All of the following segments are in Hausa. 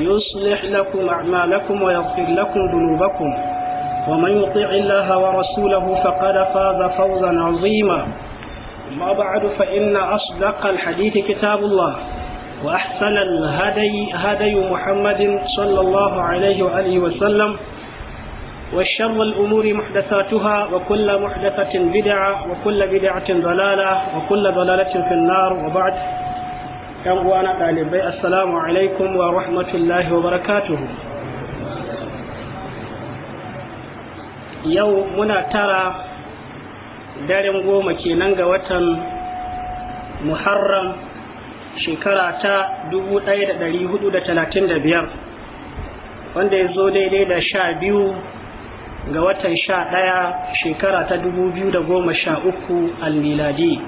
يصلح لكم أعمالكم ويغفر لكم ذنوبكم ومن يطع الله ورسوله فقد فاز فوزا عظيما أما بعد فإن أصدق الحديث كتاب الله وأحسن الهدي هدي محمد صلى الله عليه وآله وسلم وشر الأمور محدثاتها وكل محدثة بدعة وكل بدعة ضلالة وكل ضلالة في النار وبعد yan uwana ɗalibai assalamu alaikum wa rahmatullahi wa barakatuhu yau muna tara daren goma kenan ga watan muharram shekara ta 1435 wanda ya zo daidai da sha biyu ga watan sha ɗaya shekara ta 2013 al-miladi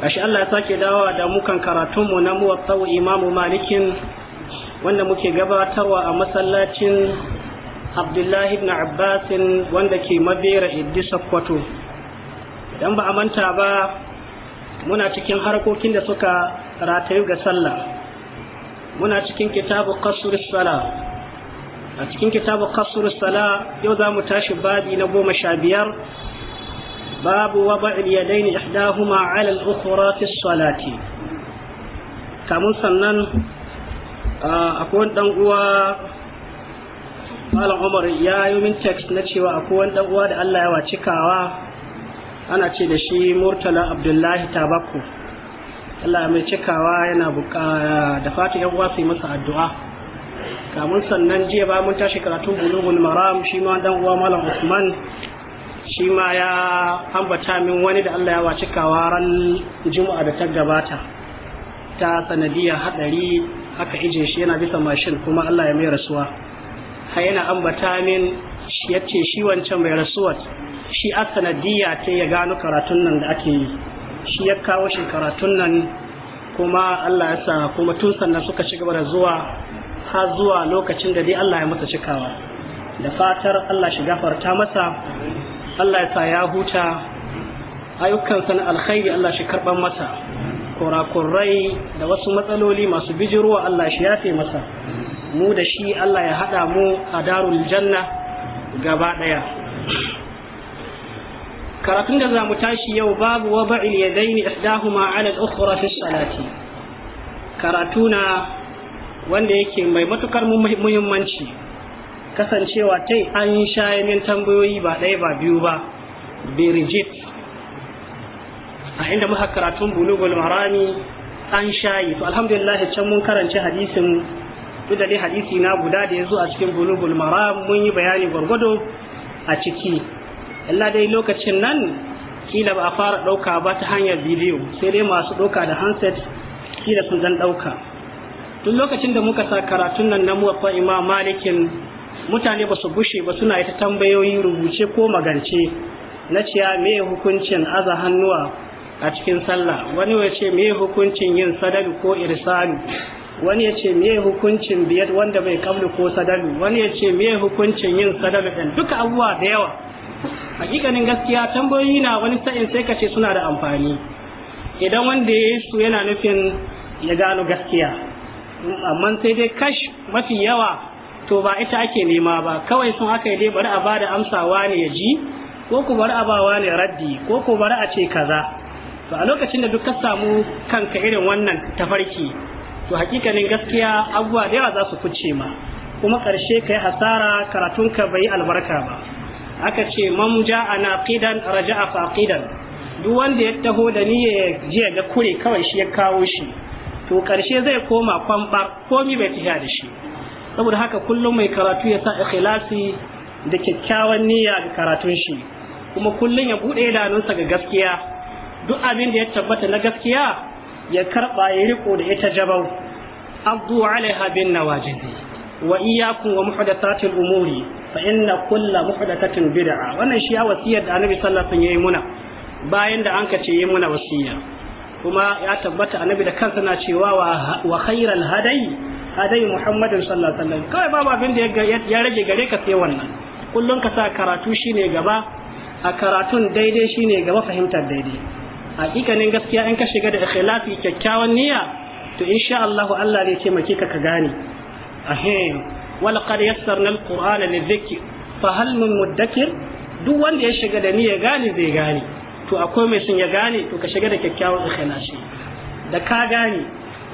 gashi Allah ya sake dawo da mukan karatunmu na muwattau imamu malikin wanda muke gabatarwa a masallacin abdullahi ibn Abbas, wanda ke mabera iddi Kwato. idan ba a manta ba muna cikin harkokin da suka ratayu ga sallah muna cikin kitabu as sala a cikin kitabu as sala yau za mu tashi babi na goma sha biyar باب وضع اليدين إحداهما على الأخرى في الصلاة كمن سنن أكون دنقوا قال عمر يا يومين تكس نتشوى أكون دنقوا دا الله واتكاوا أنا تدشي مرتلا عبد الله تابكو Allah mai cikawa yana buka da fata yan uwa su yi masa addu'a kamun sannan jiya ba mun tashi karatun bulugul maram shi ma dan uwa malam Usman shi ma ya ambata min wani da Allah ya wace kawaran juma'a da ta gabata ta sanadiyar hadari aka ije shi yana bisa mashin kuma Allah ya mai rasuwa har yana ambata min ya ce shi wancan mai rasuwa shi a sanadiyya ta ya gano karatun nan da ake yi shi ya kawo shi karatun nan kuma Allah ya sa kuma tun sannan suka ci gaba da zuwa har zuwa lokacin da dai Allah ya masa cikawa da fatar Allah shi gafarta masa Allah ya sa ya huta ayyukansa na alkhairi Allah shi karɓar masa kurakurai da wasu matsaloli masu bijirowa Allah shi yafe masa mu da shi Allah ya haɗa mu a darul janna gaba ɗaya karatun da za mu tashi yau babu wa ba'il ya daini ihdahuma ala al-ukhra fi salati karatuna wanda yake mai matukar muhimmanci kasancewa ta an shaye min tambayoyi ba ɗaya ba biyu ba birgit a inda muka karatun bulugul marami an shayi to alhamdulillah can mun karance hadisin duk da dai hadisi na guda da ya zo a cikin bulugul maram mun yi bayani gwargwado a ciki Allah dai lokacin nan kila ba a fara ɗauka ba ta hanyar bidiyo sai dai masu ɗauka da handset kila sun zan ɗauka tun lokacin da muka sa karatun nan na muwaffa imam malikin mutane ba su bushe ba suna ita tambayoyi rubuce ko magance na ciya me hukuncin aza hannuwa a cikin sallah wani ya ce me hukuncin yin sadalu ko irsalu wani ya ce me hukuncin biyar wanda bai kamlu ko sadalu wani ya ce me hukuncin yin sadalu ɗin duka abubuwa da yawa hakikanin gaskiya tambayoyi na wani sa'in sai ka suna da amfani idan wanda ya yi su yana nufin ya gano gaskiya amma sai dai kash mafi yawa to ba ita ake nema ba kawai sun aka dai bari a bada amsawa ne ya ji ko ku bari a bawa ne raddi ko ku bari a ce kaza to a lokacin da duk ka samu kanka irin wannan tafarki to hakikanin gaskiya abubuwa da yawa za su kuce ma kuma ƙarshe ka yi hasara karatunka bai albarka ba aka ce man ja'a naqidan raja'a faqidan duk wanda ya taho da niyya jiya ga kure kawai shi ya kawo shi to ƙarshe zai koma kwambar komi bai tafiya da shi saboda haka kullum mai karatu ya sa ikhlasi da kyakkyawan niyya ga karatun shi kuma kullum ya bude idanunsa ga gaskiya duk abin da ya tabbata na gaskiya ya karba ya riko da ita jabau abdu alaiha bin nawajizi wa iyyakum wa muhdathatil umuri fa inna kulla muhdathatin bid'a wannan shi ya wasiyar da annabi sallallahu alaihi wasallam muna bayan da anka ce yi muna wasiya kuma ya tabbata annabi da kansa na cewa wa khairal hadai adai muhammadin sallallahu alaihi wasallam kawai babu abin da ya rage gare ka sai wannan kullun ka sa karatu shine gaba a karatun daidai shine gaba fahimtar daidai hakikanin gaskiya in ka shiga da ikhlasi kyakkyawan niyya to insha Allah Allah zai taimake ka ka gane ahem qad yassarna alqur'ana lidhikr fa hal min mudakkir duk wanda ya shiga da niyya gane zai gane to akwai mai sun ya gane to ka shiga da kyakkyawan ikhlasi da ka gane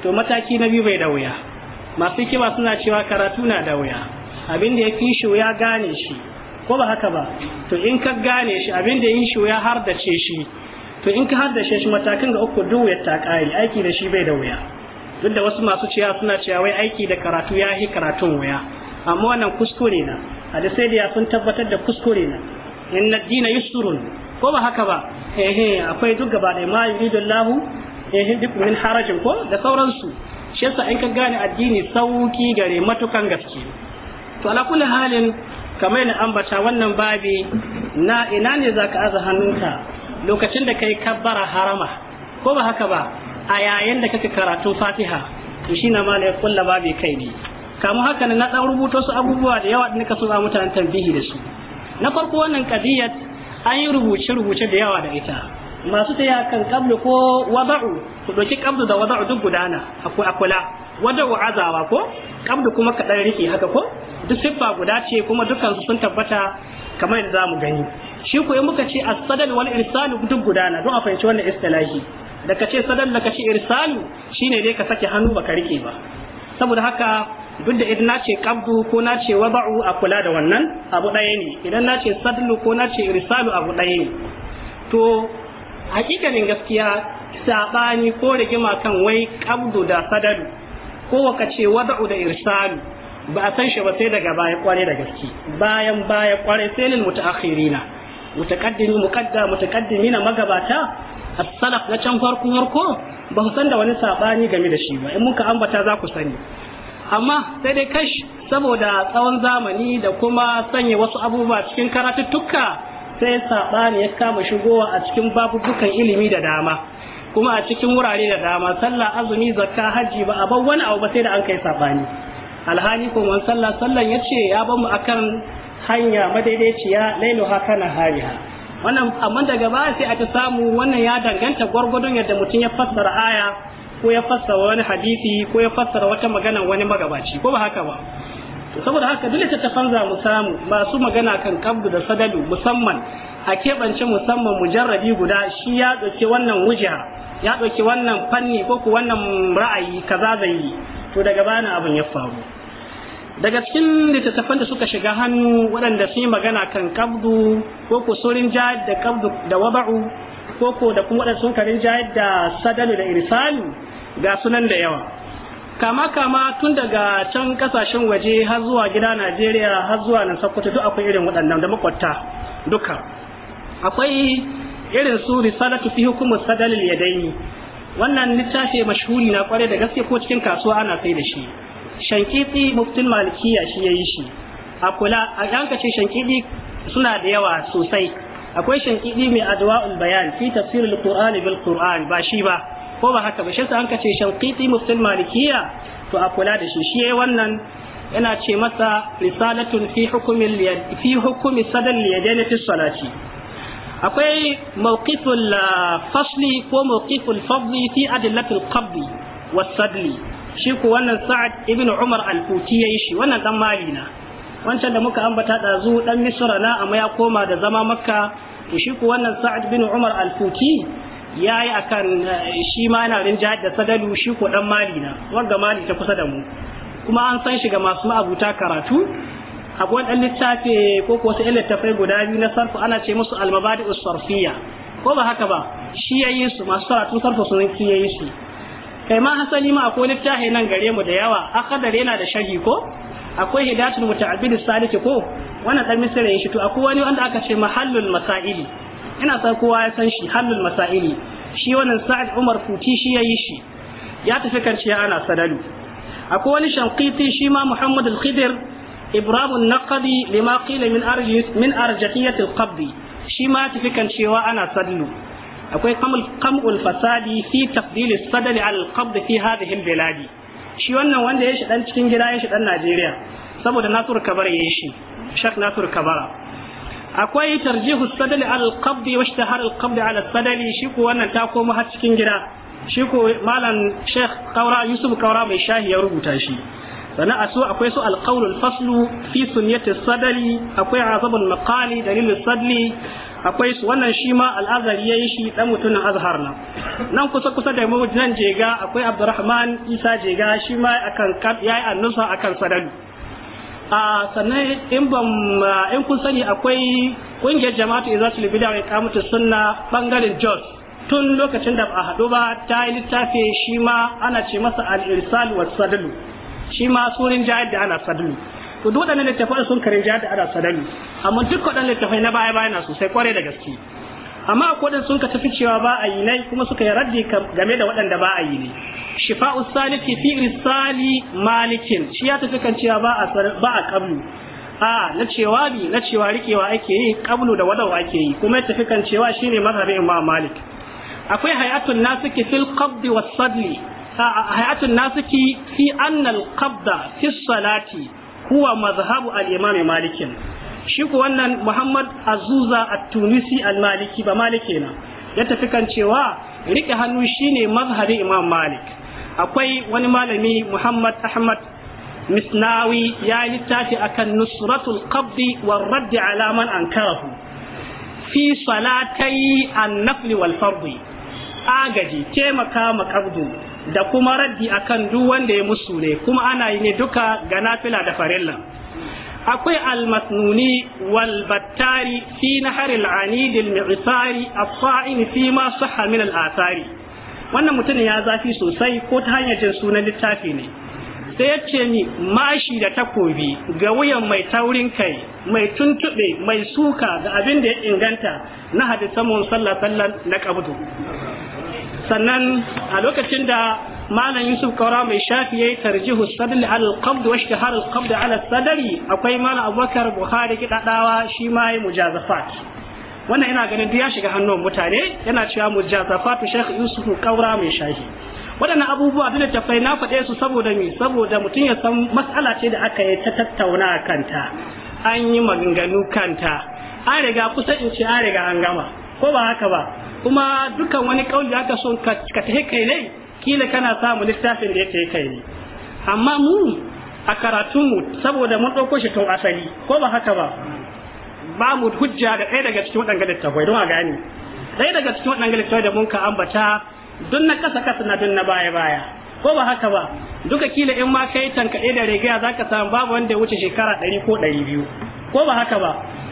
to mataki na biyu bai da wuya masu kima suna cewa karatu na da wuya abin da ya fi shi wuya gane shi ko ba haka ba to in ka gane shi abin da ya shi wuya har da ce shi to in ka har da shi matakan ga uku duk ya takari aiki da shi bai da wuya duk da wasu masu cewa suna cewa wai aiki da karatu ya yi karatun wuya amma wannan kuskure na hadisai da ya sun tabbatar da kuskure na inna dina yusrun ko ba haka ba eh akwai duk gaba da ma yuridullahu eh duk min harajin ko da sauransu shi yasa in ka gane addini sauki gare matukan gaske to ala kulli halin kamar yana ambata wannan babi na ina ne zaka aza hannunka lokacin da kai kabbara harama ko ba haka ba a yayin da kake karatun fatiha to shi na mala ya kulla babi kai ne kamu haka ne na dan rubuta su abubuwa da yawa da nika so a mutanen tambihi da su na farko wannan kadiyat an yi rubuce rubuce da yawa da ita masu taya kan kablu ko wada'u ku doki kablu da wada'u duk gudana akwai akula wada'u azawa ko kablu kuma kaɗan rike haka ko duk siffa guda ce kuma dukan su sun tabbata kamar yadda zamu gani shi ko in muka ce as-sadal wal irsal duk gudana don a fahimci wannan istilahi da ka ce sadal da ka ce irsalu shine dai ka sake hannu baka rike ba saboda haka duk da idan nace kabdu ko nace wada'u a kula da wannan abu ɗaya ne idan nace sadlu ko nace irsalu abu ɗaya ne to hakikanin gaskiya saɓani ko rigima kan wai ƙabdu da sadadu ko waka ce wada'u da irsalu ba a san shi ba sai daga baya kware da gaske bayan baya kware sai lil mutaakhirina mutaqaddimi muqadda mutaqaddimina magabata as-salaf na can farko farko ba su san da wani saɓani game da shi ba in muka ambata za ku sani amma sai dai kash saboda tsawon zamani da kuma sanya wasu abubuwa cikin karatuttuka sai saɓani ya kama shigowa a cikin babubukan ilimi da dama kuma a cikin wurare da dama sallah azumi zakka hajji ba a bar wani abu ba sai da an kai saɓani alhali kuma sallah sallan ya ce ya bamu akan hanya madaidaiciya lailu haka na hariha wannan amma daga baya sai aka samu wannan ya danganta gwargwadon yadda mutum ya fassara aya ko ya fassara wani hadisi ko ya fassara wata magana wani magabaci ko ba haka ba saboda haka dole ta tafan mu samu masu magana kan kabdu da sadalu musamman a keɓance musamman mujarrabi guda shi ya ɗauki wannan wujiha ya ɗauki wannan fanni ko ku wannan ra'ayi kaza zai yi to daga bana abin ya faru daga cikin littattafan da suka shiga hannu waɗanda sun yi magana kan kabdu ko ku surin jihar da kabdu da waba'u ko ko da kuma waɗanda sun karin jihar da sadalu da irsalu ga sunan da yawa kama kama tun daga can kasashen waje har zuwa gida Najeriya har zuwa nan Sokoto duk akwai irin waɗannan da makwabta duka akwai irin su risalatu fi hukumus sadalil yadaini wannan littafi mashhuri na kware da gaske ko cikin kasuwa ana sai da shi shankiti muftin malikiya shi yayi shi a kula a yanka ce suna da yawa sosai akwai shankiti mai adwa'ul bayan fi tafsirul qur'ani bil qur'an ba shi ba ko ba haka ba shi sa an ka ce shanqiti malikiya to a kula da shi shi yayi wannan yana ce masa risalatun fi fi hukumi sadal yadaini salati akwai mawqiful ah, fasli ko mawqiful fadli fi adillatul qabdi was shi ko wannan sa'ad ibn umar al-futi yayi shi wannan dan malina wancan da muka ambata dazu dan misra na amma ya koma da zama makka to shi ko wannan sa'ad ibn umar al-futi Ya yayi akan eh, shi ma yana rinjayar da sadalu shi ko dan mali na wanda mali ta kusa da mu kuma an san shi ga masu ma'abuta karatu A gwan dan littafi ko ko sai littafai guda biyu na sarfu ana ce musu almabadi usarfiya ko ba haka ba shi ya yi su masu karatu sarfu sun ki yi su kai ma hasali ma akwai littafi nan gare mu da yawa akadar yana da sharhi ko akwai hidatul muta'abbid saliki ko wannan dan misira yin shi to akwai wani wanda aka ce mahallul masaili ina san kowa ya san shi hallul masaili shi wannan sa'id umar kuti shi ya yi shi ya tafi karshe ana sadalu akwai wani shankiti shi ma muhammad al-khidir ibrahim naqadi lima qila min arjis min al-qabd shi ma tafi cewa ana sadalu akwai kam'ul fasadi fi tafdil as-sadali al-qabd fi hadhihi al-bilad shi wannan wanda ya shi dan cikin gida ya shi dan Najeriya saboda Nasur Kabara ya yi shi shak Nasur Kabara akwai tarjihu sadali al qabdi wa ishtihar al qabdi ala sadali shi ko wannan ta komo har cikin gida shi ko malam sheikh kaura yusuf kaura mai shahi ya rubuta shi sannan asu akwai su al qawl al faslu fi sunyati sadali akwai azabul maqali dalil sadli akwai su wannan shi ma al ya yi shi dan mutumin azhar na nan kusa kusa da mu nan jega akwai abdurrahman isa jega shi ma akan ya yi annusa akan sadalu a sannan in ban in kun sani akwai kungiyar jama'atu izatul bid'a wa iqamatu sunna bangaren Jos tun lokacin da ba a haɗu ba ta yi littafi shi ma ana ce masa al-irsal wa sadalu shi ma surin jihar da ana sadalu to duk waɗannan littafai sun karin jihar da ana sadalu amma duk waɗannan littafai na baya baya na sosai kwarai da gaske amma akwai wadanda sun ka tafi cewa ba a yi nai kuma suka yi raddi game da waɗanda ba a yi ne shifa'u saliki fi risali malikin shi ya tafi kan cewa ba a ba a kablu a na cewa bi na cewa rikewa ake yi kablu da wadawa ake yi kuma ya tafi kan cewa shine mazhabin imam malik akwai hayatun nasiki fil qabdi was sadli hayatun nasiki fi anna al qabda fi salati huwa mazhabu al imam malikin shi ku wannan muhammad azuza at-tunisi al-maliki ba maliki na ya tafi kan cewa riƙe hannu shine mazhabin imam malik akwai wani malami muhammad ahmad misnawi ya littafi akan nusratul qabdi wa raddi alaman man ankarahu fi salatai an nafli wal fardi agaji taimaka ma qabdu da kuma raddi akan duk wanda ya musu ne kuma ana yi ne duka ga nafila da farilla akwai almasnuni walbattari si fi nahar al anid al mi'sari as-sa'in fi ma sahha min al athari wannan mutum ya zafi sosai ko ta hanyar jin sunan littafi ne sai ya ce ni mashi da takobi ga wuyan mai taurin kai mai tuntube mai suka ga abin da ya inganta na hadisan mun sallallahu na kabudu sannan a lokacin da malam yusuf kaura mai shafi ya yi tarjihu sadl al qabd wa ishtihar al qabd ala sadri akwai malam abubakar buhari kidadawa shi ma yayi mujazafat wannan ina ganin duk ya shiga hannun mutane yana cewa mujazafatu shaykh yusuf kaura mai shafi waɗannan abubuwa duk da tafai na faɗe su saboda mi saboda mutum ya san mas'ala ce da aka yi ta tattauna kanta an yi maganganu kanta an riga kusa in ce an riga an gama ko ba haka ba kuma dukkan wani kauli aka son ka ta kai ne kila kana samu littafin da ya yake kai ne amma mu a karatunmu saboda mun ɗauko shi tun asali ko ba haka ba ba mu hujja da ɗaya daga cikin waɗanga littafai don a gani? ɗaya daga cikin waɗanga littafai da mun ka ambata don na kasa kasa na don na baya baya ko ba haka ba duka kila in ma kai tankaɗe da rigaya za ka samu babu wanda ya wuce shekara ɗari ko ɗari biyu ko ba haka ba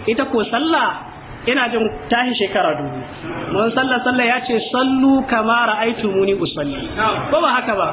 ita ko sallah Yana jin tashi shekara dubu mun sallah sallah ya ce sallu kama muni usalli ba ba haka ba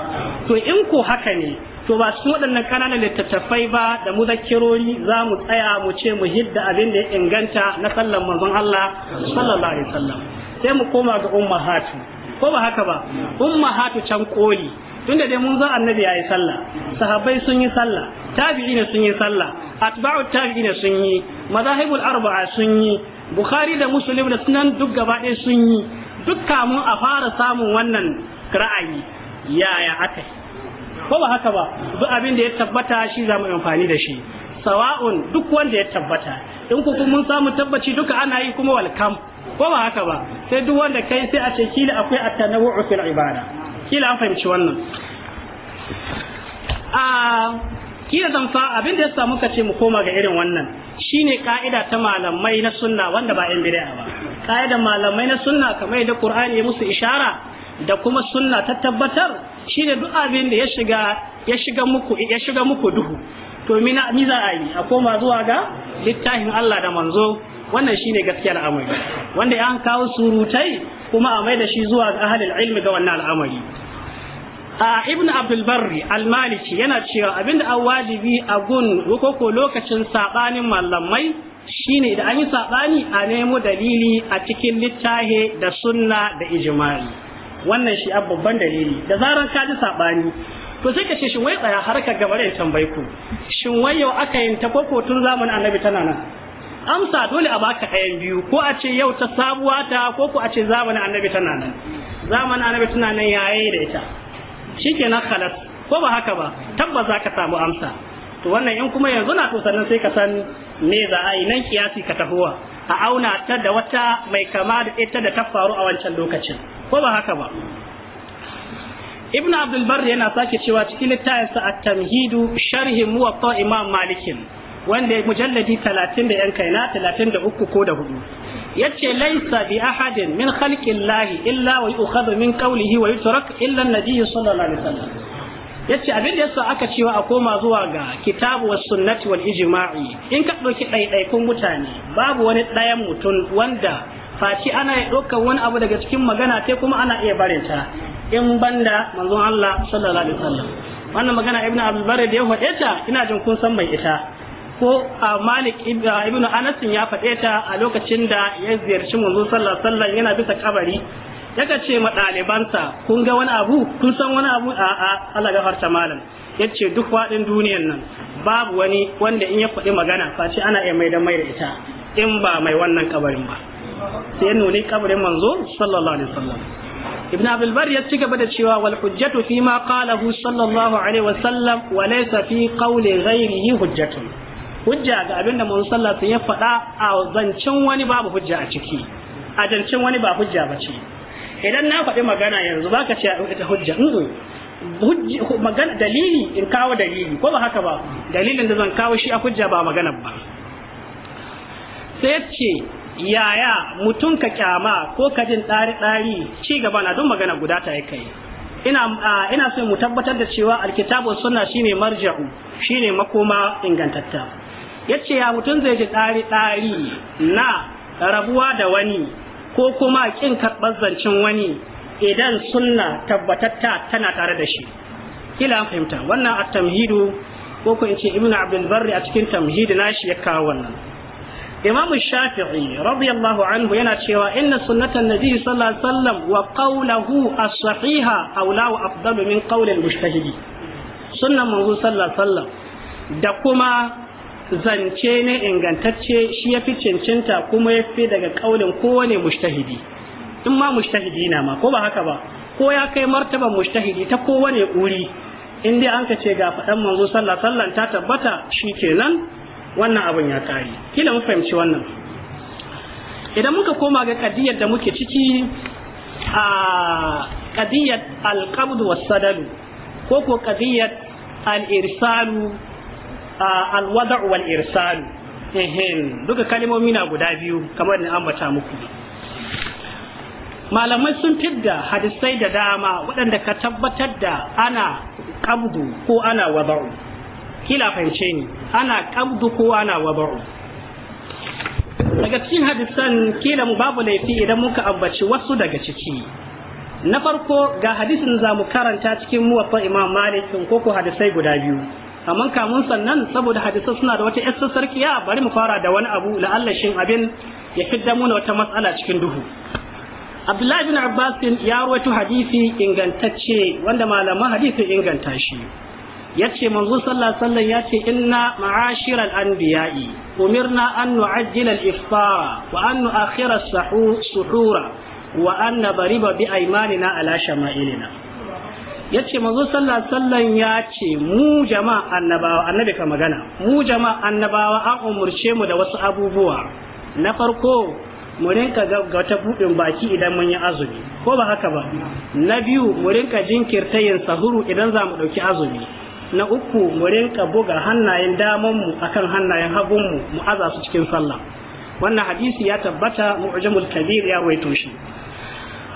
to in ko haka ne to ba su waɗannan ƙananan littattafai ba da muzakkirori za mu tsaya mu ce mu hidda abin da ya inganta na sallan manzon Allah sallallahu alaihi wasallam sai mu koma ga ummahatu ko ba haka ba ummahatu can koli tunda dai mun zo annabi yayi sallah sahabbai sun yi sallah tabi'ina sun yi sallah atba'u tabi'ina sun yi mazahibul arba'a sun yi bukhari da muslim da sunan duk gaba ɗaya sun yi duk kamun a fara samun wannan ra'ayi yaya aka ko ba haka ba duk abin da ya tabbata shi za mu amfani da shi sawa'un duk wanda ya tabbata in ku mun samu tabbaci duka ana yi kuma walkam ko ba haka ba sai duk wanda kai sai a ce kila akwai at fil ibada kila an fahimci wannan a ah, kila fa abin da ya samu ka ce mu koma ga irin wannan shine ka'ida ta malamai na sunna wanda ba yan bid'a ba ka'ida malamai na sunna kamar da Qur'ani ya musu ishara da kuma sunna ta tabbatar shine duk abin da ya shiga ya shiga muku ya shiga muku duhu to na mi za a yi a koma zuwa ga littafin Allah da manzo wannan shine gaskiyar amari wanda an kawo surutai kuma a mai da shi zuwa ga ahlul ilmi ga wannan al'amari a ibn abdul barri al yana cewa abinda an wajibi a gun ko lokacin sabanin malamai shine da an yi sabani a nemo dalili a cikin littafi da sunna da ijma'i wannan shi babban dalili da zaran ka ji sabani to sai ka ce shin wai tsaya har ka gaba da tambayi ku shin wai yau aka yin ta koko tun zamanin annabi tana nan amsa dole a baka ɗayan biyu ko a ce yau ta sabuwa ta ko ko a ce zamanin annabi tana nan zamanin annabi tana nan yayi da ita shikenan halas ko ba haka ba tabbas za ka samu amsa to wannan in kuma yanzu na to sannan sai ka san me za a yi nan kiyasi ka tahowa a auna ta da wata mai kama da ita da ta faru a wancan lokacin ko ba haka ba ibnu abdul bar yana sake cewa cikin sa at-tamhidu sharhi muwatta imam malikin wanda mujalladi 30 da yan kaina 33 ko da hudu yace laysa bi ahadin min lahi illa wa yu'khadhu min qawlihi wa yutrak illa an sallallahu alaihi wasallam yace abin da yasa aka cewa a koma zuwa ga kitabu was sunnati wal ijma'i in ka dauki ɗaiɗaikun mutane babu wani ɗayan mutum wanda faci ana ya ɗaukar wani abu daga cikin magana sai kuma ana iya barin ta in banda manzon Allah sallallahu alaihi wasallam wannan magana ibnu abdul da ya faɗe ta ina jin kun san mai ita ko Malik ibn Anas ya faɗe ta a lokacin da ya ziyarci manzo sallallahu alaihi wasallam yana bisa kabari yaka ce ma ɗalibansa kun ga wani abu kun san wani abu a a Allah gafarta malam yace duk faɗin duniyar nan babu wani wanda in ya faɗi magana face ana iya mai da mai da ita in ba mai wannan kabarin ba sai nuni kabarin manzo sallallahu alaihi wasallam ibn abdul ya ci gaba da cewa wal hujjatu fi ma qalahu sallallahu alaihi wasallam wa fi hujja ga abin da manzo sallallahu alaihi ya faɗa a zancen wani babu hujja a ciki a zancen wani ba hujja ba ce idan na faɗi magana yanzu baka ce ita hujja magana dalili in kawo dalili ko ba haka ba dalilin da zan kawo shi a hujja ba magana ba sai ce yaya mutum ka kyama ko ka jin ɗari ɗari ci gaba na don magana guda ta ya kai ina ina so mu tabbatar da cewa alkitabu sunna shine marja'u shine makoma ingantatta yace ya mutum zai ji tsari tsari na rabuwa da wani ko kuma kin karɓar zancen wani idan sunna tabbatatta tana tare da shi kila an fahimta wannan a tamhidu ko ko ce ibnu abdul barri a cikin na nashi ya kawo wannan imamu shafi'i radiyallahu anhu yana cewa inna sunnatan nabi sallallahu alaihi wasallam wa qawluhu as-sahiha awla wa afdalu min qawli al-mujtahidi sunnan manzo sallallahu alaihi wasallam da kuma zance ne ingantacce shi ya fi cancanta kuma ya fi daga kaulin kowane mushtahidi in ma mushtahidi na ma ko ba haka ba ko ya kai martaban mushtahidi ta kowane uri? in dai an ka ce ga faɗan manzo sallah sallan ta tabbata shi kenan wannan abin ya kare kila mu fahimci wannan idan muka koma ga kadiyar da muke ciki a kadiyar alqabd was sadalu ko ko kadiyar al irsalu alwada wal irsalu ehin duka kalimomi na guda biyu kamar da ambata muku malamai sun fidda hadisai da dama waɗanda ka tabbatar da ana kabdu ko ana wada'u kila fahimce ni ana kabdu ko ana wada'u daga cikin hadisan kila mu babu laifi idan muka ambaci wasu daga ciki na farko ga hadisin za mu karanta cikin muwafa imam malikin, ko hadisai guda biyu amma kamun sannan saboda hadisan suna da wata yassa sarkiya bari mu fara da wani abu la'alla shin abin ya fidda muna wata matsala cikin duhu Abdullahi bin Abbas ya rawaito hadisi ingantacce wanda malaman hadisi inganta shi yace manzo sallallahu alaihi wasallam yace inna ma'ashiral anbiya'i umirna an nu'ajjila al-iftara wa an nu'akhkhira as-suhura wa an nadriba bi aymanina ala shama'ilina Ya ce sallallahu Sallah Sallar ya ce mu jama'a annabawa annabi ka magana mu jama'a annabawa an umurce mu da wasu abubuwa na farko mu rinka gaggauta buɗin baki idan mun yi azumi ko ba haka ba na biyu mu rinka jinkirta yin sahuru idan za mu ɗauki azumi na uku mu rinka buga hannayen daman mu akan hannayen hagunmu mu aza su cikin sallah wannan hadisi ya tabbata mu'jamul kabir ya waito shi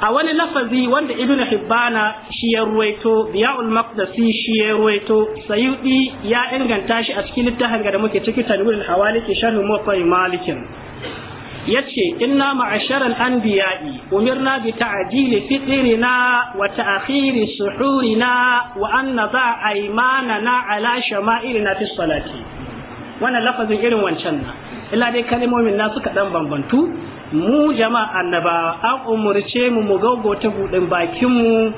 a wani lafazi wanda ibn hibbana shi ya ruwaito biya'ul ulmaqdasi shi ya ruwaito sayudi ya inganta shi a cikin littafin da muke ciki hawali ke sharh muwaffaq malikin yace inna al anbiya'i umirna bi ta'jili fitrina wa ta'khir suhurina wa an nada aymanana ala shama'ilina fi salati wannan lafazin irin wancan na illa dai kalmomin na suka dan bambantu mu jama'a annaba an umarce mu mu gaugota buɗin bakinmu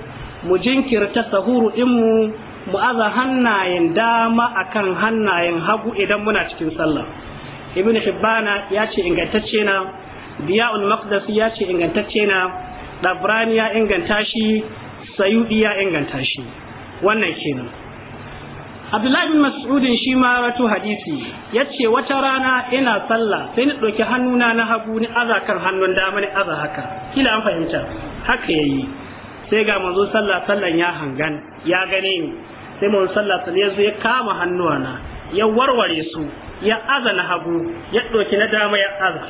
mu jinkirta sahuru ɗinmu mu aza hannayen dama akan hannayen hagu idan muna cikin sallah ibn hibbana ya ce ingantacce na biya'ul maqdisi ya ce ingantacce na dabrani ya inganta shi sayudi ya inganta shi wannan kenan abdullahi bin mas'udin shi ma rato hadisi ya ce wata rana ina sallah sai ni ɗauki hannuna na hagu ni aza kan hannun dama ni aza haka kila an fahimta haka ya yi sai ga manzo sallah sallan ya hangan ya gane ni sai manzo sallah sallah ya zo ya kama hannuwana ya warware su ya aza na hagu ya ɗauki na dama ya aza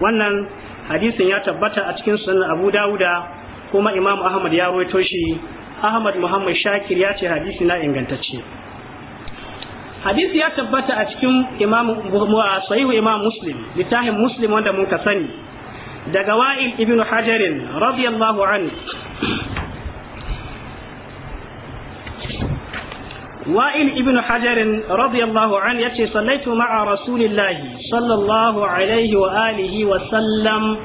wannan hadisin ya tabbata a cikin sunan abu dawuda kuma imam ahmad ya rawaito shi Ahmad Muhammad Shakir ya ce hadisi na ingantacce hadisi ya tabbata a cikin imam sahihu imam muslim littafin muslim wanda mun ka sani daga wa'il ibn hajarin radiyallahu anhu وائل ابن حجر رضي الله عنه يتي صليت مع رسول الله صلى الله عليه وآله وسلم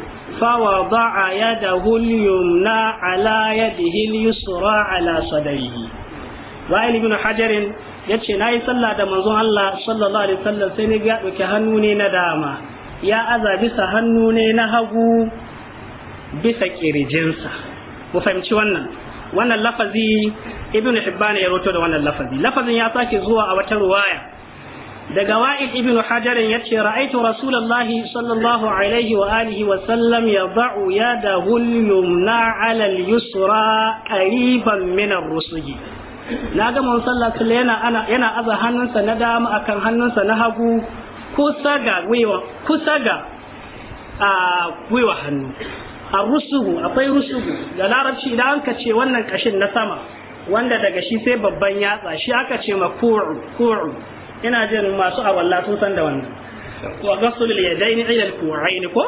فوضع يده اليمنى على يده اليسرى على صدره وائل بن حجر yace na yi sallah da manzon Allah sallallahu alaihi wasallam sai ni ga ɗauki hannu ne na dama ya aza bisa hannu ne na hagu bisa kirjinsa mu fahimci wannan wannan lafazi ibnu hibban ya roto da wannan lafazi lafazin ya sake zuwa a wata ruwaya daga wa'il ibn hajar ya ce ra'aitu rasulullahi sallallahu alaihi wa alihi wa sallam ya ba'u ya da yumna ala al-yusra qariban min ar-rusuli na ga mun sallallahu yana aza hannunsa na dama akan hannunsa na hagu kusa ga gwiwa kusa a wiwa hannu a rusugu akwai rusugu da larabci idan an kace wannan kashin na sama wanda daga shi sai babban yatsa shi aka ce ma ku'u ku'u ina jin masu awalla sun san da wannan wa ghassul yadayni ila al-ku'ain ko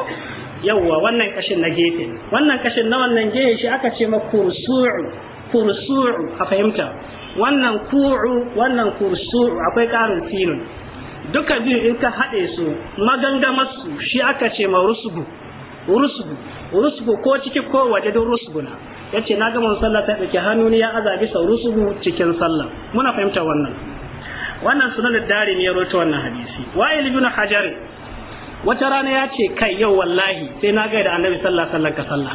yawwa wannan kashin na gefe wannan kashin na wannan gefe shi aka ce ma kursu'u a fahimta wannan ku'u wannan kursu'u akwai karin sinun duka biyu in ka haɗe su magangamarsu shi aka ce ma rusugu Rusgu ko ciki ko waje don rusugu na ya ce na gama sallah ta ɗauki hannu ne ya aza bisa rusugu cikin sallah muna fahimta wannan wannan sunan dari ne ya rawaito wannan hadisi wa'il ibn hajar wata rana ya ce kai yau wallahi sai na gaida annabi sallallahu alaihi wasallam ka sallah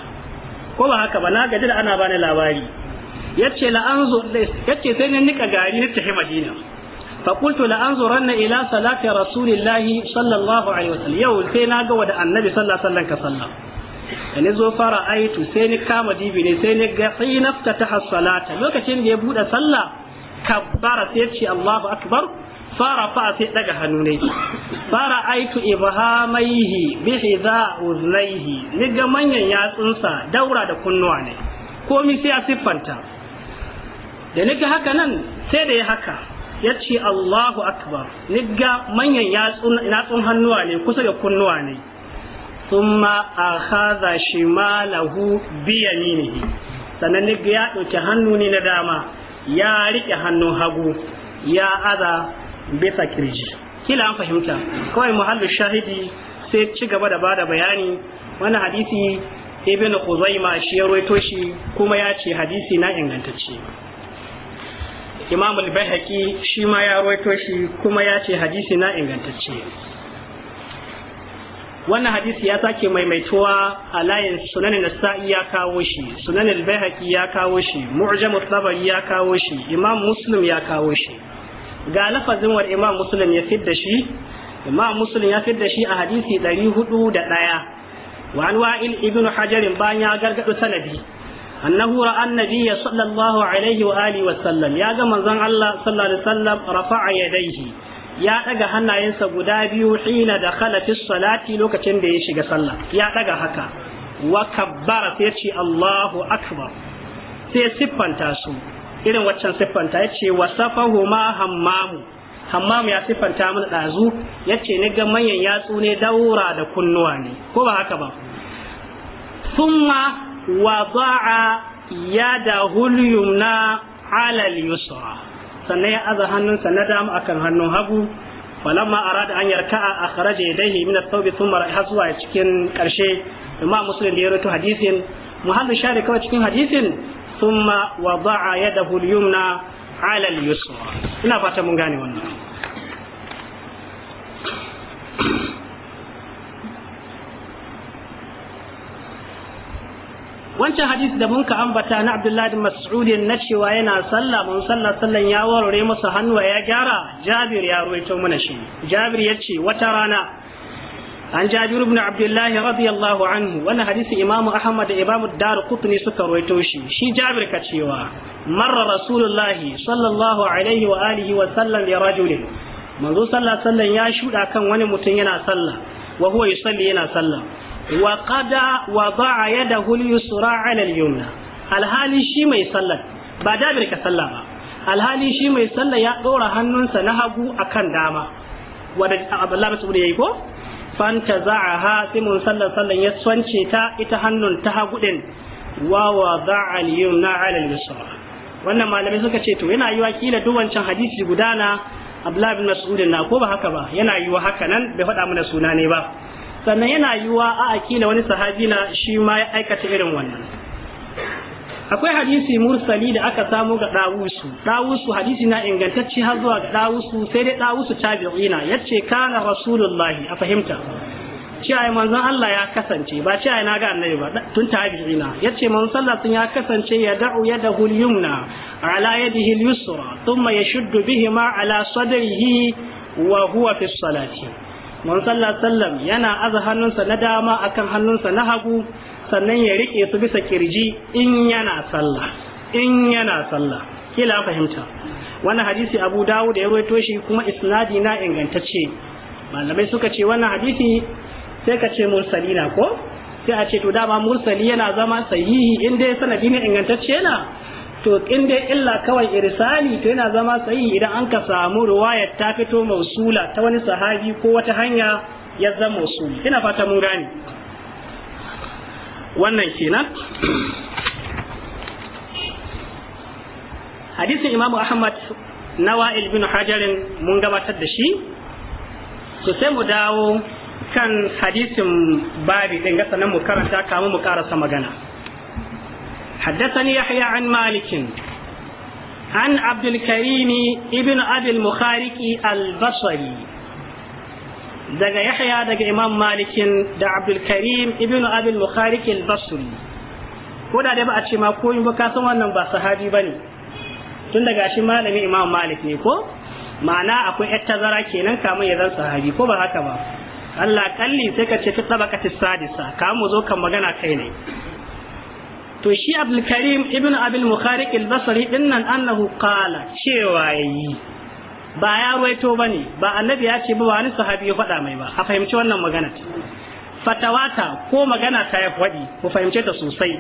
ko ba haka ba na gaji da ana bani labari yace la anzu yace sai ne nika gari ni tafi madina fa qultu la anzuranna ila salati rasulillahi sallallahu alaihi wasallam yau sai na ga wada annabi sallallahu alaihi wasallam ka sallah ne zo fara aitu sai ni kama dibi ne sai ni ga sai naftata hasalata. lokacin da ya bude sallah kabbara sai ce Allahu akbar fara fa sai daga hannu ne fara aitu ibhamaihi bi hidha uznaihi ni ga manyan yatsunsa daura da kunnuwa ne komi sai a siffanta da ni ga haka nan sai da ya haka yace Allahu akbar ni ga manyan yatsun hannuwa ne kusa da kunnuwa ne thumma akhadha shimalahu bi yaminihi sannan ni ga ya dauki hannu ne na dama ya rike hannun hagu ya aza bisa kirji kila an fahimta kawai muhallin shahidi sai ci gaba da bada bayani wani hadisi ibn Khuzaima shi ya rawaito shi kuma ya ce hadisi na ingantacce Imam al-Baihaqi shi ma ya rawaito shi kuma ya ce hadisi na ingantacce wannan hadisi ya sake maimaituwa a layin sunan nasa'i ya kawo shi sunan al-baihaqi ya kawo shi mu'jam al tabari ya kawo shi imam muslim ya kawo shi ga lafazin wa imam muslim ya fidda shi imam muslim ya fidda shi a hadisi 401 wa an wa'il ibnu hajar bayan ya gargado sanadi annahu ra'a an-nabiy sallallahu alaihi wa alihi wa sallam ya ga manzon Allah sallallahu alaihi wasallam rafa'a yadayhi ya daga hannayensa guda biyu hina da khalatis salati lokacin da ya shiga sallah ya daga haka wa kabbara sai ce Allahu akbar sai siffanta su irin waccan siffanta yace ce wa ma hammamu hammamu ya siffanta mana ɗazu yace ce ni ga manyan yatsu ne daura da kunnuwa ne ko ba haka ba thumma wada'a yadahul yumna ala al-yusra sannan ya aza hannunsa na dama akan hannun hagu falamma arada an yarka'a akhraja yadayhi min at-tawbi thumma hasuwa cikin karshe imam muslim da ya rawaito hadisin muhallu shari kawai cikin hadisin thumma wada'a yadahu al-yumna ala al-yusra ina fata mun gane wannan wancan hadisi da mun ka ambata na abdullahi mas'udin na cewa yana sallah mun sallah sallan ya warware masa hannuwa ya gyara jabir ya ruwaito mana shi jabir ya ce wata rana an jabir ibn abdullahi radiyallahu anhu wannan hadisi imamu ahmad da imamu dar qutni suka ruwaito shi shi jabir ka cewa marra rasulullahi sallallahu alaihi wa alihi wa sallam ya rajulin manzo sallah sallan ya shuda kan wani mutum yana sallah wa huwa yusalli yana sallah wa qada wada'a yadahu al-yusra 'ala al-yumna alhali shi mai sallar ba dabir ka sallah ba alhali shi mai sallah ya dora hannunsa na hagu akan dama wanda Abdullah ya yayi ko fanta a sai mun sallar sallar ya swance ta ita hannun ta hagu din wa wada'a al-yumna 'ala wannan malamai suka ce to yana yiwa kila duk wancan hadisi gudana Abdullah bin Mas'ud na ko ba haka ba yana wa haka nan bai faɗa mana suna ne ba sannan yana yiwuwa a akila wani sahabi na shi ma ya aikata irin wannan akwai hadisi mursali da aka samu ga dawusu dawusu hadisi na ingantacci har zuwa ga dawusu sai dai dawusu tabi'ina yace kana rasulullahi a fahimta cewa manzon Allah ya kasance ba cewa na ga annabi ba tun tabi'ina yace manzon sallallahu ya kasance ya da'u yadahu al-yumna ala yadihi al-yusra thumma yashuddu ma ala sadrihi wa huwa fi salati mun sallam yana aza hannunsa na dama akan hannunsa na hagu sannan ya rike su bisa kirji in yana sallah in yana sallah kila fahimta wannan hadisi Abu Dawud ya rawaito shi kuma isnadi na ingantacce malamai suka ce wannan hadisi sai ka ce mursalina ko sai a ce to dama mursali yana zama sahihi in dai sanadi ne ingantacce na to in dai illa kawai irsali to yana zama sahihi idan an ka samu riwayar ta fito mausula ta wani sahabi ko wata hanya ya zama mausuli ina fata mun gane wannan kenan hadisin imamu ahmad na bin hajarin mun gabatar da shi to sai mu dawo kan hadisin babi ɗin gasa sanan mu karanta kamun mu karasa magana حدثني يحيى عن مالك عن عبد الكريم ابن أبي المخارق البصري daga yahya daga imam malikin da abdulkarim ibnu abil mukharik al ko da ba a ce ma ko ka san wannan ba sahabi bane tun daga shi malami imam malik ne ko ma'ana akwai yar tazara kenan kamar ya zan sahabi ko ba haka ba Allah kalli sai ka ce ta tabaka tisadisa ka mu zo kan magana kai ne to shi abdulkarim ibn abil mukhariq al-basri dinnan annahu qala cewa yi. ba ya ruwaito bane ba annabi ya ce ba wani sahabi ya faɗa mai ba a fahimci wannan magana fatawata ko magana ta ya faɗi ku fahimce ta sosai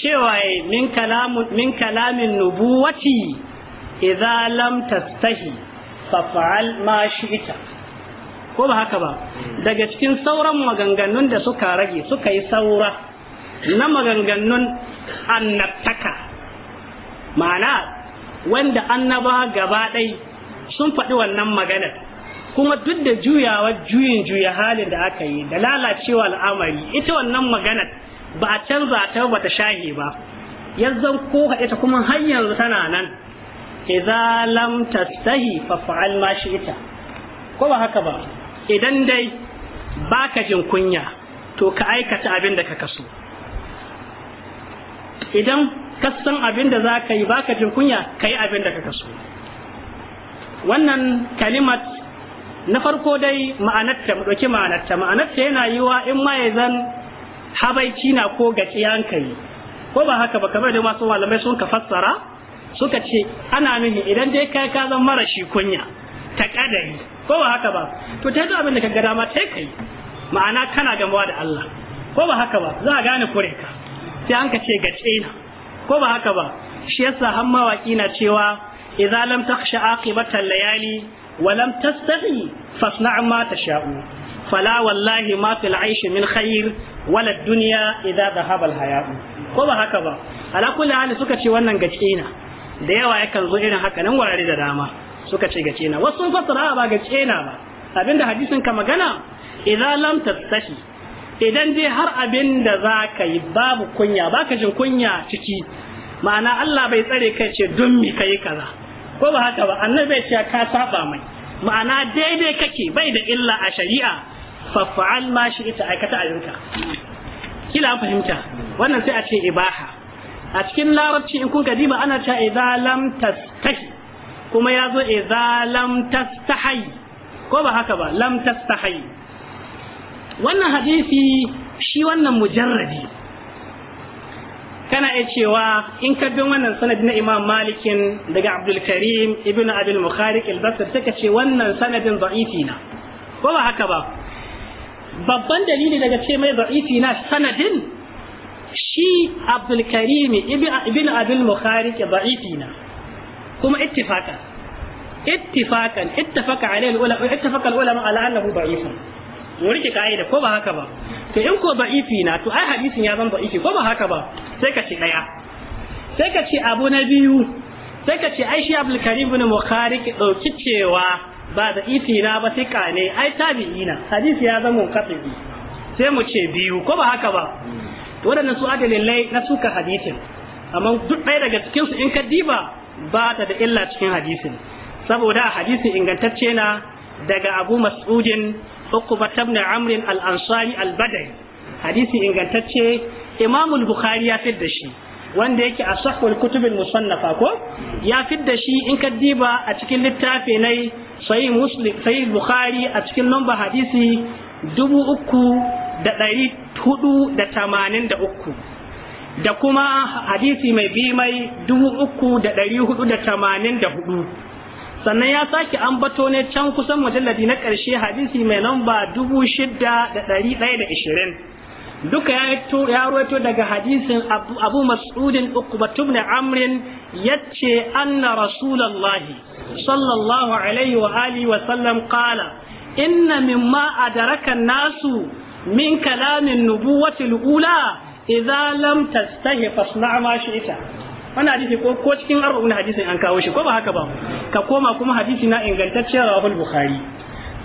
cewa min kalamu min kalamin nubuwati idza lam tastahi fa fa'al ma shi'ta ko ba haka ba hmm. daga cikin sauran maganganun da suka rage suka yi saura na maganganun annabtaka ma'ana wanda annaba gaba ɗai sun faɗi wannan maganar kuma duk da juyawa juyin juya halin da aka yi da lalacewa al'amari ita wannan maganar ba a canza ta ba ta shahe ba yanzu ko haɗe ta kuma har yanzu tana nan idza lam tastahi fa fa'al ma shi'ta ko ba haka ba idan dai baka jin kunya to ka aikata abin da ka kaso idan ka san abin da za ka yi baka jin kunya ka yi abin da ka so wannan kalimat na farko dai ma'anarta mu ɗauki ma'anarta ma'anarta yana yiwuwa in ma ya zan habaici na ko gaciyan ka yi ko ba haka ba kamar da masu malamai sun ka fassara suka ce ana nuhi idan dai kai ka zan mara shi kunya ta kadari ko ba haka ba to ta abin da ka ga dama ta kai ma'ana kana gamawa da Allah ko ba haka ba za a gane kure ka sai an ka ce gace na ko ba haka ba shi yasa han mawaki na cewa idza lam takhsha aqibata layali wa lam tastahi fasna' ma tasha'u fala wallahi ma fil aish min khair wala dunya idza dhahaba al haya'u ko ba haka ba ala kulli hali suka ce wannan gace na da yawa yakan zo irin haka nan wurare da dama suka ce gace na wasu sun fassara ba gace na ba abinda hadisin ka magana idza lam tastahi idan dai har abin da za ka yi babu kunya ba ka jin kunya ciki ma'ana Allah bai tsare kai ce don mi ka yi kaza ko ba haka ba annabi ce ka saba mai ma'ana daidai kake bai da illa a shari'a fafa'al ma shi ita aikata abinka kila fahimta wannan sai a ce ibaha a cikin larabci in kun ka ana ta idza lam tastahi kuma yazo idza lam tastahi ko ba haka ba lam tastahi wannan hadisi shi wannan mujarradi kana iya cewa in ka bin wannan sanadi na Imam Malikin daga Abdul Karim ibn Abdul Mukhariq al-Basri take ce wannan sanadin da'ifi na ko ba haka ba babban dalili daga ce mai da'ifi na sanadin shi Abdul Karim ibn Abdul Mukhariq da'ifi na kuma ittifaqan ittifaqan ittafaqa alayhi al-ulama ittafaqa al-ulama ala annahu da'ifun mu rike ka'ida ko ba haka ba to in ko da'ifi na to ai hadisin ya zan da'ifi ko ba haka ba sai ka ce daya sai ka ce abu na biyu sai ka ce ai shi Abdul Karim ibn ki dauki cewa ba da'ifi na ba sai ka ne ai na hadisi ya zama munqati sai mu ce biyu ko ba haka ba to wadannan su adalilai na suka hadisin amma duk ɗaya daga cikin su in ka diba ba ta da illa cikin hadisin saboda hadisin ingantacce na daga Abu Mas'udin Ukuba tabna amr al-ansari al-badai hadisi ingantacce imam al-bukhari ya fidda shi wanda yake a sahwal kutubin musannafa ko ya fidda shi in ka diba a cikin littafi ne sahih muslim sahih bukhari a cikin lamba hadisi dubu uku da ɗari hudu da tamanin da uku da kuma hadisi mai bi mai dubu uku da ɗari hudu da tamanin da hudu sannan ya sake ambato ne can kusan mujalladi na ƙarshe hadisi mai lamba dubu da ɗari ɗaya da ishirin duka ya ruwaito daga hadisin abu mas'udin ukubatu ibn amrin yace anna rasulallahi sallallahu alaihi wa alihi wa sallam qala inna mimma adaraka nasu min kalamin nubuwati al-ula idza lam tastahi fasna ma shi'ta wannan hadisi ko ko cikin arba'un hadisin an kawo shi ko ba haka ba ka koma kuma hadisi na ingantaccen rawahul bukhari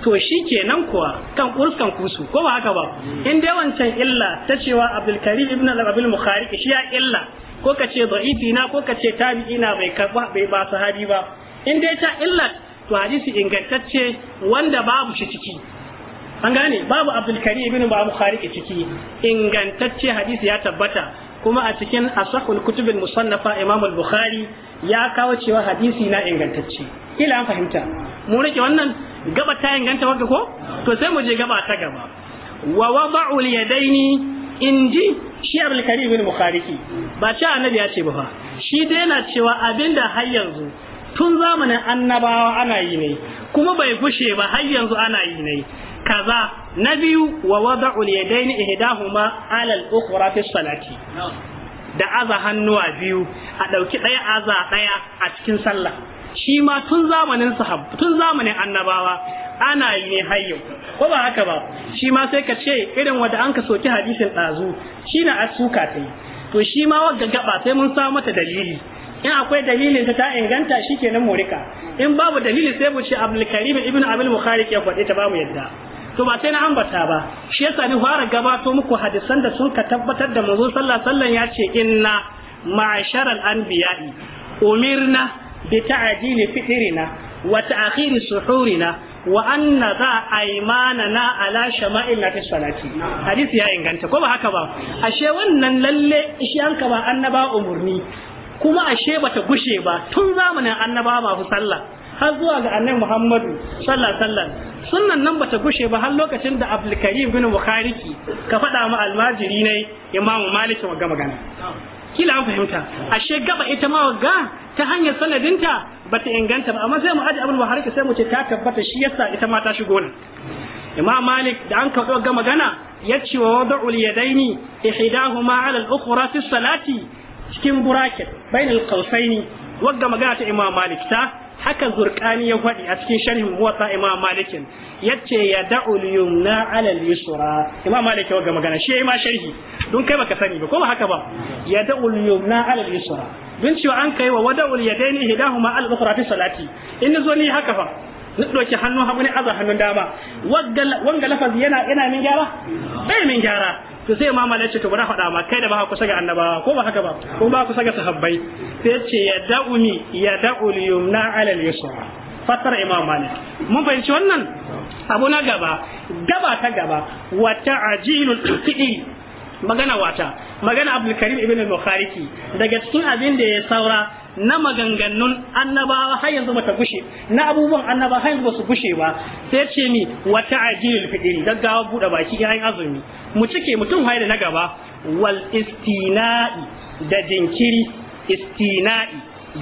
to shi kenan kuwa kan kurskan kusu ko ba haka ba in dai wancan illa ta cewa abdul karim ibn al-abil bukhari shi ya illa ko ka ce da'ifi na ko ka ce tabi'i na bai karba bai ba sahabi ba in dai ta illa to hadisi ingantacce wanda babu shi ciki an gane babu abdul karim ibn ba bukhari ciki ingantacce hadisi ya tabbata kuma a cikin asahul kutubin musannafa imam al-bukhari ya kawo cewa hadisi na ingantacce Ila an fahimta mu rike wannan gaba ta inganta wanka ko to sai mu je gaba ta gaba wa wada'u al-yadaini inji shi abul karim bin bukhariki ba ce annabi ya ce ba fa shi dai yana cewa abinda har yanzu tun zamanin annabawa ana yi ne kuma bai gushe ba har yanzu ana yi ne kaza na biyu wa wada'ul yadaini daina ihidahuma alal ukhra fi salati da aza hannuwa biyu a ɗauki ɗaya aza ɗaya a cikin sallah shi ma tun zamanin sahab tun zamanin annabawa ana yi ne hayyo ko ba haka ba shi ma sai ka ce irin wanda an ka soki hadisin ɗazu shi na asuka ta yi to shi ma wanda gaba sai mun samu mata dalili in akwai dalilin ta ta inganta shi shikenan murika in babu dalili sai mu ce abdul karim ibn abul bukhari ke faɗi ta ba mu yadda to ba sai na ambata ba shi yasa ni fara gabato muku hadisan da sun ka tabbatar da manzo sallallahu alaihi wasallam ya ce inna ma'sharal anbiya'i umirna bi ta'jili fitrina wa ta'khiri suhurina wa anna za aymanana ala shama'il na fi hadisi ya inganta ko ba haka ba ashe wannan lalle shi an ka ba annaba umurni kuma ashe bata gushe ba tun zamanin annaba ba sallah har zuwa ga annabi Muhammadu sallallahu alaihi wasallam sunnan nan bata gushe ba har lokacin da Abdul bin Bukhariki ka faɗa ma almajiri ne Imam Malik wa magana kila an fahimta ashe gaba ita ma ga ta hanyar sanadinta bata inganta ba amma sai mu aje abin Bukhariki sai mu ce ta tabbata shi yasa ita ma ta shigo nan Imam Malik da an ka ga magana yace wa wad'ul yadaini ihdahuma 'ala al-ukhra fi salati cikin buraket bainal qawsaini wagga magana ta Imam Malik ta haka zurkani ya faɗi a cikin sharhin muwatta imam malikin ya ce ya da'ul yumna ala yusra imam malik ya ga magana shi ma sharhi don kai baka sani ba ko ba haka ba ya da'ul yumna ala yusra don cewa an kai wa wada'ul yadaini hidahuma al ukhra fi salati in zo ni haka fa ni doki hannu hagu ne azar hannun dama wanga lafazi yana yana min gyara bai min gyara to sai imam malik ce to bari faɗa ma kai da ba kusa ga annabawa ko ba haka ba ko ba kusa ga sahabbai sai ce ya da'umi ya da'ul yumna ala al-yusra fatar imam malik mun fahimci wannan abu na gaba gaba ta gaba wa ta'jilul qidi magana wata magana abdul karim ibn al-bukhari daga cikin abin da ya saura na maganganun annabawa har yanzu mata gushe na abubuwan annabawa har yanzu su gushe ba sai ce ni wata ta'jilul fidin gaggawa buɗe baki yayin azumi mu cike mutum haida na gaba wal istina'i da jinkiri istina'i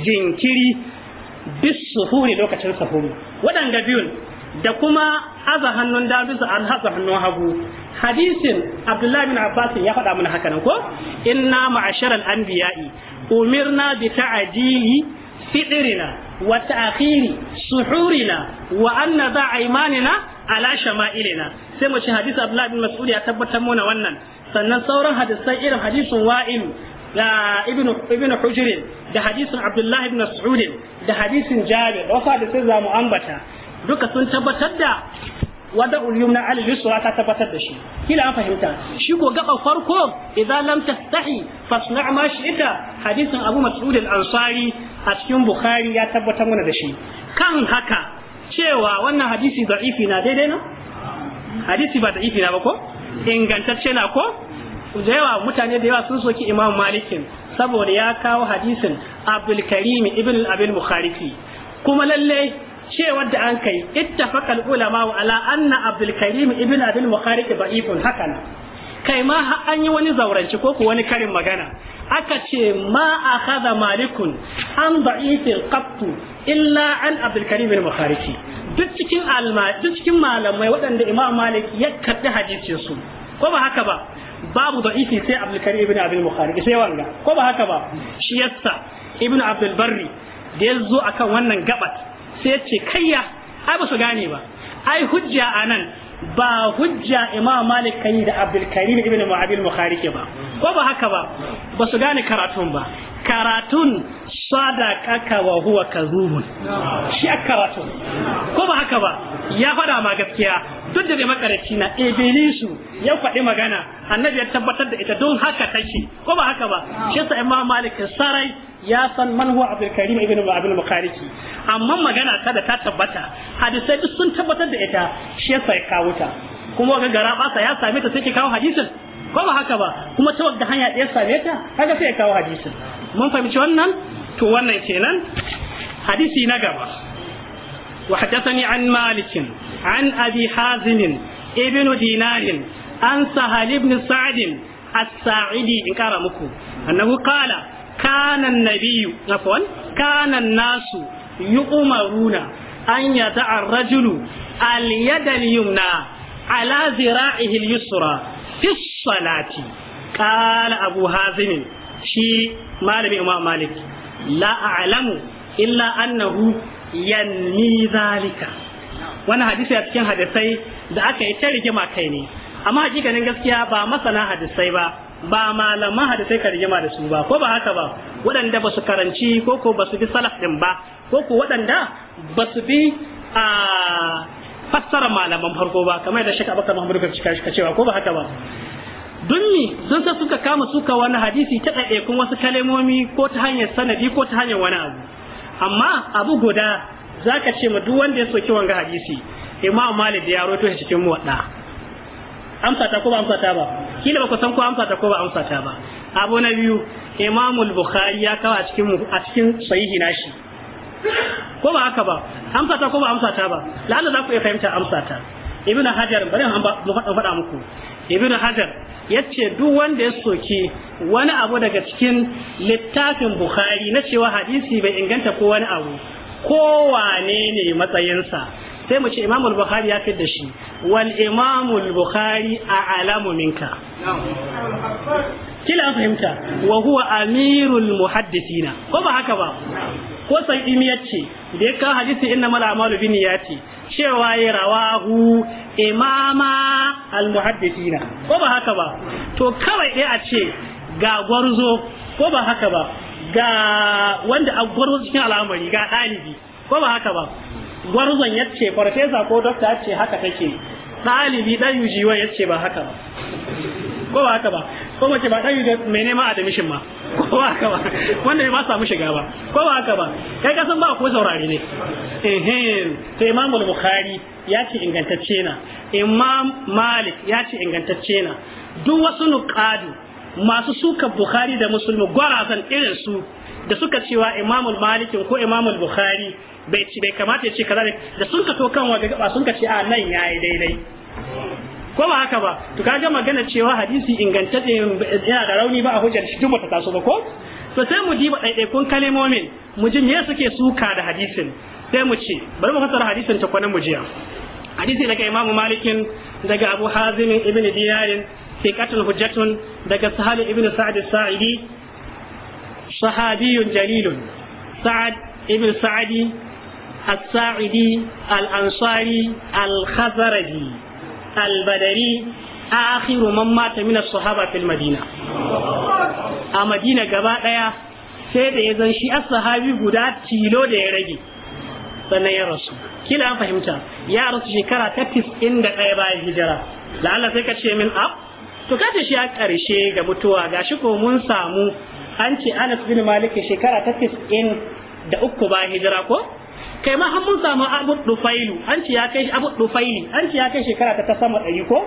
jinkiri bis suhuri lokacin safuri waɗanda biyun da kuma haza hannun dama an haza hannun hagu hadisin abdullahi bin abbas ya faɗa mana haka nan ko inna ma'asharal anbiyai umirna bi ta'jili fitrina wa ta'khiri suhurina wa za a aymanina ala shama'ilina sai mu ci hadisi Abdullah bin Mas'ud ya tabbatar mana wannan sannan sauran hadisan irin hadisin wa'il da ibn ibn da hadisin Abdullah ibn Mas'ud da hadisin Jabir da wasu hadisai za mu ambata duka sun tabbatar da wada ulyumna ala yusra ka tabbatar da shi kila an fahimta shi ko gaba farko idan lam tastahi fasna ma shi'ta hadisin abu mas'ud al-ansari a cikin bukhari ya tabbatar mana da shi kan haka cewa wannan hadisi da'ifi na daidai na hadisi ba da'ifi na ba ko ingantacce na ko da yawa mutane da yawa sun soki imam malikin saboda ya kawo hadisin abdul karim ibn abil kuma lallai. ce wadda an kai ittafaqa al-ulama ala anna Abdul Karim ibn Abdul Mukhariq da'ifun hakan kai ma an yi wani zauranci ko ku wani karin magana aka ce ma akhadha malikun an da'ifil qattu illa an Abdul Karim ibn Mukhariq duk cikin alma duk cikin malamai waɗanda Imam Malik ya karbi hadisin su ko ba haka ba babu da'ifi sai Abdul Karim ibn Abdul Mukhariq sai wanga ko ba haka ba shi yasa ibn Abdul Barri da ya zo akan wannan gabas. sai ce kayya ai ba su gane ba ai hujja nan, ba hujja imam malik kan yi da Abdulkarim karim ibn mu'abil mukharike ba ko ba haka ba ba su gane karatun ba karatun ka wa huwa kazubun shi karatun ko ba haka ba ya faɗa ma gaskiya duk da eh, bai makaraci na ibilisu ya faɗi magana annabi ya tabbatar da ita don haka take ko ba haka ba shi sa imam malik sarai ya san man huwa abdul karim ibn amma magana ta da ta tabbata hadisai duk sun tabbatar da ita shi yasa ya kawo ta kuma ga gara basa ya same ta sai kawo hadisin ko ba haka ba kuma ta wadda hanya ɗaya same ta Haka sai ya kawo hadisin mun fahimci wannan to wannan kenan hadisi na gaba وحدثني عن مالك عن أبي حازم ابن دينار عن سهل بن سعد الساعدي إن أنه قال kanan nabiyu afwan kanan nasu yu'maruna an yata ar-rajulu al-yada yumna ala zira'ihi al-yusra fi salati qala abu hazim shi malami imam malik la a'lamu illa annahu yanni zalika wannan hadisi a cikin hadisai da aka yi ta rigima kai ne amma nan gaskiya ba masana hadisai ba ba malaman hadisai ka rigima da su ba ko ba haka ba waɗanda ba su karanci ko ko ba su bi salaf din ba ko ko waɗanda ba su bi a fassara malaman farko ba kamar da shaka bakar muhammadu ka cika cewa ko ba haka ba dunni sun sa suka kama suka wani hadisi ta ɗaiɗaikun wasu kalmomi ko ta hanyar sanadi ko ta hanyar wani abu amma abu guda zaka ce ma duk wanda ya soki wanga hadisi imam malik ya roto shi cikin muwadda amsa ta ko ba amsa ta ba kila ba ku san ko amsa ta ko ba amsa ta ba abu na biyu imamul bukhari ya kawo a cikin a cikin sahihi nashi ko ba haka ba amsa ta ko ba amsa ta ba lalle za ku iya fahimta amsa ta ibn hajar bari an ba mu faɗa muku ibn hajar yace duk wanda ya soke wani abu daga cikin littafin bukhari na cewa hadisi bai inganta ko wani abu wane ne matsayinsa sai mu ce Imam al-Bukhari ya fi da shi wal Imam al-Bukhari a'lamu minka kila fahimta wa huwa amirul muhaddisina ko ba haka ba ko sai imiyar ce da ya kawo hadisi inna mala amalu bin ya cewa ya rawahu imama al muhaddisina ko ba haka ba to kawai dai a ce ga gwarzo ko ba haka ba ga wanda a cikin al'amari ga ɗalibi ko ba haka ba gwarzon ya ce farfesa ko dokta ya ce haka take ɗalibi ɗan wa ya ce ba haka ba ko ba haka ba ko mace ba ɗan yujiwa mai nema damishin ma ko ba haka ba wanda ya ba samu shiga ba ko ba haka ba kai ka san ba ko saurari ne ehem to imam bukhari ya ce ingantacce na imam malik ya ce ingantacce na duk wasu nuqadu masu suka bukhari da musulmi gwarazan irin su da suka cewa imamul malikin ko imamul bukhari bai ci bai kamata ya ce kaza da sun ka to kan wa gaba sun ka ce a nan yayi daidai ko ba haka ba to kaga magana cewa hadisi ingantacce yana da rauni ba a hujjar shi duk ta taso ba ko to sai mu diba ɗaiɗaikun kalmomin mu ji me suke suka da hadisin sai mu ce bari mu fassara hadisin ta kwana mu jiya hadisi daga imamu malikin daga abu hazim ibn diyarin thiqatun hujjatun daga sahal ibn sa'd as صحابي جليل سعد ابن سعد الساعدي الأنصاري الخزرجي البدري آخر من مات من الصحابة في المدينة المدينة قباء ديا سيد إذن شيء الصحابي قدات تيلو دي رجي sannan ya rasu kila an fahimta ya rasu shekara ta tis'in da ɗaya bayan hijira la'alla sai ka min ab to kace shi a ƙarshe ga mutuwa gashi ko mun samu an ce Anas bin Malik shekara ta 90 da uku ba hijira ko kai ma har mun samu Abu Dufailu an ce ya kai Abu Dufaili an ce ya kai shekara ta ta sama ɗari ko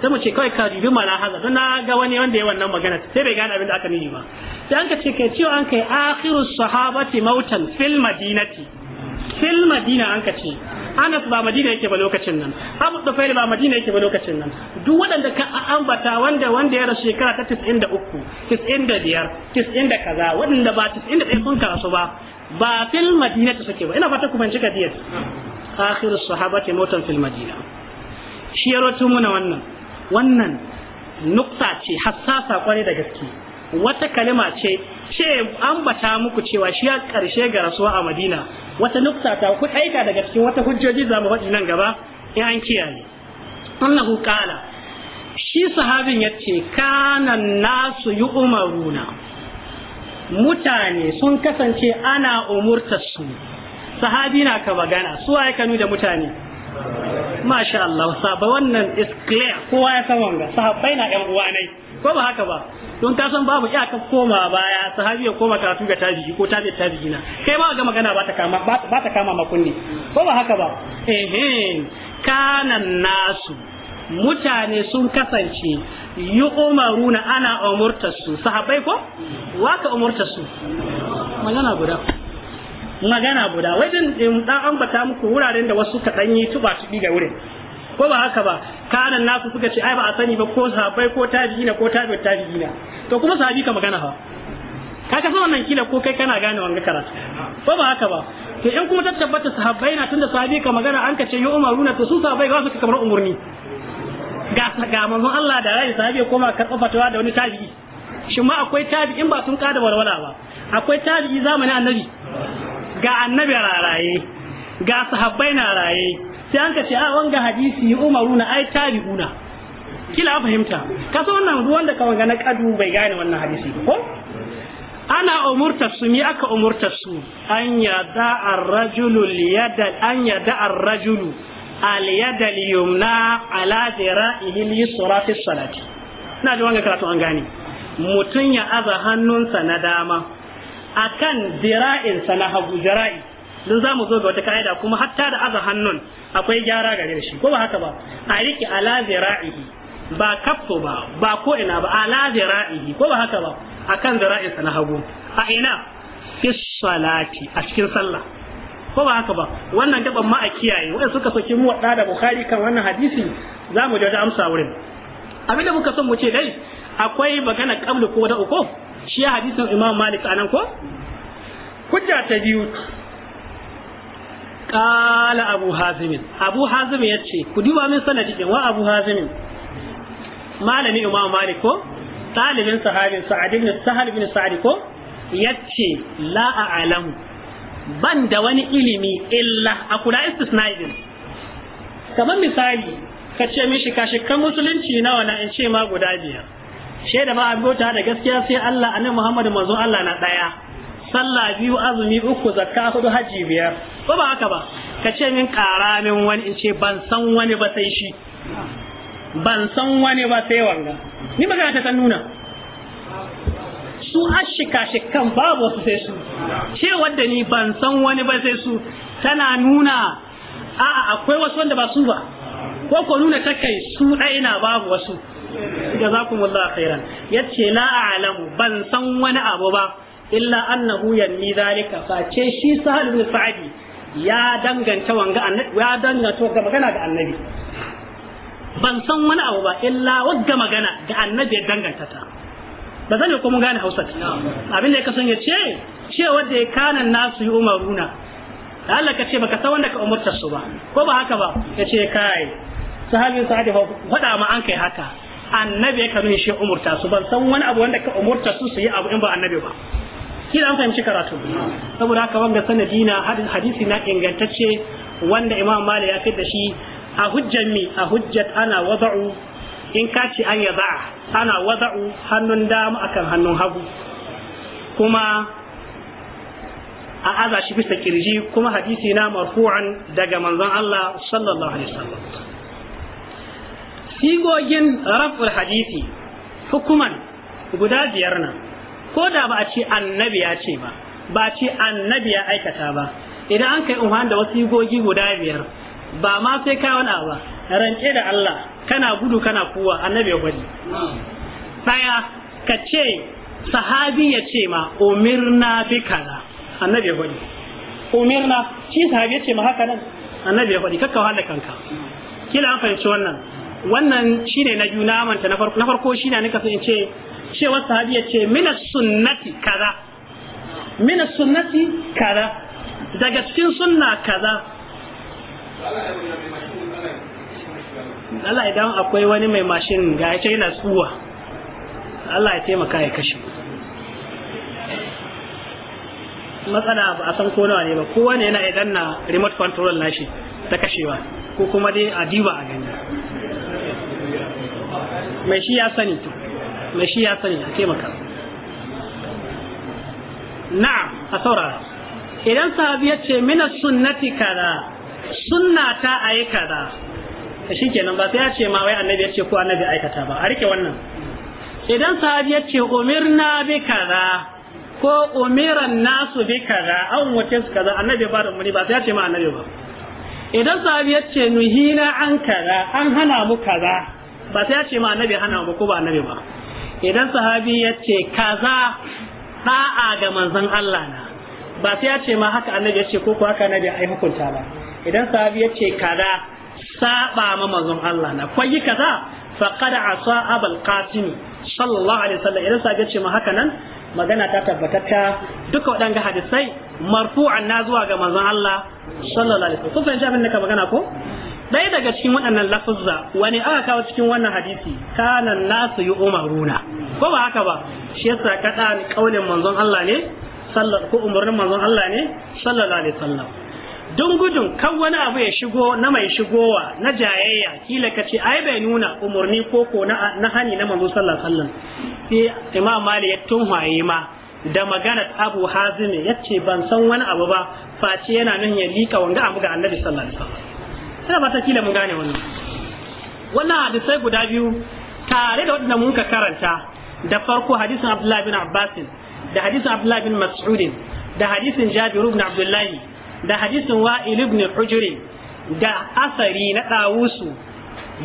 sai mu ce kawai ka dubi mana haza don na ga wani wanda ya wannan magana sai bai gane abin da aka nuni ba sai an ka ce kai cewa an kai akhiru sahabati mautan fil madinati fil madina an kace Anas ba Madina yake ba lokacin nan Abu Dufail ba Madina yake ba lokacin nan duk waɗanda ka ambata wanda wanda ya rasu shekara ta 93 95 90 kaza waɗanda ba 91 sun karasu ba ba fil madina ta suke ba ina fata ku fahimci kadiyar akhiru sahabati mautan fil madina shi ya rotu muna wannan wannan nukta ce hassasa kwarai da gaske wata kalima ce ce an bata muku cewa shi ya karshe ga rasuwa a Madina wata nukta ta ku aika daga cikin wata hujjoji za mu faɗi nan gaba in an kiyaye annahu qala shi sahabin yace kana nasu yu'maruna mutane sun kasance ana umurtar su sahabi na ka magana su waye kanu da mutane masha Allah saba wannan is clear kowa ya san wanga sahabbai na yan uwa ne ko ba haka ba don ka san babu iyakar koma baya sahabiya ya koma karatu ga tabi'i ko ta tabi'i na kai ma ga magana ba ta kama ba ta kama makunni ko ba haka ba eh kanan nasu mutane sun kasance yi umaruna ana su sahabbai ko waka su magana guda magana guda wajen dan ambata muku wuraren da wasu kaɗan yi tuba tubi ga wurin ko ba haka ba kanan nasu suka ce ai ba a sani ba ko sahabbai ko tabi'ina ko tabi'ut tabi'ina to kuma sahabi ka magana fa ka kasa wannan kila ko kai kana gane wanga karatu ko ba haka ba to in kuma ta tabbata sahabbai na tunda sahabi ka magana an ka ce yu umaruna to su sahabbai ga su kamar umurni ga ga manzon Allah da rai sahabi koma karɓa fatawa da wani tabi'i shin ma akwai tabi'in ba sun kada walwala ba akwai tabi'i zamanin annabi ga annabi raraye ga sahabbai na raye sai an kace a wanga hadisi umaruna ai tabi'una kila fahimta kasa wannan ruwan da ka wanga na kadu bai gane wannan hadisi ko ana umurta su mi aka umurta su an yada ar-rajulu liyada an yada ar-rajulu al-yada ala dira'ihi al salati ina ji wanga karatu an gane mutun ya aza hannunsa na dama akan jira'insa na hagu dira'i don za mu zo ga wata ka'ida kuma hatta da aza hannun akwai gyara gare shi ko ba haka ba a riƙe ala zira'ihi ba kafto ba ba ko ina ba ala zira'ihi ko ba haka ba a kan zira'insa na hagu a ina fi salati a cikin sallah ko ba haka ba wannan gaban ma a kiyaye wanda suka soki mu wada da bukhari kan wannan hadisi za mu ji amsa wurin abinda muka son mu ce dai akwai magana kamlu ko da uku shi hadisin imam malik anan ko hujja ta biyu qala abu hazim abu hazim yace ku duba min sanadi sanadin wa abu hazim malami imam malik ko talibin sahabin sa'ad ibn sahal ibn sa'ad ko yace la a'lamu ban da wani ilimi illa a kula istisna'in kamar misali ka ce mishi kashikan musulunci nawa na in ce ma guda biyar shaida ba a abota da gaskiya sai Allah annabi Muhammad manzon Allah na daya sallah biyu azumi uku zakka hudu haji biyar Ko ba haka ba ka ce min kara min wani in ce ban san wani ba sai shi ban san wani ba sai wanga ni magana ta san nuna su ashika shikan babu wasu sai su ce wadda ni ban san wani ba sai su tana nuna a'a akwai wasu wanda ba su ba ko ko nuna ta kai su ɗaya na babu wasu jazakumullahu khairan yace la a'lamu ban san wani abu ba illa annahu yanni zalika face shi sahal bin sa'di ya danganta wanga annabi ya danganta ga magana ga annabi ban san wani abu ba illa wagga magana ga annabi ya danganta ta ba zan ko mun gane Hausa abin da ya kasan ya ce ce wanda ya kana nasu yi umaruna da Allah ka ce baka san wanda ka umurta su ba ko ba haka ba ya ce kai sahabin sa'adi ba faɗa ma an kai haka annabi ya kanu shi umurta su ban san wani abu wanda ka umurta su su yi abu in ba annabi ba kila an fahimci karatu saboda haka wanga sanadi na hadisi na ingantacce wanda imam malik ya fitar da shi a hujjar mi a hujjat ana wada'u in ka ce an yaza'a ana wada'u hannun dama akan hannun hagu kuma a aza shi bisa kirji kuma hadisi na marfu'an daga manzon Allah sallallahu alaihi wasallam sigogin raf'ul hadisi hukuman guda biyar nan ko da ba a ce annabi ya ce ba ba a ce annabi ya aikata ba idan an kai umar da wasu gogi guda biyar ba ma sai kawo wani ba rance da Allah kana gudu kana kuwa annabi ya gwadi daya ka ce sahabi ya ce ma umirna bi kaza annabi ya gwadi umirna shi sahabi ya ce ma haka nan annabi ya gwadi kakka wahala kanka kila an fahimci wannan wannan shine na biyu na na farko na farko shine nika so in ce cewa sahabi ya ce mina sunnati kaza mina sunnati kaza daga cikin sunna kaza Allah idan akwai wani mai mashin ga ya ce yana tsuwa Allah ya taimaka ya kashe matsala a san ko nawa ne ba wani yana idan na remote control nashi ta kashewa ko kuma dai a diba a gani mai shi ya sani to mai shi ya sani a taimaka na a saurara idan sahabi ya ce mina sunnati kaza sunna ta ayi kaza ka shi kenan ba sai ya ce ma wai annabi ya ce ko annabi aikata ba a rike wannan idan sahabi ya ce umirna bi kada ko umiran nasu bi kada an wace su kaza annabi ba da umarni ba sai ya ce ma annabi ba idan sahabi ya ce nuhina an kada an hana mu kaza ba sai ya ce ma annabi hana mu ko ba annabi ba idan sahabi ya ce kaza da'a ga manzon Allah na ba sai ya ce ma haka annabi ya ce ko ko haka annabi ai hukunta ba idan sahabi ya ce kaza saba ma manzon Allah na kwayi kaza faqad asa abul qasim sallallahu alaihi wasallam idan sahabi ya ce ma haka nan magana ta tabbatatta duka waɗanga hadisai marfu'an na zuwa ga manzon Allah sallallahu alaihi wasallam kun fahimci abin da ka magana ko ɗaya daga cikin waɗannan lafuzza wani aka kawo cikin wannan hadisi kana nasu yi umaruna ko ba haka ba shi yasa kaɗa ƙaunin manzon Allah ne ko umarnin manzon Allah ne sallallahu alaihi wasallam don gudun kan wani abu ya shigo na mai shigowa na jayayya kila ka ce ai bai nuna umarni ko ko na hani na manzon sallallahu alaihi sai imam mali ya tunhaye ma da maganar abu hazimi ya ce ban san wani abu ba face yana nan ya lika wanga abu ga annabi sallallahu alaihi wasallam ina ba ta kila mun gane wannan wannan hadisai guda biyu tare da wadanda mun karanta da farko hadisin Abdullahi bin Abbas da hadisin Abdullahi bin Mas'ud da hadisin Jabir ibn Abdullahi da hadisin Wa'il ibn Hujr da asari na Dawusu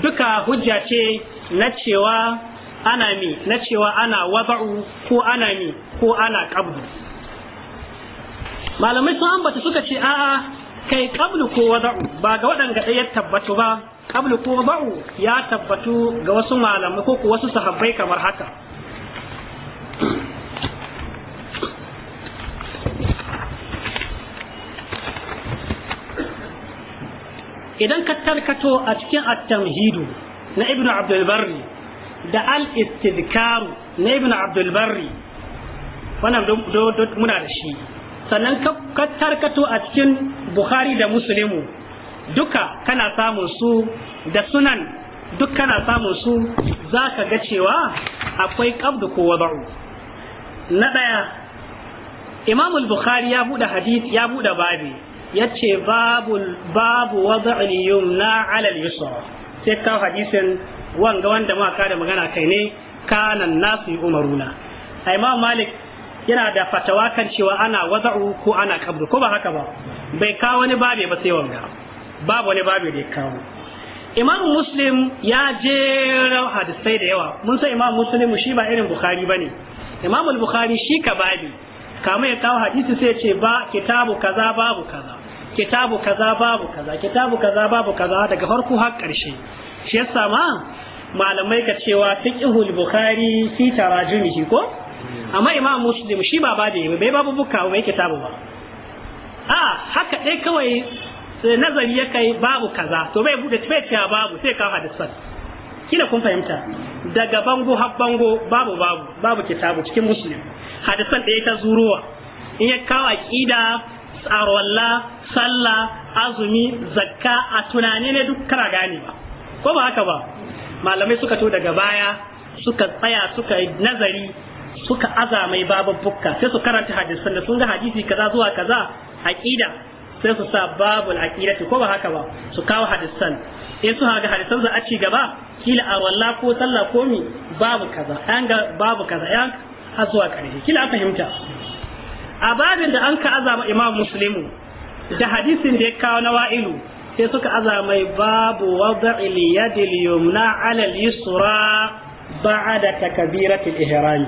duka hujja ce na cewa ana mi na cewa ana wada'u ko ana mi ko ana qabdu malamai sun ambata suka ce a'a kai qablu ko wada'u ba ga waɗanda ɗaya tabbatu ba qablu ko wada'u ya tabbatu ga wasu malamai ko wasu sahabbai kamar haka idan ka tarkato a cikin at-tamhidu na Ibn abdul barri da al-istidkaru na ibnu abdul barri wannan muna da shi sannan ka tarkato a cikin bukhari da Musulmi duka kana samun su da sunan duk kana samun su za ka ga cewa akwai qabdu ko wada'u na ɗaya imamul bukhari ya buɗe hadith ya buɗe babi ya ce babu wada'ul yumna alal yusra sai kawo hadisin wanga wanda muka da magana kai ne kanan nasu umaruna a imam malik yana da fatawa kan cewa ana waza'u ko ana kabru ko ba haka ba bai kawo wani babe ba sai wanga babu wani babe da ya kawo imam muslim ya jera hadisai da yawa mun san imam muslim shi ba irin bukhari bane imam al-bukhari shi ka babi kama ya kawo hadisi sai ce ba kitabu kaza babu kaza kitabu kaza babu kaza kitabu kaza babu kaza daga farko har karshe shi yasa ma malamai ka cewa fiqhul bukhari fi tarajumihi ko amma imam muslim shi ba bada yi bai babu buka bai kitabu ba a haka dai kawai eh, nazari ya kai babu kaza to bai bude tafiya cewa babu sai ka hadisan Kina kun fahimta daga bango har bango babu babu babu kitabu cikin muslim hadisan da ta zuruwa in ya kawo aqida tsarwalla sallah azumi zakka a tunane ne duk kara gane ba ko ba haka ba malamai suka to daga baya suka tsaya suka nazari suka azamai babu bukka sai su karanta hadisan da sun ga hadisi kaza zuwa kaza aqida sai su sa babul aqidati ko ba haka ba su kawo hadisan in su haga hadisan za a ci gaba kila a walla ko sallah ko mi babu kaza an ga babu kaza an har zuwa karshe kila an fahimta a babin da an ka azama imam muslimu da hadisin da ya kawo na wa'ilu sai suka azamai babu wada'il yadil yumna ala al-yusra da takbiratul ihram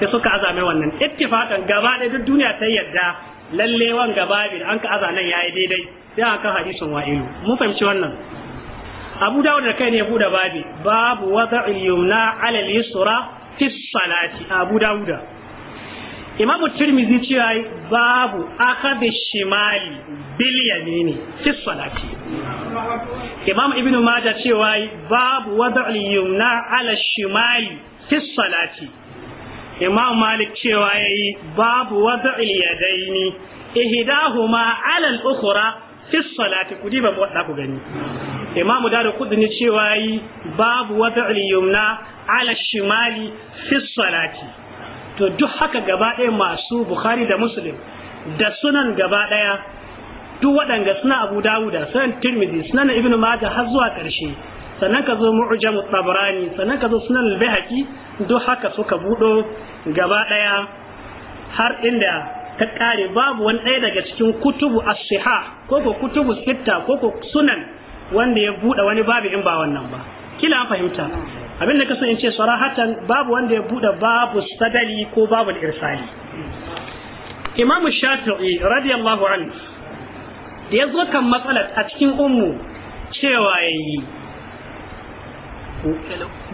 sai suka azame wannan ittifaqan gaba da duk duniya ta yadda lalle wan gaba bi an ka azanan yayi daidai sai aka hadisin wa'ilu mun fahimci wannan Abu Dawud da kai ne ya babi babu wada'il yumna 'ala al-yusra fi salati Abu Dawud Imam tirmidhi ce ai babu akhadhi shimali bil ne salati imam ibnu ce cewa babu wad'al yumna ala shimali fi salati imam malik ce yayi babu wad'al yadaini ihdahuma ala al-ukhra fi salati kudi ba wadda ku gani imam daru kudni cewa babu wad'al yumna ala shimali fi salati to duk haka gaba ɗaya masu bukhari da muslim da sunan gaba ɗaya duk waɗanda suna abu dawuda sunan tirmidhi sunan Ibn majah har zuwa ƙarshe sannan ka zo mu'jam tabrani sannan ka zo sunan al duk haka suka buɗo gaba ɗaya har inda ta ƙare babu wani ɗaya daga cikin kutubu as-siha ko ko kutubu sitta ko ko sunan wanda ya buɗe wani babu in ba wannan ba kila fahimta abin da kasan in ce sarahatan babu wanda ya bude babu sadali ko babu irsali imamu shafi'i radiyallahu anhu da ya zo kan matsalar a cikin ummu cewa yayi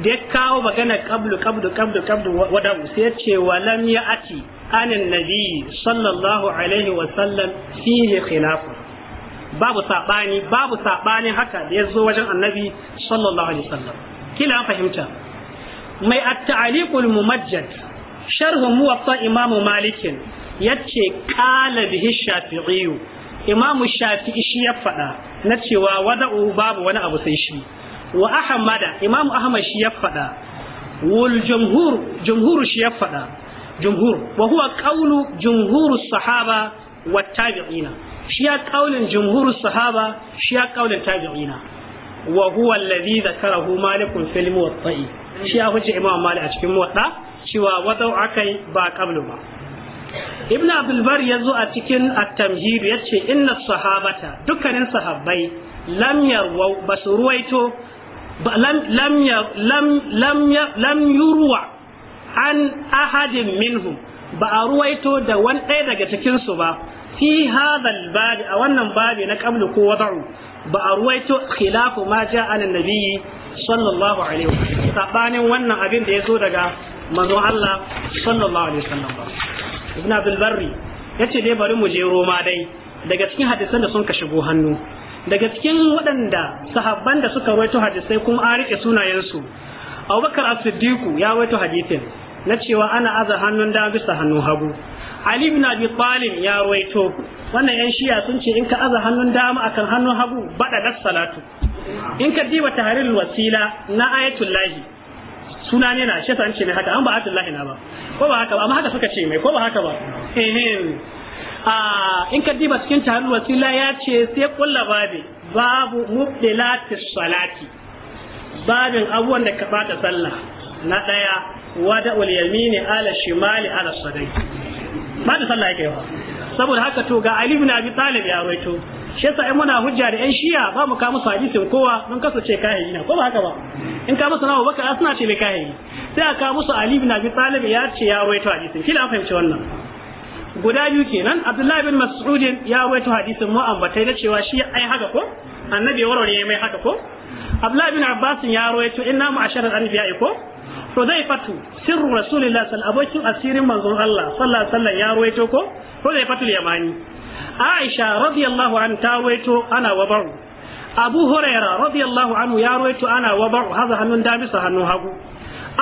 da ya kawo magana kablu kablu kablu kablu wada sai ce wa lam ya ati anin nabi sallallahu alaihi wa sallam fihi khilaf babu sabani babu sabani haka da ya zo wajen annabi sallallahu alaihi wa sallam kila an fahimta mai at-ta'liqul mumajjad sharh muwatta imamu malikin yace qala bihi shafi'i imamu shafi'i shi ya fada na cewa wada'u babu wani abu sai shi wa ahmada imamu ahmad shi ya fada wal jumhur jumhur shi ya fada jumhur wa huwa qawlu jumhur sahaba wa tabi'ina shi ya qawlin jumhur sahaba shi ya qawlin tabi'ina wa huwa alladhi zakarahu malikun fil muwatta'i shi ya huce imam malik a cikin muwatta cewa wadau akai ba qablu ba ibn abdul bar yazo a cikin at-tamhid yace inna sahabata dukkanin sahabbai lam yarwa basu ruwaito lam lam lam lam yurwa an ahadin minhum ba a ruwaito da wani ɗaya daga cikinsu ba fi hadal babi a wannan babi na qablu ko wada'u ba a ruwaito khilafu ma ja'a an nabiyyi sallallahu alaihi wasallam sabanin wannan abin da yazo daga manzon Allah sallallahu alaihi wasallam ba ibn abdul barri yace dai bari mu je roma dai daga cikin hadisan da sun ka shigo hannu daga cikin waɗanda sahabban da suka ruwaito hadisai kuma an rike sunayensu abubakar as-siddiq ya ruwaito hadisin na cewa ana aza hannun da bisa hannun hagu ali ibn abi talib ya ruwaito wannan yan shiya sun ce in ka aza hannun dama akan hannun hagu bada das salatu in ka diba taharil wasila na ayatul lahi suna ne na shi san ce mai haka an ba atul lahi na ba ko ba haka ba amma haka suka ce mai ko ba haka ba eh a in ka diba cikin taharil wasila ya ce sai kullu babi babu mubdilatis salati babin abuwan da ka bata sallah na daya wada ul yamini ala shimali ala sadai ba da sallah yake ba saboda haka to ga Ali ibn Abi Talib ya roito shi yasa ai muna hujja da ƴan Shi'a ba mu ka musu hadisin kowa mun kasance kahiri na ko ba haka ba in ka musu nawa baka suna ce mai kahiri sai aka musu Ali ibn Abi Talib ya ce ya roito hadisin kila an fahimci wannan guda biyu kenan Abdullahi bin Mas'ud ya roito hadisin mu ambatai da cewa shi ai haka ko annabi ya warware mai haka ko Abdullahi bin Abbas ya roito inna mu asharar anbiya'i ko Hudaifatu sirru Rasulillah sal abokin asirin manzon Allah sallallahu alaihi wasallam ya ruwaito ko Hudaifatu yamani Aisha radiyallahu an ta ruwaito ana baro Abu Huraira radiyallahu anhu ya ruwaito ana baro haza hannun dami sa hannun hagu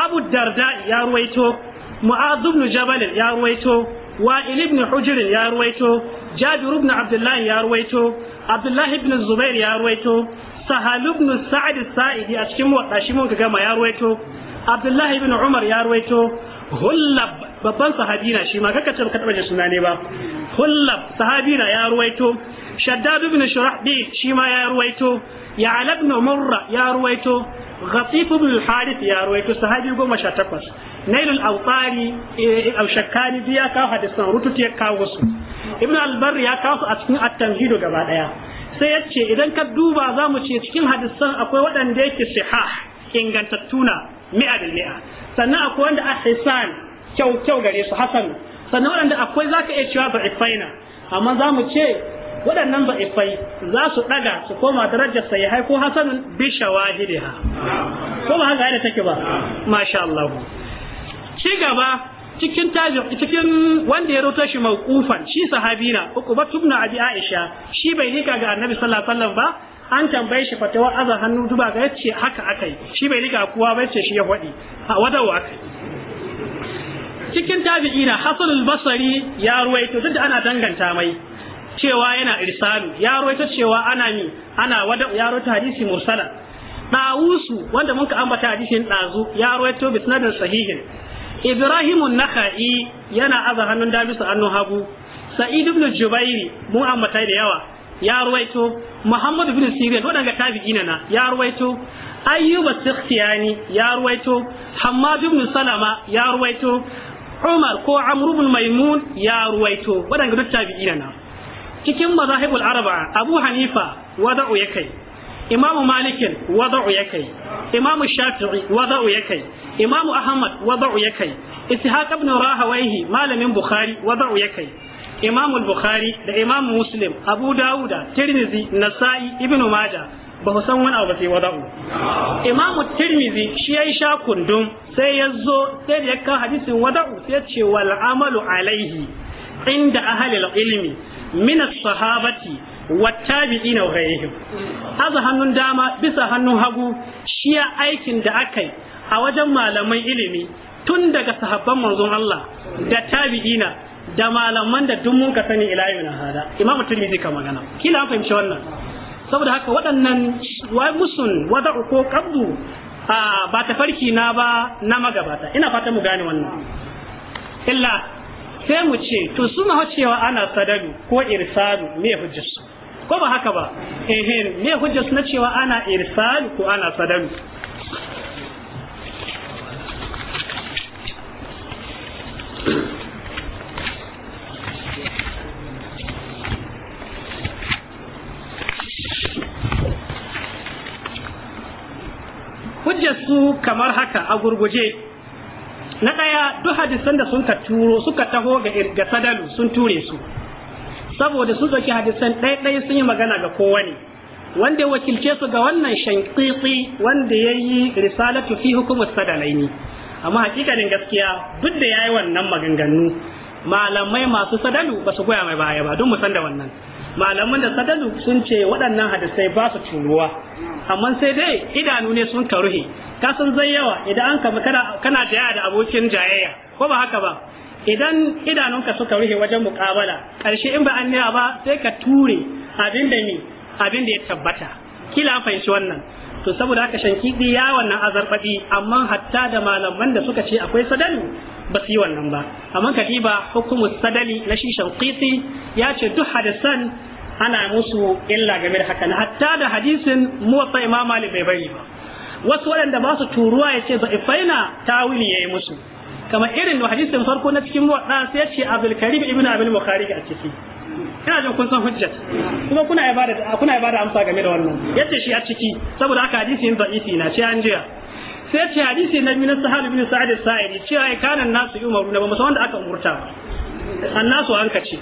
Abu Darda ya ruwaito Mu'adh ibn Jabal ya ruwaito Wa'il ibn Hujr ya ruwaito Jabir ibn Abdullah ya ruwaito Abdullah ibn Zubair ya ruwaito Sahal ibn Sa'd Sa'idi a cikin wadashi mun ga ma ya ruwaito abdullahi ibn umar ya ruwaito hullab babban sahabi na shi ma kaka ce ka taba suna ne ba hullab sahabi na ya ruwaito shaddad ibn shurahbi shi ma ya ruwaito ya ala ibn murra ya ruwaito Sahabi بن الحارث يا رويت صحابي قوم شاتقوس نيل الأوطاري أو شكاني بيا كاو Ibn رتوت يا كاوس ابن البر يا كاوس أتكن gaba daya sai yace idan ka duba za mu ce cikin hadisan akwai waɗanda yake sihah ingantattuna mi'a da mi'a sannan akwai wanda ahsan kyau kyau gare su hasan sannan wanda akwai zaka iya cewa da'ifaina amma za mu ce waɗannan da'ifai za su ɗaga su koma darajar sahihai ko hasanun bi shawahidiha ko ba haka yadda take ba masha Allah ci gaba cikin tajin cikin wanda ya roto shi mawqufan shi sahabina uqbat ibn abi aisha shi bai nika ga annabi sallallahu alaihi wasallam ba an tambaye shi fatawa aza hannu zuba ga yace haka akai shi bai riga kuwa bai ce shi ya faɗi a wadawa akai cikin tabi'ina hasan al-basri ya ruwaito duk da ana danganta mai cewa yana irsalu ya ruwaito cewa ana mi ana wada ya ruwaito hadisi mursala dawusu wanda muka ambata hadisin dazu ya ruwaito bi sanadin sahihin ibrahim an-nakhai yana aza hannun dabisu hannun Habu. sa'id ibn jubairi mun ambata da yawa ya ruwaito Muhammadu bin Sirin wadanga tabi'ina na ya ruwaito ayyuba sikhtiyani ya ruwaito Hammad bin Salama ya ruwaito Umar ko Amr bin Maimun ya ruwaito wadanga duk tabi'ina na cikin mazahibul arba'a Abu Hanifa wada'u yakai Imam Malik wada'u yakai imamu Shafi'i wada'u yakai imamu Ahmad wada'u yakai Ishaq ibn Rahawayhi malamin Bukhari wada'u yakai Imam Bukhari da Imam Muslim Abu Dawuda Tirmidhi Nasa'i Ibn Majah ba ku san wani abu sai wada'u Imam Tirmidhi shi yayi sha kundum sai ya zo sai da kan hadisin wada'u sai ya ce wal amalu alaihi inda ahalil ilmi min as-sahabati wattabi'ina wa ghayrihim haza hannun dama bisa hannun hagu shiya aikin da akai a wajen malaman ilimi tun daga sahabban manzon Allah da tabi'ina da malaman da tun mun ka sani ila yau na hada imamu tirmidhi ka magana kila an fahimci wannan saboda haka waɗannan wai musun wada ko kabdu a ba ta farki na ba na magabata ina fata mu gane wannan illa sai mu ce to suna cewa ana sadadu ko irsadu me hujjar, ko ba haka ba eh me hujjarsu na cewa ana irsadu ko ana sadadu hujjar su kamar haka a gurguje na ɗaya duk hadisan da sun ka turo suka taho ga ga sadalu sun ture su saboda su zaki hadisan ɗaya sun yi magana ga kowane wanda ya wakilce su ga wannan shankitsi wanda ya yi risalatu fi hukumar sadalaini amma hakikanin gaskiya duk da ya yi wannan maganganu malamai masu sadalu ba su goya mai baya ba don mu san da wannan malaman da sadadu sun ce waɗannan hadisai ba su turuwa amma sai dai idanu ne sun karuhe ka sun zai yawa idan an kama kana jaya da abokin jayayya ko ba haka ba idan idanunka suka ruhe wajen mukabala ƙarshe in ba an ba sai ka ture abin da ne abin da ya tabbata kila fahimci wannan to saboda haka shankidi ya wannan azarfadi amma hatta da malaman da suka ce akwai sadali ba su yi wannan ba amma katiba hukumus sadali na shi shankiti ya ce duk hadisan ana musu illa game da haka hatta da hadisin muwatta imam malik bai bari ba wasu waɗanda ba su turuwa ya ce za'ifaina tawili ya yi musu kamar irin hadisin farko na cikin muwatta sai ya ce abdul karim ibn abdul bukhari a ciki ina jin kun san hujjat kuma kuna ibada kuna ibada amsa game da wannan yace shi a ciki saboda haka yin da'ifi na ce an jiya sai ce hadisi na min sahal ibn sa'id sa'idi cewa ai kana nasu umaru na ba musan wanda aka umurta annasu an kace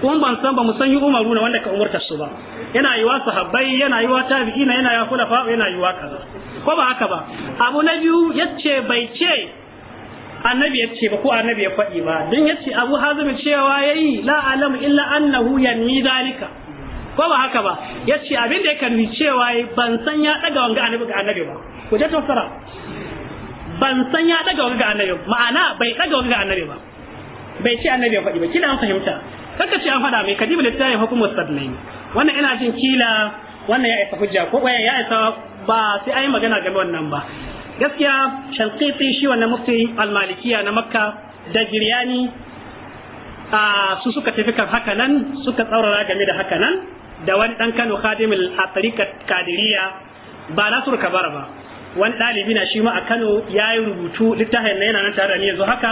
kuma ban san ba musan umaru na wanda ka umurta su ba yana yiwa sahabbai yana yiwa tabi'ina yana yiwa kulafa yana yiwa kaza ko ba haka ba abu na biyu yace bai ce annabi ya ce ba ko annabi ya faɗi ba don ya ce abu hazim cewa ya yi la'alamu illa annahu ni dalika ko ba haka ba ya ce abin da ya karbi cewa ban san ya ɗaga wanga annabi ga annabi ba ku je tausara ban san ya ɗaga wanga annabi annabi ma'ana bai ɗaga wanga annabi ba bai ce annabi ya faɗi ba kila an fahimta kaka ce an faɗa mai kadibu yi hukumar sadnai wannan ina jin kila wannan ya isa hujja ko ya isa ba sai ayi magana game wannan ba gaskiya shalqiti shi wannan mufti almalikiya na makka da giryani a su suka tafi kan haka nan suka tsaurara game da haka nan da wani dan Kano khadimul atarikat kadiriya ba nasur kabar ba wani ɗalibi na shi ma a Kano ya yi rubutu littafin na yana nan tare da ni yanzu haka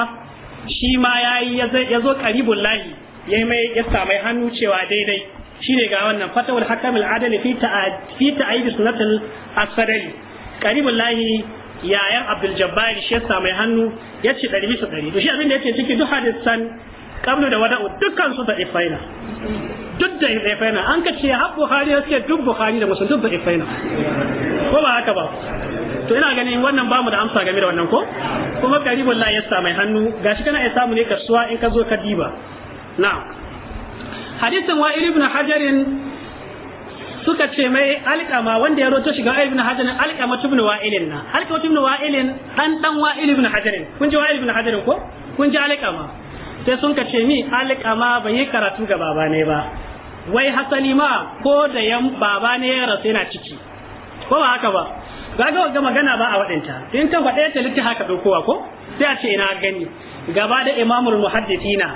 shi ma ya yi ya zo karibun lahi ya mai ya samu hannu cewa daidai shine ga wannan fatawul hakamul adali fi ta'id fi ta'id karibun lahi yayan abdul jabbar shi yasa mai hannu ya ce ɗari bisa ɗari to shi abin da yake ciki duk hadisan kablu da wada'u dukkan su da ifaina duk da ifaina an ka ce har bukhari ya ce duk bukhari da muslim duk da ifaina ko ba haka ba to ina ganin wannan ba mu da amsa game da wannan ko kuma garibul la yasa mai hannu gashi kana ya samu ne kasuwa in ka zo ka diba na'am hadisin wa'il ibn hajarin suka ce mai alƙama wanda ya roto shiga ibn hajarin alƙama ibn wa'ilin na alƙama ibn wa'ilin dan dan wa'il ibn hajarin kun ji wa'il ibn hajarin ko kun ji alƙama sai sun ka ce ni alƙama bai yi karatu ga baba ne ba wai hasali ma ko da yan baba ne ya rasu yana ciki ko ba haka ba ga ga magana ba a waɗanta in kan faɗe ta littafi haka ɗaukowa ko sai a ce ina gani gaba da imamul muhaddithina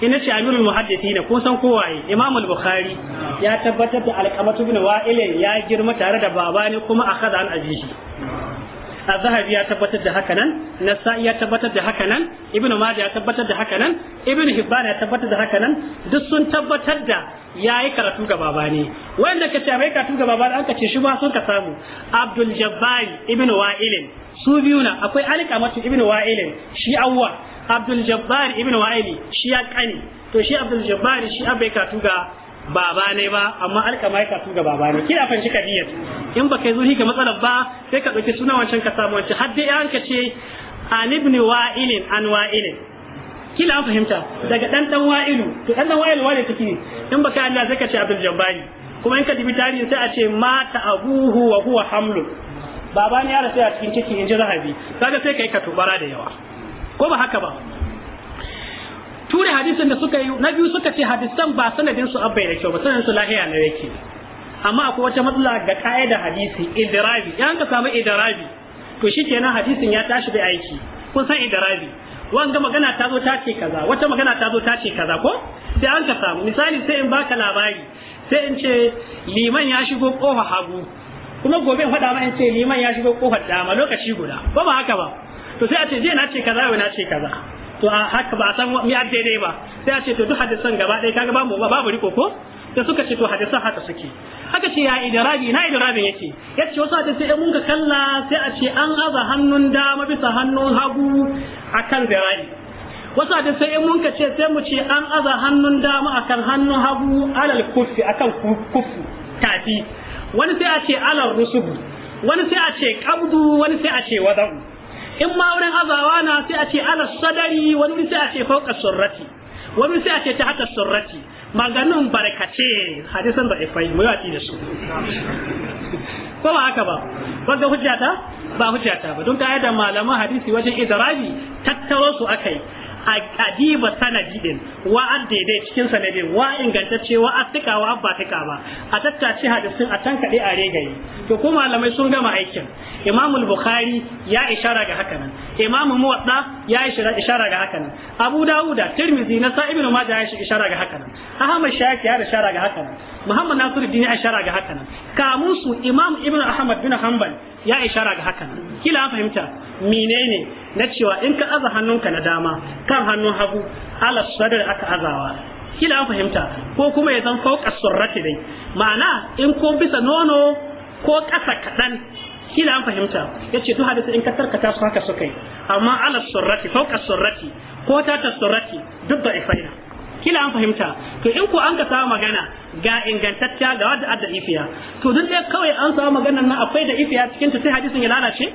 ina ce amirul muhaddithina kun san ko imam al-bukhari ya tabbatar da alqamatu bin wa'ilin ya girma tare da ne kuma akhadha an ajihi az-zahabi ya tabbatar da haka nan nasa'i ya tabbatar da haka nan ibn majah ya tabbatar da haka nan ibn hibban ya tabbatar da haka nan duk sun tabbatar da yayi karatu ga ne wanda kace mai karatu ga babani an kace shi ma sun ka samu abdul jabbar ibn Wa'ilin su biyu na akwai alqamatu Ibin Wa'ilin shi awwa abdul jabbar ibn wa'ili shi ya kani to shi abdul jabbar shi abai ka ga baba ne ba amma alkama ya katu ga baba ne kina fanci kadiyar in baka zo hika matsalar ba sai ka dauki suna wancan ka samu wancan har dai an ka ce an ibn wa'ilin an wa'ilin kila an fahimta daga dan dan wa'ilu to dan dan wa'ilu wane take in baka Allah sai ka ce abdul jabbar kuma in ka dibi tarihi sai a ce mata abuhu wa huwa hamlu baba ne ya rasu a cikin ciki in ji rahabi kaga sai kai ka tubara da yawa ko ba haka ba tura hadisin da suka yi na biyu suka ce hadisan ba sanadin su abbai da kyau ba sanadin su lahiya ne yake amma akwai wata matsala ga ka'ida hadisi idrabi idan ka samu idrabi to shikenan hadisin ya tashi da aiki kun san idrabi wanga magana ta zo ta ce kaza wata magana ta zo ta ce kaza ko sai an ka samu misali sai in baka labari sai in ce liman ya shigo kofa hagu kuma gobe in faɗa ma in ce liman ya shigo kofar dama lokaci guda ba ba haka ba to sai a ce je na ce kaza wai na ce kaza to a haka ba a san mi daidai ba sai a ce to duk hadisan gaba ɗaya kaga babu babu riko ko da suka ce to hadisan haka suke haka ce ya idrabi na idrabi yake yace wasu hadisi sai mun ka kalla sai a ce an aza hannun dama bisa hannun hagu akan zira'i wasu hadisi sai mun ka ce sai mu ce an aza hannun dama akan hannun hagu alal kufi akan kufu tafi wani sai a ce alal rusubu wani sai a ce qabdu wani sai a ce wada'u in ma wurin azawa na sai a ce ala sadari wani sai a ce fauka surrati wani sai a ce ta haka surrati maganin barkace hadisan da ifai mu yaki da su ko ba haka ba wanda hujja ta ba hujja ta ba don ta da malaman hadisi wajen idraji tattaro su akai adiba sanadi din wa an daidai cikin sanadin wa ingantacce wa atika wa abba tika ba a tattace hadisin a tankade a regaye to ko malamai sun gama aikin imam bukhari ya ishara ga haka nan imam muwatta ya ishara ga haka nan abu dauda tirmizi na sa ibnu majah ya ishara ga haka nan ahmad shafi ya ishara ga haka nan muhammad nasiruddin ya ishara ga haka nan kamusu imam ibnu ahmad bin hanbal ya ishara ga hakan kila an fahimta menene na cewa in ka aza hannunka na dama kan hannun hagu ala sadar aka azawa kila an fahimta ko kuma ya zan fauka surrati dai ma'ana in ko bisa nono ko ƙasa kadan kila an fahimta ya ce hadisi in ka tarkata su haka suka amma ala surrati fauka surrati ko ta ta surrati duk da ifaina kila an fahimta to in ko an ka samu magana ga ingantacciya ga wadda adda ifiya to duk da kawai an samu maganar nan akwai da ifiya cikin ta sai hadisin ya lalace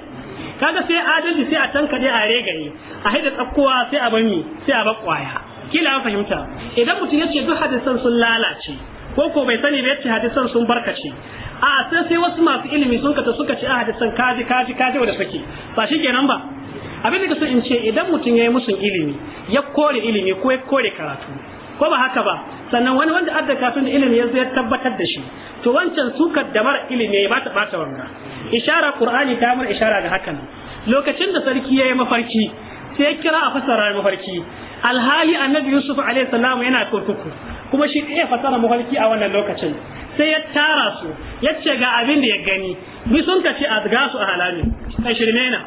kaga sai adalci sai a tanka dai a regaye a haida tsakkuwa sai a bammi sai a bakwaya kila an fahimta idan mutum ya ce duk hadisan sun lalace ko ko bai sani ba yace hadisan sun barkace a sai sai wasu masu ilimi sun kata suka ce a hadisan kaji kaji kaji wanda suke ba shikenan ba abin da kasu in ce idan mutum ya yi musun ilimi ya kore ilimi ko ya kore karatu ko ba haka ba sannan wani wanda adda kafin ilimi yanzu ya tabbatar da shi to wancan sukar da mara ilimi ya bata bata wanga ishara qur'ani ta mun ishara ga hakan lokacin da sarki yayi mafarki sai ya kira a fasara mafarki alhali annabi yusuf alaihi salam yana kurkuku kuma shi ya fasara mafarki a wannan lokacin sai ya tara su ya ce ga abin da ya gani bi sun kace a su a halami kai shirmena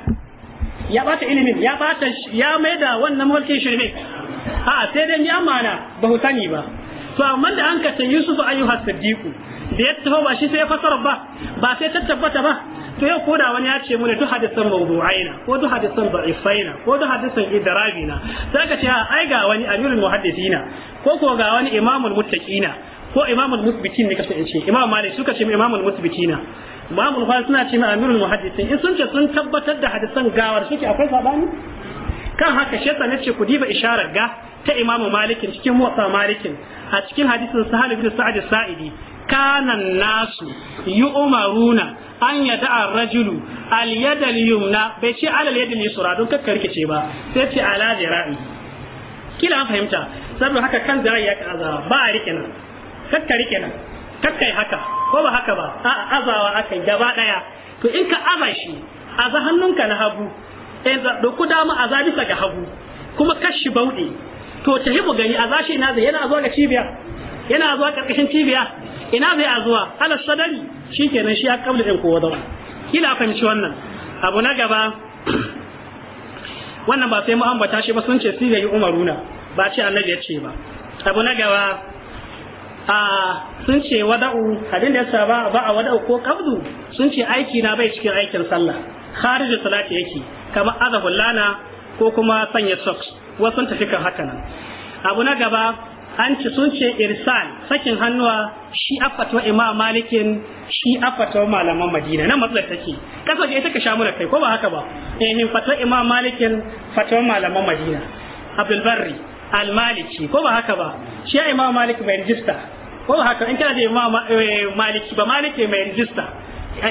ya bata ilimin ya bata ya maida wannan mulkin shirme a sai dai ya mana ba ku sani ba to amma da an kace Yusuf ayyuhas sadiqu da ya taho ba shi sai ya fasara ba ba sai ta tabbata ba to yau koda wani ya ce mune duk hadisan mawdu'aina ko duk hadisan da'ifaina ko duk hadisan idrabina sai ka ce ai ga wani amirul muhaddisina ko ko ga wani imamul muttaqina ko imamul musbitin ne kace in ce imam malik suka ce imamul musbitina Imam al suna ce ma Amirul Muhaddisin in sun ce sun tabbatar da hadisan gawar shi akwai sabani kan haka shi yasa nace ku diba isharar ga ta Imam Malik cikin Muwatta Malik. a cikin hadisin Sahal ibn Sa'ad Sa'idi kana nasu yu'maruna an yada'a ar-rajulu al-yada al-yumna bai ce ala al-yada al-yusra don kakkarke ce ba sai ce ala jira'i kila an fahimta saboda haka kan zira'i ya kaza ba a rike nan kakkarike nan kakkai haka ko ba haka ba a azawa aka gaba daya to in ka aza shi aza hannunka na hagu eh da doku dama aza bisa ga hagu kuma kashi bauɗe to ta himu gani aza shi ina zai yana zuwa ga cibiya yana zuwa karkashin cibiya ina zai a zuwa ala sadari shikenan shi ya kabla din kowa zauna kila fahimci wannan abu na gaba wannan ba sai mu ambata shi ba sun ce sigayi umaruna ba ce annabi ya ce ba abu na gaba a sun ce wada'u abin da yasa ba ba a wada'u ko kabdu sun ce aiki na bai cikin aikin sallah kharijin salati yake kamar azabul lana ko kuma sanya socks wasu sun tafi kan haka nan abu na gaba an ci sun ce irsal sakin hannuwa shi afato imam malikin shi afato malaman madina nan matsalar take kasa ita ka sha mura kai ko ba haka ba eh fatwa imam malikin fatwa malaman madina abdul barri al ko ba haka ba shi ya imam malik mai rijista ko ba haka in kana da imam eh, maliki ba maliki mai rijista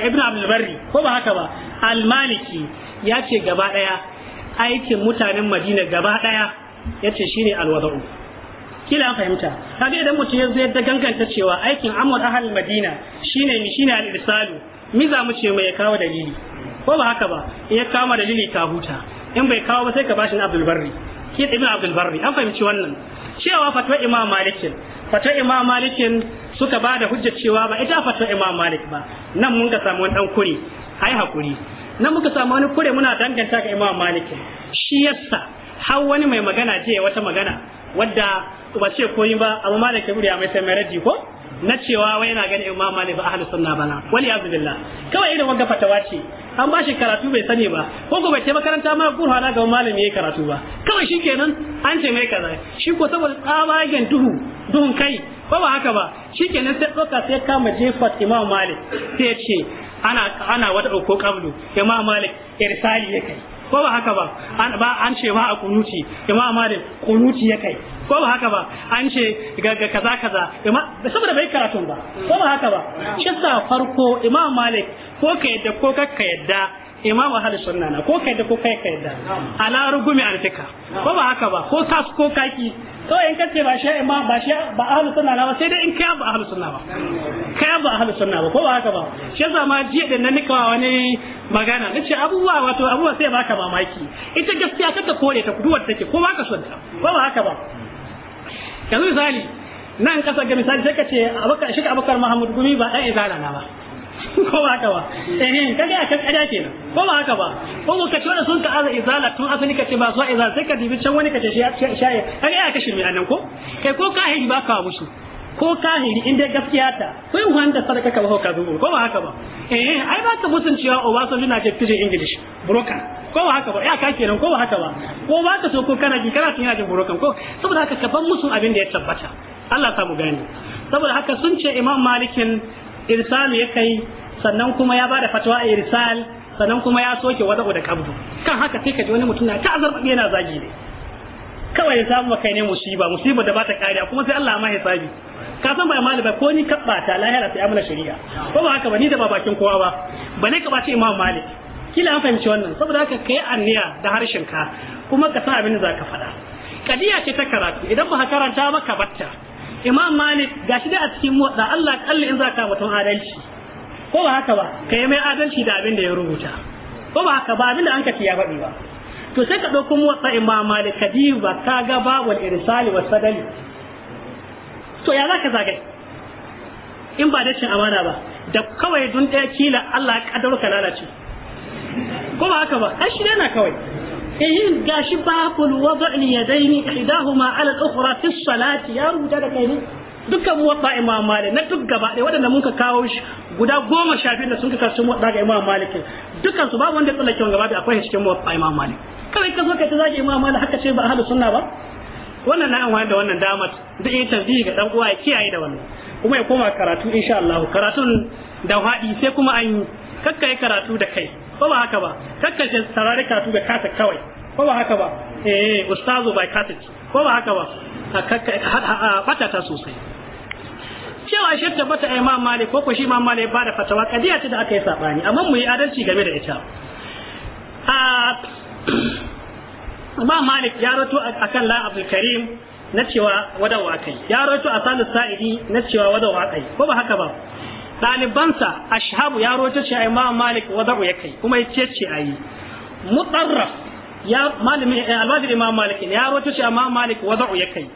ibn abdul barri ko ba haka ba al-maliki ya ce gaba daya aikin mutanen madina gaba daya yace shine al-wada'u kila an fahimta kaga idan mutum ya zai da ganganta cewa aikin amur ahal madina shine ne shine al-irsalu mi za mu ce mai ya kawo dalili ko ba haka ba ya kawo dalili ka huta in bai kawo ba sai ka bashi na abdul barri shi ibn abdul barri an fahimci wannan cewa fatwa imam malikin fatwa imam malikin suka ba da hujjar cewa ba ita fatwa imam malik ba nan mun ka samu wani dan kure ai hakuri nan muka samu wani kure muna danganta ga imam malikin shi yasa har wani mai magana je wata magana wadda ba ce koyi ba amma malikin ya mai sai mai ko na cewa wai yana ganin imam malik ba ahlus sunna bana wal ya'zu billah kawai irin wanga fatawa ce an ba shi karatu bai sani ba ko ko bai ce makaranta ma qur'ana ga malami yayi karatu ba kawai shikenan an ce mai kaza shi ko saboda tsabagen duhu duhun kai ba ba haka ba shikenan sai doka sai kama jefa imam malik sai ya ce ana ana wata ko qablu imam malik irsali yake ko ba haka ba an ba an ce ba a kunuti imam malik kunuti ya kai ko ba haka ba an ce ga kaza kaza saboda bai karatun ba ko ba haka ba shi sa farko imam malik ko ka yadda ko kakka yadda imamu ahlus sunna na ko kai da ko kai kai da ala rugumi artika ko ba haka ba ko kas ko kaki to in kace ba shi imam ba shi ba ahlus sunna ba sai dai in kai ba ahlus sunna ba kai ba ahlus sunna ba ko ba haka ba shi zama ma jiya da nan nika wani magana nace abubuwa wato abubuwa sai ba ba mamaki ita gaskiya ta kore ta kuduwar take ko ba son ta ko ba haka ba yanzu misali nan kasa ga misali sai ka ce abakar shi abakar muhammad gumi ba dan izala na ba ko ba haka ba eh a kenan ko ba haka ba ko ka wanda sun ka ko in wanda sadaka ka ba ka zuwa ko ba haka ba eh ai ba ka mutun cewa so na jin fitin English broker ko ba haka ba ya ka kenan ko ba haka ba ko ba ka so ko kana ji kana tuna ji broker ko saboda haka ka ban musu abin da ya tabbata Allah ta mu gani saboda haka sun ce Imam Malikin irsalu ya kai sannan kuma ya bada fatwa a irisal sannan kuma ya soke wada'u da kabdu kan haka sai ka ji wani mutum na ta azarbabe yana zagi ne kawai ya samu kai ne musiba musiba da ta kariya kuma sai Allah ma hisabi ka san ba malaba ko ni kabba ta lahira sai amana shari'a ko ba haka ba ni da ba bakin kowa ba ba ka ba ce imam malik kila an fahimci wannan saboda haka kai anniya da harshen ka kuma ka san abin da zaka faɗa kadiya ce ta karatu idan ba karanta ba ka batta imam malik gashi da a cikin da Allah kalli in zaka mutum adalci ko ba haka ba ka yi mai adalci da abin da ya rubuta ko ba haka ba abin da an ka ya baɗi ba to sai ka ɗauko motsa imam malik kadiyu ba ka ga babu irsali wa sadali to ya za ka zagai in ba dashin amana ba da kawai dun ɗaya kila Allah ya kaddaro ka lalace ko ba haka ba ai shi yana kawai eh gashi babul wada'il yadaini ihdahuma ala al-ukhra fi salati ya rubuta da kai ne dukkan muwatta imam malik na duk gaba ɗaya waɗanda muka kawo shi guda goma sha biyu da sun kaka sun muwatta ga imam malik dukkan su babu wanda ya tsallake gaba da akwai cikin muwatta imam malik kawai ka zo ka ta zaki imam malik haka ce ba ahlus suna ba wannan na amfani da wannan damar da yin tasbihi ga dan uwa ya kiyaye da wannan kuma ya koma karatu insha Allah karatun da haɗi sai kuma an kakka yi karatu da kai ko ba haka ba kakka ce sarari karatu da kasa kawai ko ba haka ba eh ustazu bai kasa ko ba haka ba a batata sosai cewa shi tabbata a imam malik ko ko shi imam malik ba da fatawa kadiya ce da aka yi sabani amma mu yi adalci game da ita a imam malik ya rato kan la abu karim na cewa wadawa kai ya rato a salis sa'idi na cewa wadawa kai ko ba haka ba ɗalibansa ashabu ya roce shi a imam malik wadau ya kai kuma ya ce ce ayi mutarraf ya malami eh, albajir imam malik ne ya rawaito shi amma malik wada'u ya kai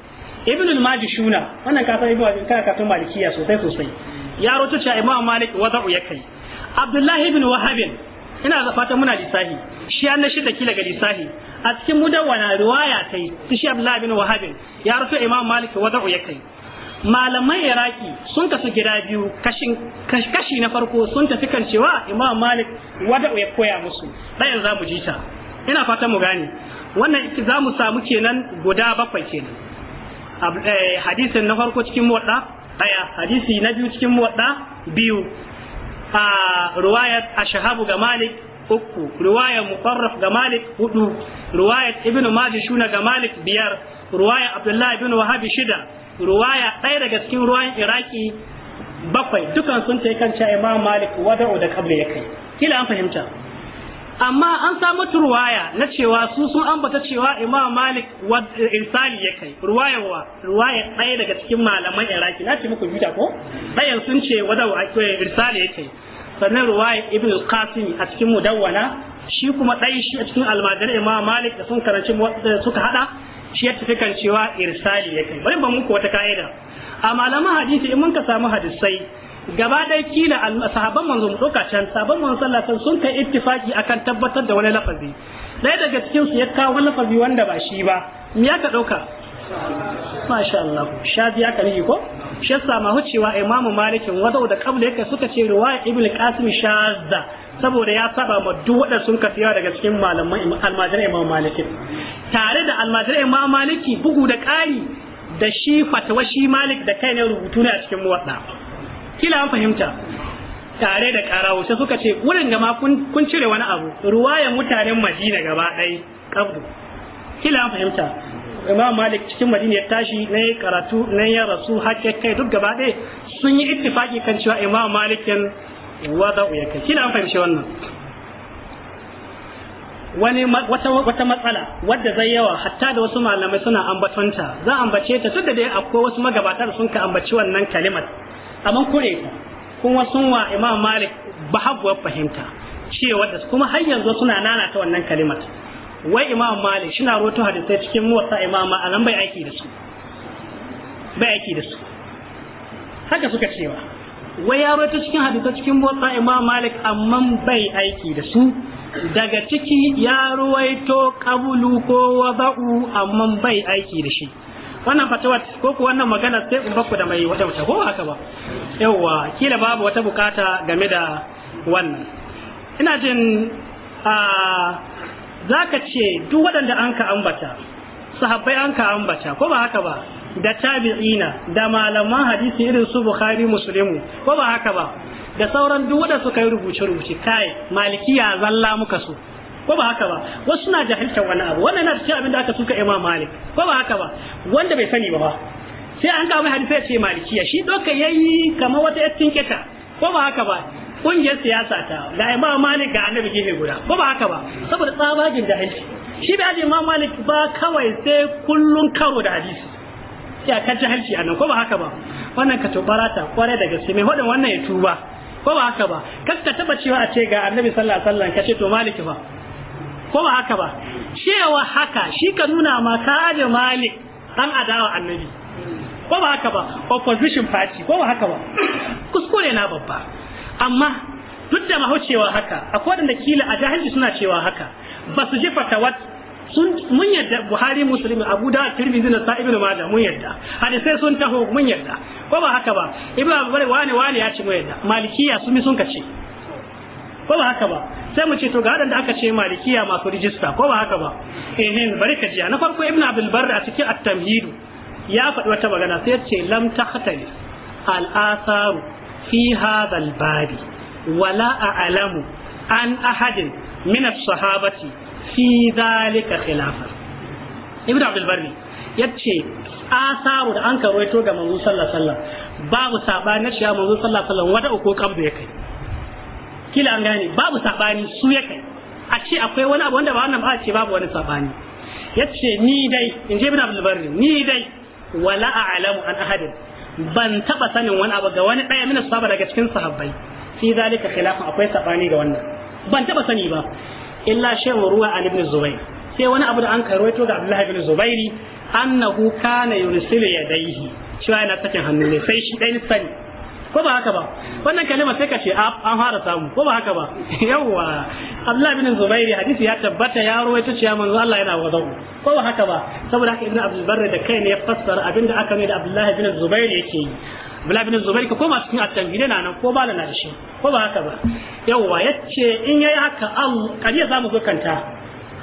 ibn al shuna, wannan ka san ibn ka ka tun malikiya sosai sosai ya rawaito shi imam malik wada'u ya kai abdullahi ibn wahab ina da fatan muna lisahi shi an na shida kila ga lisahi a cikin mudawwana riwaya kai shi abdullahi ibn wahab ya rawaito imam malik wada'u ya kai malaman iraki sun kasu gida biyu kashi na farko sun tafi kan cewa imam malik wada ya koya musu ɗayan za mu ji ta ina fatan mu gane wannan za mu samu kenan guda bakwai kenan eh, hadisin na farko cikin muwadda aya hadisi na biyu cikin muwadda biyu a ruwayat ashhabu ga malik uku ruwayar mufarraf ga malik hudu ruwayar ibnu shuna ga malik biyar ruwaya abdullahi ibn wahabi shida ruwaya ɗaya daga cikin ruwayan iraki bakwai dukan sun ta kan cewa imam malik wada'u da kabla ya kai kila an fahimta amma an samu ruwaya na cewa su sun ambata cewa imam malik irsali ya kai ruwaya wa ruwaya ɗaya daga cikin malaman iraki na ce muku juta ko ɗayan sun ce wada eh, irsali ya kai sannan ruwaya ibn al-qasim a cikin mudawwana shi kuma ɗaya shi a cikin almajirar imam malik da sun karanci eh, suka hada shi ya tafi kan cewa irsali ya kai bari ban muku wata ka'ida a malaman hadisi in mun ka samu hadisai gaba dai kila sahabban manzo doka ɗauka can sahabban manzo sallallahu sun kai ittifaki akan tabbatar da wani lafazi ɗaya daga cikin su ya kawo wani lafazi wanda ba shi ba me ya ka doka masha Allah shafi ya kare ko shi yasa ma hucewa Imam Malik wadau da kabla yake suka ce riwaya ibnu Qasim shazza saboda ya saba ma duk wadanda sun ka tiyawa daga cikin malaman almajirai Imam Malik tare da almajirai Imam Maliki bugu da ƙari da shi fatwa shi Malik da kai ne rubutu ne a cikin muwadda kila an fahimta tare da karawo sai suka ce wurin gama kun cire wani abu ruwayan mutanen madina gaba ɗai kabdu kila an fahimta imam malik cikin madina ya tashi na yi karatu na yi rasu hakke kai duk gaba ɗaya sun yi ittifaki kan cewa imam malikin wada'u uya kai kila an fahimci wannan wani wata matsala wadda zai yawa hatta da wasu malamai suna ambatonta za a ambace ta tunda dai akwai wasu magabata da sun ka ambaci wannan kalimar amma kore ta kuma sun wa imam malik bahaguwar fahimta cewa da kuma har yanzu suna nana ta wannan kalimat wai imam malik shi na roto hadisai cikin muwasa imam a nan bai aiki da su bai aiki da su haka suka cewa wai ya roto cikin hadisai cikin muwasa imam malik amma bai aiki da su daga ciki ya ruwaito kabulu ko wada'u amma bai aiki da shi wannan fatawar ko ku wannan magana sai in bakku da mai wata wata ko haka ba yawwa kila babu wata bukata game da wannan ina jin a zaka ce duk waɗanda an ka ambata sahabbai an ka ambata ko ba haka ba da tabi'ina da malaman hadisi irin su bukhari muslimu ko ba haka ba da sauran duk waɗanda suka yi rubuce rubuce kai malikiya zalla muka so ko ba haka ba wasu suna jahilta wani abu wannan na cikin abin da aka suka Imam Malik ko ba haka ba wanda bai sani ba sai an kawo hadisi ya ce malikiya shi doka yayi kamar wata yattin kita ko ba haka ba kungiyar siyasa ta ga Imam Malik ga Annabi gefe guda ko ba haka ba saboda tsabagin jahilci shi bai da Imam Malik ba kawai sai kullun karo da hadisi ya ka jahilci anan ko ba haka ba wannan ka tubara ta kware da gaske mai hodin wannan ya tuba ko ba haka ba kaska taba cewa a ce ga Annabi sallallahu alaihi wasallam kace to maliki fa ko ba haka ba cewa haka shi ka nuna ma ka aje malik dan adawa annabi ko ba haka ba opposition party ko ba haka ba kuskure na babba amma duk da mahaucewa haka akwai da kila a jahilci suna cewa haka ba su ji fatawa sun mun yadda Buhari Musulmi Abu da Tirmidhi na Sa'ib ibn Majah mun yadda sai sun taho mun yadda ko ba haka ba ibnu abubakar wani wani ya ce mun yadda Malikiya su mi sun kace ko ba haka ba sai mu ce to ga da aka ce malikiya masu rijista ko ba haka ba eh bari ka ji na farko Ibn abdul barr a cikin at-tamhid ya faɗi wata magana sai ya ce lam tahtali al-atharu fi hadha al wala a'lamu an ahadin min as-sahabati fi dhalika khilafan ibnu abdul ya yace asaru da an karwaito ga manzo sallallahu alaihi wasallam babu sabani na cewa manzo sallallahu alaihi wasallam wada uku kan bai kai kila an gane babu saɓani su ya kai a ce akwai wani abu wanda ba wannan ba a ce babu wani saɓani. Ya ce ni dai in je ibn abdul barri ni dai wala a a'lamu an ahadin ban taɓa sanin wani abu ga wani daya min sahaba daga cikin sahabbai fi zalika khilafun akwai saɓani ga wannan ban taɓa sani ba illa shan ruwa an ibn zubair sai wani abu da an karwaito ga abdullahi ibn zubairi annahu kana yursilu yadayhi cewa yana sakin hannu ne sai shi dai sani ko ba haka ba wannan kalima sai ka ce an fara samu ko ba haka ba yawwa Abdullahi bin Zubairi hadisi ya tabbata ya rawaito cewa manzo Allah yana wazau ko ba haka ba saboda haka Ibn Abdul Barr da kai ne ya fassara abinda aka mai da Abdullahi bin Zubairi yake yi Abdullahi bin Zubairi ka koma cikin at-tanbih na nan ko ba na da shi ko ba haka ba yawwa yace in yayi haka Allah kadiya zamu zo kanta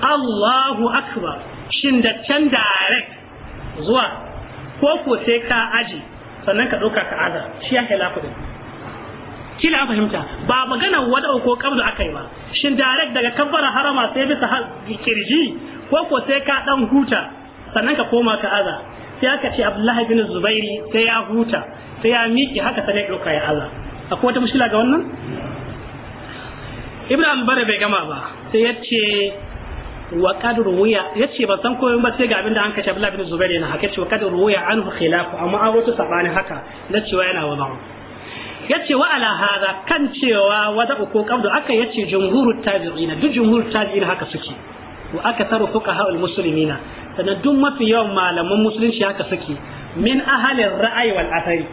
Allahu akbar shin da can direct zuwa ko ko sai ka aji sannan ka ɗauka ka aza shi ya kai lafudin shi da fahimta ba magana wada ko kabdu yi ba shin direct daga kabbara harama sai bisa kirji ko ko sai ka dan huta sannan ka koma ka aza sai aka ce abdullahi bin zubairi sai ya huta sai ya miki haka sai ya ɗauka ya aza akwai wata mushila ga wannan Ibrahim al bai gama ba sai ya ce wa kad ruwiya yace ban san koyon ba sai ga abinda an kace Abdullah bin Zubair yana haka ce wa kad ruwiya anhu khilaf amma an wato sabani haka na cewa yana wa ba'u yace wa ala hada kan cewa wada uku qabdu aka yace jumhurut tabi'in duk jumhurut tabi'in haka suke wa aka akasaru fuqaha almuslimina sannan duk mafi yawan malaman musulunci haka suke min ahalin ra'ayi wal athari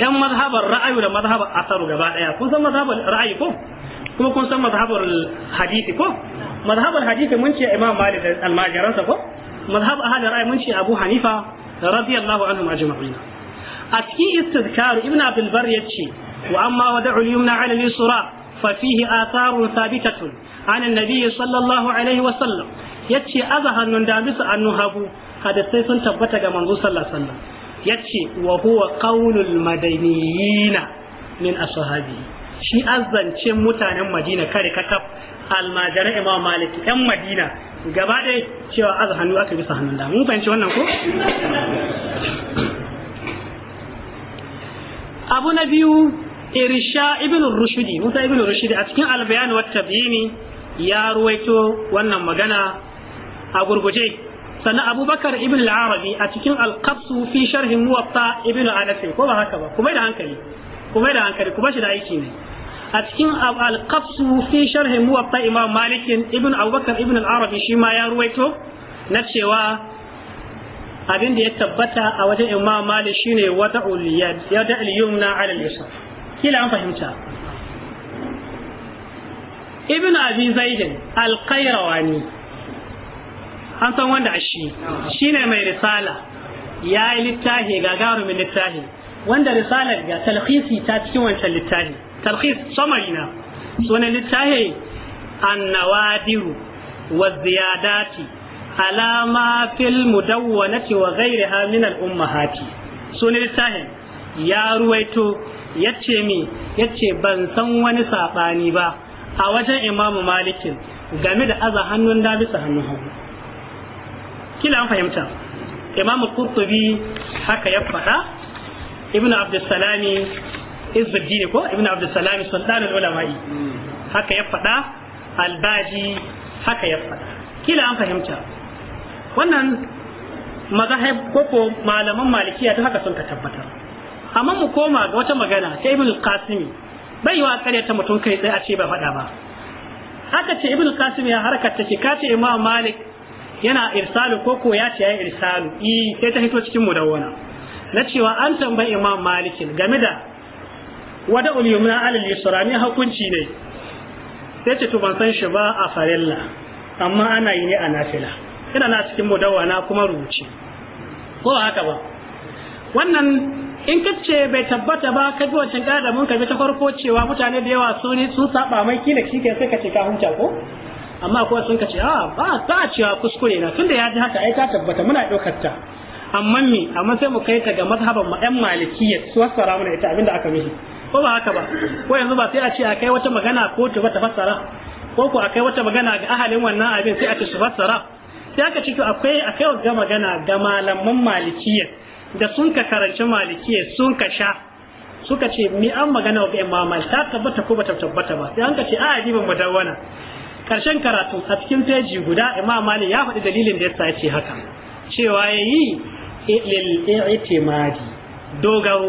yan mazhabar ra'ayi da mazhabar asaru gaba daya kun san mazhabar ra'ayi ko kuma kun san mazhabar hadisi ko mazhabar hadisi mun ce imam malik da almajiransa ko mazhab ahli ra'ayi mun ce abu hanifa radiyallahu anhum ajma'in a cikin istizkar ibn abdul bar yace wa amma wada'ul yumna 'ala al-yusra fa fihi atharun thabitatun 'ala an-nabi sallallahu alaihi wa sallam yace azahannun da bisa annu habu kada sai sun tabbata ga manzo sallallahu alaihi wasallam yace wa huwa qaulul madaniyina min ashabihi shi azancin mutanen madina kare kakaf almajiran imam maliki yan madina gaba ɗaya cewa aza hannu aka bisa hannun da mun fahimci wannan ko abu na biyu irsha ibn rushdi musa ibn rushdi a cikin albayan wa tabyini ya ruwaito wannan magana a gurguje sannan abubakar ibn al-arabi a cikin al-qabsu fi sharhin muwatta ibn anas ko ba haka ba kuma da hankali kuma da hankali kuma shi da aiki ne a cikin al-qafsu fi sharh muwatta imam malik ibn abubakar ibn al-arabi shi ma ya ruwaito na cewa abin da ya tabbata a wajen imam malik shine wata uliyad ya da al-yumna ala al-yusra kila an fahimta ibn abi zaid al-qayrawani an san wanda ashi shine mai risala ya yi littafi gagarumin littafi wanda risalar ga talhisi ta cikin wancan littafi talhis samari na sunan littafi annawadiru wa ziyadati alama fil mudawwanati wa ghairiha min al ummahati sunan littafi ya ruwaito yace mi yace ban san wani sabani ba a wajen imamu malikin game da aza hannun da bisa hannun hannu. kila an fahimta imamu qurtubi haka ya faɗa ibnu abdussalami izzuddin ko ibnu abdussalami sultanul ulama'i haka ya faɗa albaji haka ya faɗa kila an fahimta wannan mazahib koko malaman malikiya ta haka sun ka tabbatar amma mu koma ga wata magana ta ibn al-qasimi bai wa ta mutum kai tsaye a ce ba faɗa ba haka ce ibn al-qasimi ya harkar ta ce ka ce imam malik yana irsalu koko ya ce ya irsalu eh sai ta hito cikin mudawwana na cewa an tambayi imam malikin game da wada ulyumna alal su rani hukunci ne sai ce to ban san shi ba a farilla amma ana yi ne a nafila ina na cikin mudawana kuma rubuce ko haka ba wannan in ka ce bai tabbata ba ka bi wancan kada mun ka bi ta farko cewa mutane da yawa su ne sun saba mai kila shi sai ka ce ka hunta ko amma ko sun ka ce ah, a ba ta cewa kuskure na tunda ya ji haka ai ta tabbata muna daukar ta amma mi amma sai mu kai ka ga mazhaban ma ɗan malikiyya su fassara mana ita abinda aka mishi ko ba haka ba ko yanzu ba sai a ce a kai wata magana ko ta wata fassara ko ko a kai wata magana ga ahalin wannan abin sai a ce su fassara sai aka ce to akwai akai wata magana ga malaman malikiyya da sun ka karanci malikiyya sun ka sha suka ce mi an magana wa bai mamal ta tabbata ko ba ta tabbata ba sai an ka ce a ajibin mudawwana karshen karatu a cikin feji guda imam mali ya faɗi dalilin da yasa ya ce haka cewa yayi lil dogaro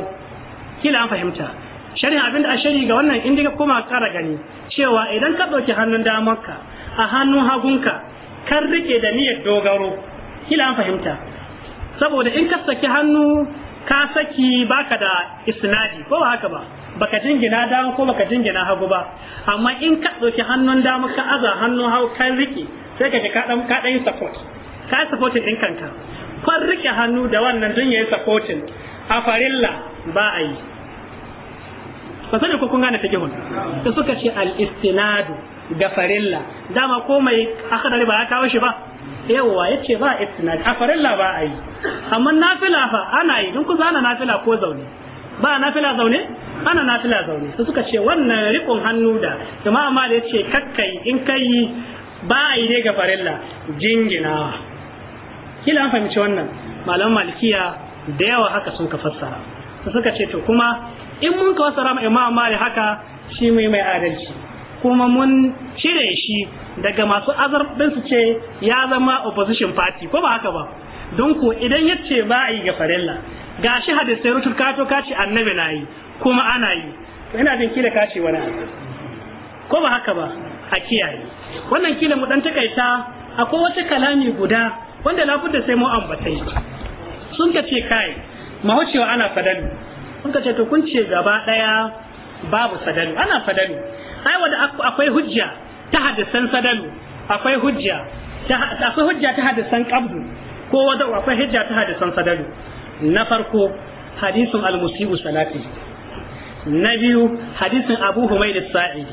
kila an fahimta sharhin abinda a shari ga wannan indiga kuma kara gani cewa idan ka ɗauki hannun damarka a hannun hagunka kan rike da niyyar dogaro kila an fahimta saboda in ka saki hannu ka saki baka da isnadi ko ba haka ba baka jingina dama ko baka jingina hagu ba amma in ka ɗauki hannun dama ka aza hannun hagu kan rike sai ka ka dan ka dan support ka support din kanka siffar rike hannu da wannan don ya yi sapotin a farilla ba a yi ba sani ko kun gane take hun da suka ce al-istinadu ga farilla dama ko mai akadari ba ya kawo shi ba yawa ya ce ba istinad a farilla ba a yi amma nafila fa ana yi don ku zana nafila ko zaune ba nafila zaune ana nafila zaune su suka ce wannan rikon hannu da jama'a ma da ya ce kakkai in kai ba a yi ne ga farilla jinginawa kila an fahimci wannan malaman malikiya da yawa haka sun ka fassara su suka ce to kuma in mun ka fassara ma imam malik haka shi mai mai adalci kuma mun cire shi daga masu azarbin su ce ya zama opposition party ko ba haka ba don ko idan ya ce ba a yi ga farilla gashi hadisai rutul kato kaci annabi na yi kuma ana yi ina jin kila kaci wani ko ba haka ba a kiyaye wannan kila mu dan takaita akwai wata kalami guda wanda da sai mu ambatai sun ka ce kai mahaucewa ana fadalu sun ka ce to kun ce gaba daya babu sadalu ana fadalu ai wanda akwai hujja ta hadisan sadalu akwai hujja ta akwai hujja ta hadisan qabdu ko wanda akwai hujja ta hadisan sadalu na farko hadisin al-musibu salati na biyu hadisin abu humaid saidi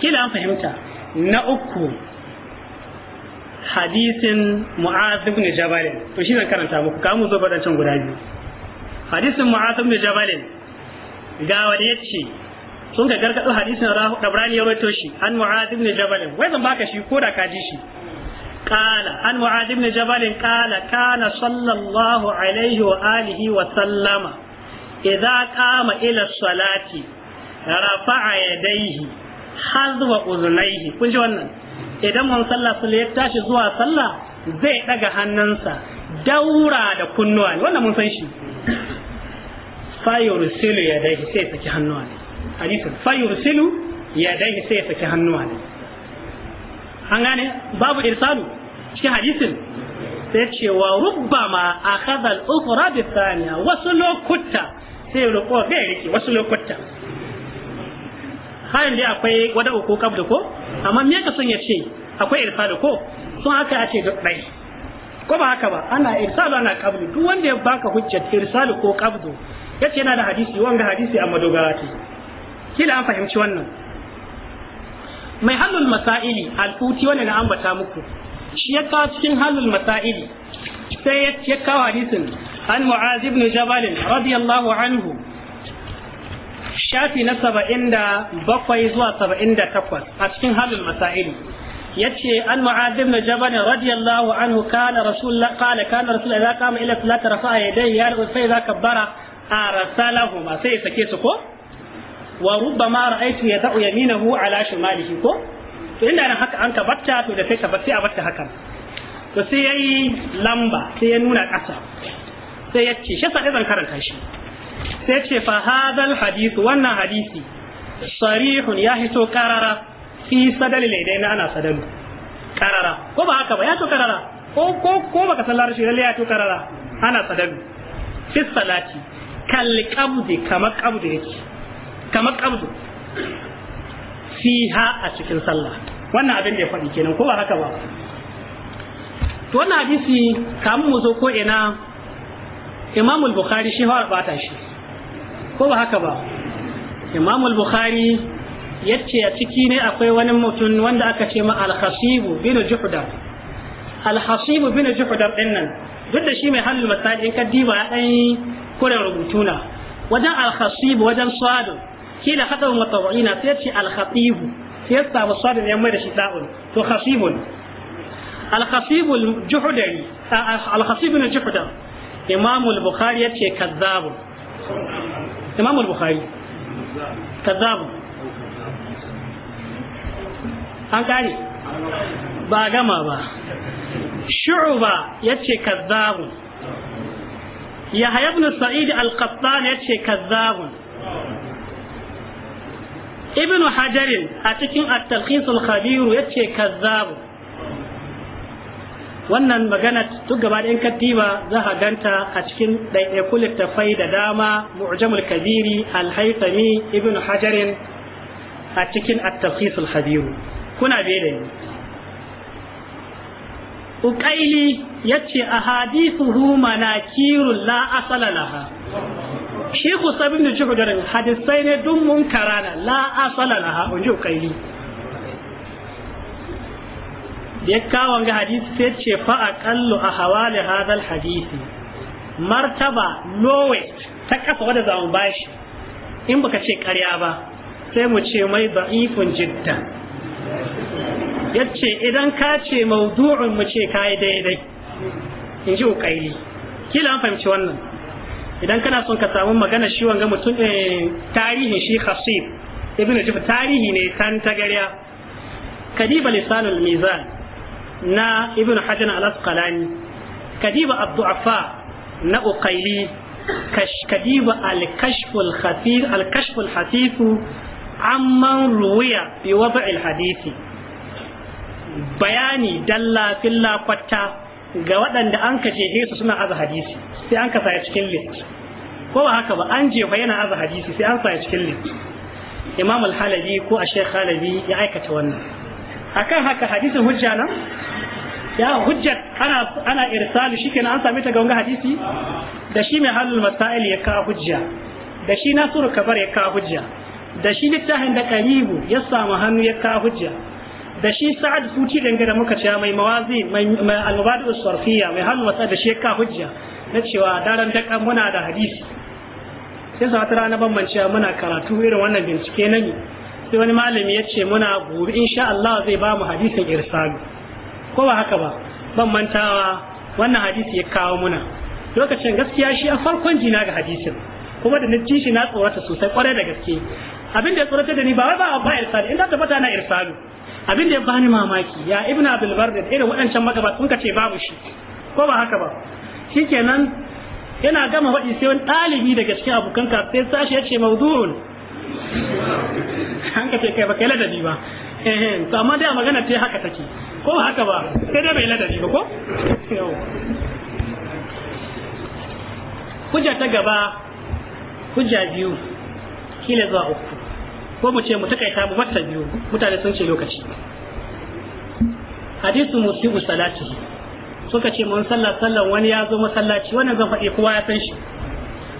kila an fahimta na uku hadisin Mu'az ibn Jabal to shi zan karanta muku ka mu so fadan can guda biyu hadisin Mu'az ibn Jabal ga wanda yace sun ka gargadu hadisin Ibrahim ya rawaito shi an Mu'az ibn Jabal wai zan baka shi ko da ka ji shi qala an Mu'az ibn Jabal qala kana sallallahu alaihi wa alihi wa sallama idza qama ila salati rafa'a yadayhi hazwa uzunaihi kun ji wannan idan wani sallah sallah ya tashi zuwa sallah zai daga hannunsa daura da kunnuwa ne wannan mun san shi silu ya dai sai saki hannuwa ne hadisin fayursilu ya dai sai saki hannuwa ne an gane babu irsalu cikin hadisun sai ce wa rubba ma a kadal ukura da saniya wasu lokuta sai roƙo bai rike wasu lokuta hayan dai akwai wada ko da ko amma me ka son ya ce akwai irsal ko sun haka ya ce duk ko ba haka ba ana irsal ana kabdu duk wanda ya baka hujjar irsal ko kabdu yace yana da hadisi wanga hadisi amma dogara ce kila an fahimci wannan mai halul masaili al'uti wanda na ambata muku shi ya kawo cikin halul masaili sai ya kawo hadisin an mu'az ibn jabal radiyallahu anhu shafi na saba'in da bakwai zuwa saba'in da takwas a cikin halin masa'ili yace an mu'adh ibn jabal radiyallahu anhu kana rasulullah qala kana rasulullah idza kama ila salati rafa'a yadayhi ya fa idza kabbara arsalahu ma sai sake su ko wa rubbama ra'aytu yad'u yaminahu ala shimalihi ko to inda nan haka an kabatta to da sai kabatta a batta hakan to sai yayi lamba sai ya nuna kasa sai ya ce shi sai zan karanta shi sai ce fa hadal hadithu wannan hadisi sarihun ya hito karara fi sadali laidai na ana sadalu karara ko ba haka ba ya to karara ko ko ko baka san larabci lalle ya to karara ana sadalu fi salati kal qabdi kamar qabdi yake kamar qabdi fiha a cikin sallah wannan abin da ya faɗi kenan ko ba haka ba to wannan hadisi kamun mu zo ko ina Imam al-Bukhari shi fara bata shi ko ba haka ba Imam al-Bukhari yace a ciki ne akwai wani mutum wanda aka ce ma al-Khasib bin Juhda al-Khasib bin Juhda din nan duk da shi mai halin masali in kaddiba ya dan kuren na wajen al-Khasib wajen Sadu kila hada wa tawina sai ce al-Khatib sai ya samu Sadu ne mai da shi da'un to Khasibun al-Khasib al-Juhdari al-Khasib bin Juhda imamul bukhari ya ce kazzabu imamul bukhari an kare ba gama ba shu'uba ya ce kazzabu yahya ibn sa'id al-qattan ya ce kazzabu ibn hajarin a cikin at-talqis al-khabir ya ce kazzabu wannan magana duk gaba ɗayan katiba za a ganta a cikin ɗaiɗaiku littafai da dama mu'jamul kabiri alhaitami ibn hajarin a cikin at-tafsisul khabiru kuna biye da ni uqaili yace ahadithuhu manakirul la asala laha shi ku sabin da juhudarin hadisai ne dun munkara la asala laha unji ukaili. ya kawon ga hadisi sai ce fa a ahwali hadha hadisi martaba lowest ta kasa wanda za mu bashi in baka ce karya ba sai mu ce mai da'ifun Ya yace idan ka ce mawdu'un mu ce kai daidai in ji ukaili kila an fahimci wannan idan kana son ka samu magana shi wanga mutum eh, tarihin shi khasib ibnu jif tarihi ne tan tagariya kadiba lisanul mizan na ibn hajar al-asqalani kadiba abdu'afa na uqaili kadiba al-kashful khafif al-kashful amman ruwiya bi hadisi bayani dalla filla kwatta ga waɗanda an ka su suna aza hadisi sai an ka saya cikin list ko ba haka ba an jefa yana aza hadisi sai an saya cikin list imam al-halabi ko a shekh halabi ya aikata wannan akan haka hadisin hujja nan ya hujja ana ana irsali shikenan an sami ta ga wanga hadisi da shi mai halul masail ya ka hujja da shi nasiru kabar ya ka hujja da shi littafin da karibu ya samu hannu ya ka hujja da shi sa'ad suci dange da muka cewa mai mawazi mai al-mubadi sarfiya mai halul masail da shi ya ka hujja na cewa daren daka muna da hadisi sai sa ta rana bambancewa muna karatu irin wannan bincike na ne sai wani malami ya ce muna gobe insha Allah zai ba mu hadisin irsal ko ba haka ba ban mantawa wannan hadisi ya kawo muna lokacin gaskiya shi a farkon jina ga hadisin kuma da na ji shi na tsorata sosai kwarai da gaske abin da ya tsorata da ni ba wai ba ba irsal inda ta fata na irsal abin da ya bani mamaki ya ibn abul bar da irin waɗancan magabata sun ce babu shi ko ba haka ba shikenan yana gama faɗi sai wani ɗalibi daga cikin abokan ka sai sashi ya ce mawdu'un hanka ce kai ba kai ladabi ba eh to amma dai magana ta haka take ko haka ba sai dai bai ladabi ba ko hujja ta gaba hujja biyu kila zuwa uku ko mu ce mu takaita mu mata biyu mutane sun ce lokaci hadisu musibu salati suka ce mun sallah sallan wani ya zo masallaci wannan zan faɗi kowa ya san shi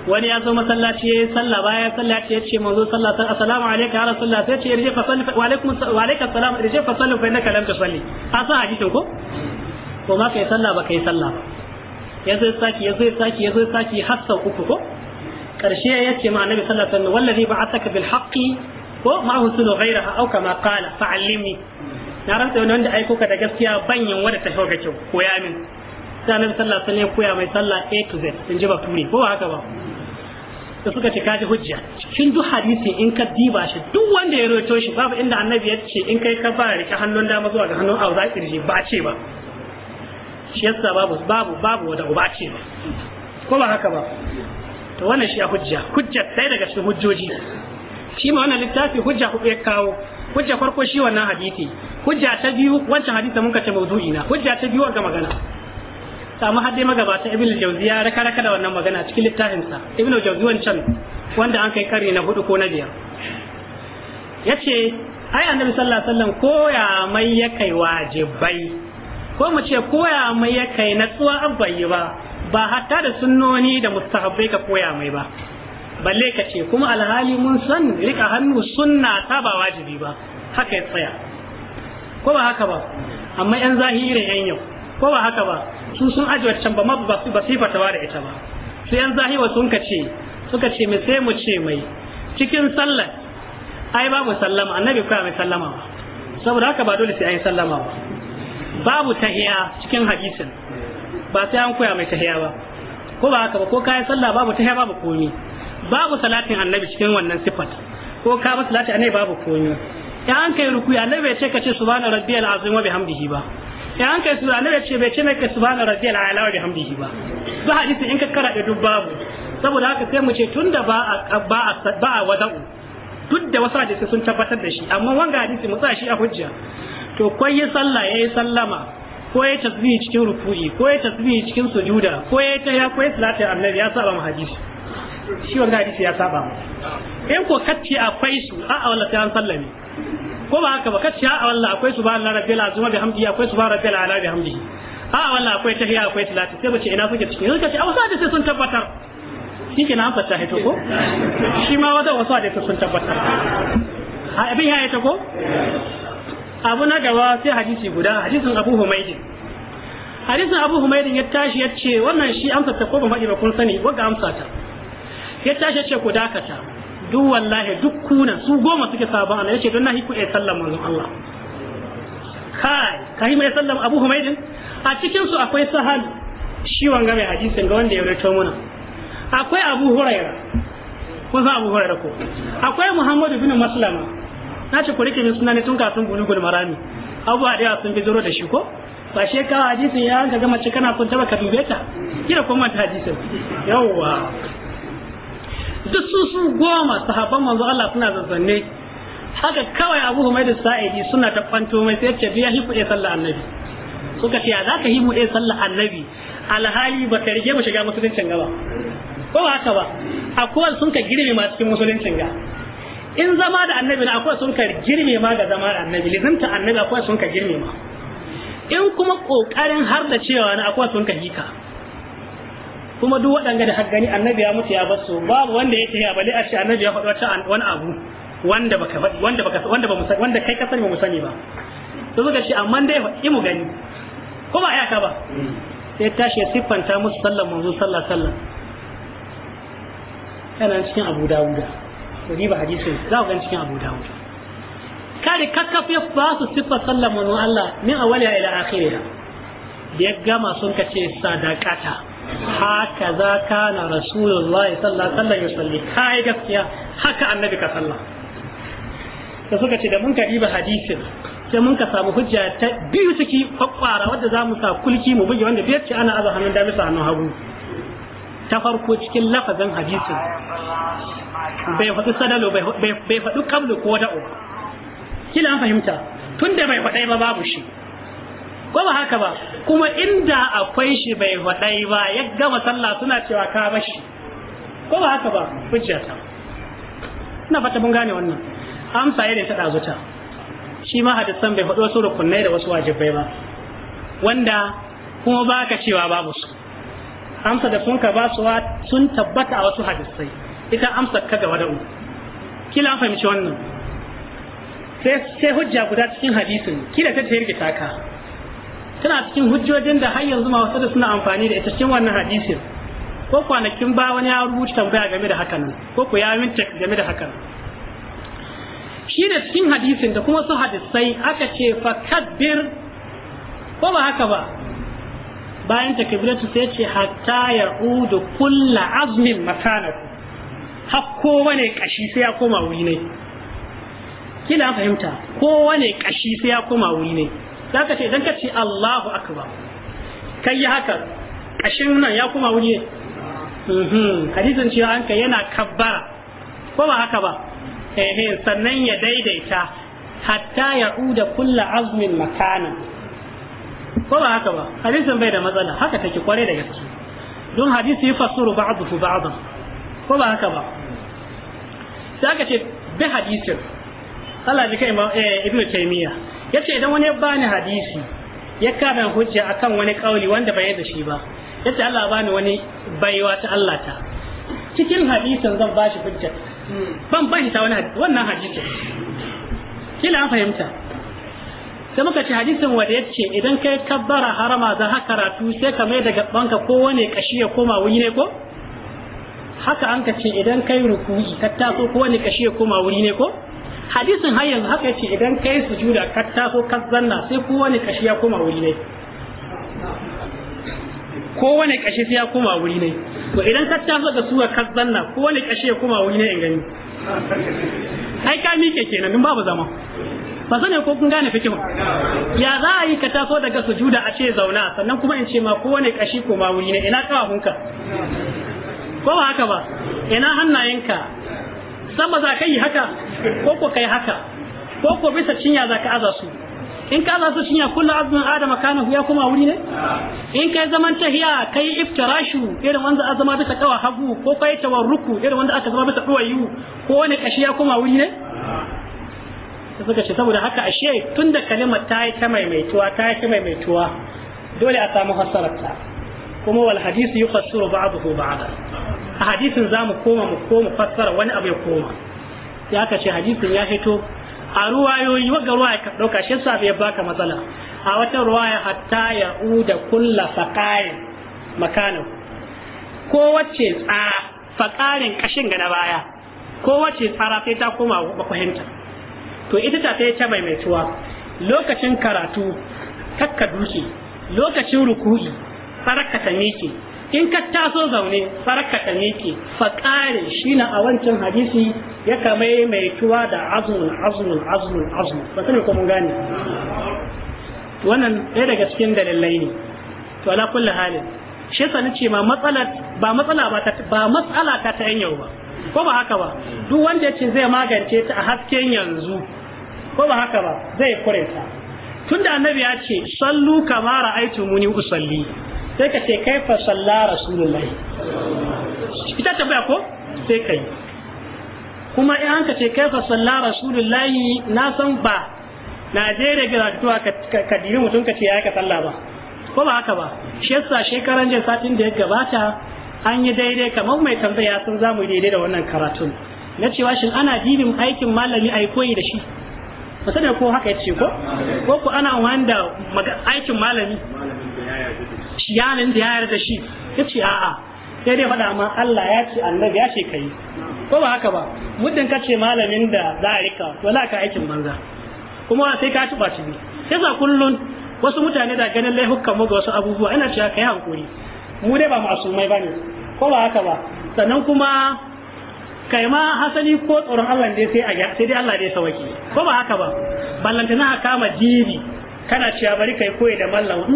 wani ya zo masallaci ya sallah baya sallaci ya ce manzo sallah ta assalamu alayka ya rasulullah sai ce irje fa salli wa alaikum wa alayka assalam irje fa salli fa innaka lam tusalli a sa hadisin ko ko ma kai sallah ba kai sallah ba yazo ya saki ya ya saki ya ya saki har sau uku ko karshe ya ce ma annabi sallallahu alaihi wasallam wallazi ba'athaka bil haqqi ko ma husulu ghayraha aw kama qala fa'allimni na rantsa wanda aiko ka da gaskiya banyin wanda ta shauka kyau ko ya min sai annabi sallallahu alaihi wasallam ya koya mai sallah A to Z in ji ba ture ko ba haka ba da suka ce kaji hujja cikin duk hadisi in ka diba shi duk wanda ya roto shi babu inda annabi ya ce in kai ka fara rike hannun dama zuwa ga hannun auza kirji ba ce ba shi yasa babu babu babu wanda ba ce ba ko ba haka ba to wannan shi ya hujja hujja sai daga cikin hujjoji shi ma wannan littafi hujja ku ya kawo hujja farko shi wannan hadisi hujja ta biyu wancan hadisi mun ka ce mawdu'i na hujja ta biyu ga magana samu hadde magabata ibn al-jawzi ya raka raka da wannan magana cikin littafin sa ibn al-jawzi wancan wanda an kai kari na hudu ko na biyar yace ai annabi sallallahu alaihi wasallam koya mai ya kai wajibai ko mu ce koya mai ya kai natsuwa abbayi ba ba hatta da sunnoni da mustahabbai ka koya mai ba balle ka ce kuma alhali mun san rika hannu sunna ta ba wajibi ba haka ya tsaya ko ba haka ba amma yan zahirin yan yau ko ba haka ba su sun aji can ba ba su fatawa da ita ba su yan zahiwa sun ka ce suka ce mai sai mu ce mai cikin sallar ai babu sallama annabi kuwa mai sallama ba saboda haka ba dole sai an yi sallama ba babu tahiya cikin hadisin ba sai an koya mai tahiya ba ko ba haka ba ko kayan sallah babu tahiya babu komi babu salatin annabi cikin wannan sifat ko ka ba salatin annabi babu komi in an kai rukuya annabi ya ce ka ce subhana rabbiyal azim wa bihamdihi ba in an kai su da ce bai ce mai kai subhana rabbiyal a'la wa bihamdihi ba ba hadisi in ka karanta duk babu saboda haka sai mu ce tunda ba a ba a ba a wada'u duk da wasu hadisi sun tabbatar da shi amma wanga hadisi mu sa shi a hujja to kwai yi sallah yayi sallama ko ya tasbihi cikin ruku'i ko ya tasbihi cikin sujuda ko ya ta ko ya salati annabi ya saba mu hadisi shi wanga hadisi ya saba mu in ko kacce akwai su a'a wallahi an sallame ko ba haka ba kace a wallahi akwai subhanallahi rabbil azim wa bihamdihi akwai subhanallahi rabbil ala bihamdihi a wallahi akwai tahiyya akwai salati sai bace ina kuke cikin yanzu kace a wasa da sai sun tabbatar shi ke na fata hito ko shi ma wata wasa da sai sun tabbatar a abin ya ta ko abu na gaba sai hadisi guda hadisin abu humaydi hadisin abu humaydi ya tashi ya ce wannan shi amsa ta ko ban faɗi ba kun sani wanda amsa ta ya tashi ya ce ku dakata duk wallahi duk kuna su goma suke sabon Allah yace don nahi ku ya sallama manzon Allah kai kai mai sallama Abu Humaydin a cikin su akwai Sahal shi wanga mai hadisin ga wanda ya rito mana akwai Abu Hurairah ko za Abu Hurairah ko akwai Muhammad ibn Maslama na ce ku rike min sunani tun kafin bulugul marami abu hadiya sun bijiro da shi ko ba she ka hadisin ya ga mace kana kunta baka dube ta kira kuma ta hadisin yawwa duk su su goma sahabban manzo Allah suna zanzanne haka kawai Abu da Sa'idi suna ta kwanto mai sai ce biya hifu sallah annabi suka ce ya zaka himu ɗaya sallah annabi alhali ba ka rige mu shiga musuluncin gaba ko ba haka ba akwai sun ka girme ma cikin musuluncin ga in zama da annabi na akwai sun ka girme ma ga zama da annabi lizimta annabi akwai sun ka girme ma in kuma kokarin har da cewa na akwai sun ka hika kuma duk waɗanda da haka gani annabi ya mutu ya basu babu wanda ya tafiya bale a ce annabi ya faɗi wani abu wanda baka faɗi wanda baka wanda ba mu sani wanda kai ka sani ba mu sani ba to suka shi amma dai faɗi mu gani ko ba ayaka ba sai tashi ya siffanta musu sallar manzo sallah sallah kana cikin Abu Dawuda to ni ba hadisi za ku gani cikin Abu Dawuda kare kakka ya ba su siffar sallar manzo Allah min awaliha ila akhiriha da ya gama sun kace sadaqata haka za kana rasulullahi sallallahu alaihi wasallam ya kai gaskiya haka annabi ka sallah da suka ce da mun ka ɗiba hadisin sai mun ka samu hujja ta biyu ciki kwakwara wadda za mu sa kulki mu buge wanda biyar ce ana aza hannun dami sa hannun hagu ta farko cikin lafazin hadisin bai faɗi sadalo bai faɗi kablu ko wata uba kila an fahimta tun da bai faɗai ba babu shi ko ba haka ba kuma inda akwai shi bai faɗai ba ya gama sallah suna cewa ka bashi ko ba haka ba hujja ta ina fata mun gane wannan amsa yadda ta ɗazuta shi ma hadisan bai faɗi wasu rukunai da wasu wajibai ba wanda kuma baka cewa babu su amsa da sun ka ba su sun tabbata a wasu hadisai ita amsa ka ga wadau uku kila an fahimci wannan sai hujja guda cikin hadisin kila ta ta yarge taka tana cikin hujjojin da har yanzu ma wasu suna amfani da ita cikin wannan hadisin ko kwanakin ba wani ya rubuta tambaya game da hakan ko ku ya minta game da hakan shi ne cikin hadisin da kuma su hadisai aka ce fa kabbir ko ba haka ba bayan takbiratu sai ce hatta udu kullu azmin makanahu har kowane kashi sai ya koma wuri ne kila fahimta kowane kashi sai ya koma wuri ne za ka ce idan ka ce Allahu akbar kai yi haka kashin nan ya kuma wuri mhm, hadisin cewa an kai yana kabbara ko ba haka ba eh sannan ya daidaita hatta ya uda kulla azumin makana ko ba haka ba hadisin bai da matsala haka take kware da gaske don hadisi yi fasuru ba ba'dan ko ba haka ba Za ka ce bi hadisin Allah ji kai eh, Ibn Taymiyyah yace idan wani ya bani hadisi ya kame hujja akan wani kauli wanda bai da shi ba yace Allah bani wani baiwa ta Allah ta cikin hadisin zan bashi hujja ban shi ta wani wannan hadisin kila an fahimta sai muka ci hadisin wanda yace idan kai kabbara harama za haka ratu sai ka mai da banka ko wani kashi ya koma wuri ne ko haka an ka ce idan kai ruku'i ka taso ko wani kashi ya koma wuri ne ko hadisin har yanzu haka yace idan kai sujuda ka taso ka zanna sai kowane kashi ya koma wuri ne kowane kashi sai ya koma wuri ne to idan ka taso ga suwa ka zanna kowane kashi ya koma wuri ne in gani ai ka mike kenan in babu zama ba sani ko kun gane fikin ya za a yi ka taso daga sujuda a ce zauna sannan kuma in ce ma kowane kashi koma wuri ne ina kawahunka ko ba haka ba ina hannayenka san ba za ka yi haka ko ko kai haka ko ko bisa cinya za ka aza su in ka aza su cinya kullu azmin adama kana ya kuma wuri ne in kai zaman tahiya kai iftirashu irin wanda azama bisa kawa hagu ko kai tawarruku irin wanda aka zama bisa duwayu ko wani kashi ya kuma wuri ne ta suka ce saboda haka ashe tun da kalimar ta yi ta maimaituwa ta yi ta maimaituwa dole a samu hasararta kuma wal hadisi yufassiru ba'dahu ba'da a hadisin zamu koma mu koma fassara wani abu ya koma Ya kashe ce hadisin ya fito a ruwayoyi wagga ruwa ya ɗauka shi safi ya baka matsala a wata ruwaya hatta ya uda kulla faƙarin makanu ko wacce tsara faƙarin ƙashin ga na baya ko wacce tsara sai ta koma fahimta to ita ta sai ta maimaituwa lokacin karatu takka duki lokacin ruku'i tsaraka ta in ka taso zaune farka ta miƙe faƙari shi na a wancan hadisi ya kame mai tuwa da azumin azumin azumin azumin ba sani ko mun gane wannan ɗaya daga cikin dalilai ne to ala kulli halin shi yasa nace ma matsala ba matsala ba ta ba matsala ta ta yau ba ko ba haka ba duk wanda yace zai magance ta a hasken yanzu ko ba haka ba zai kureta tunda annabi ya ce sallu aitu muni usalli sai ka ce kai fa salla rasulullahi ita tambaya ko sai kai kuma in an ka ce kai fa salla rasulullahi na san ba Najeriya ga tuwa ka diri mutum ka ce ya ka salla ba ko ba haka ba shi yasa shekaran jin satin da ya gabata an yi daidai kamar mai tambaya sun mu daidai da wannan karatun na cewa shin ana dibin aikin malami a koyi da shi ba ko haka ya ce ko ko ku ana wanda aikin malami shi yanin da ya yarda shi ya ce a'a sai dai faɗa ma Allah ya ce annabi ya ce yi, ko ba haka ba muddin ka ce malamin da za a rika to za ka aikin banza kuma sai ka tuba tubi yasa kullum wasu mutane da ganin laifukan mu ga wasu abubuwa ina cewa kai hankuri mu dai ba masumai bane ko ba haka ba sannan kuma kai ma hasali ko tsoron Allah ne sai a sai dai Allah ne ya ko ba haka ba ballantana kama jibi kana cewa bari kai koyi da mallam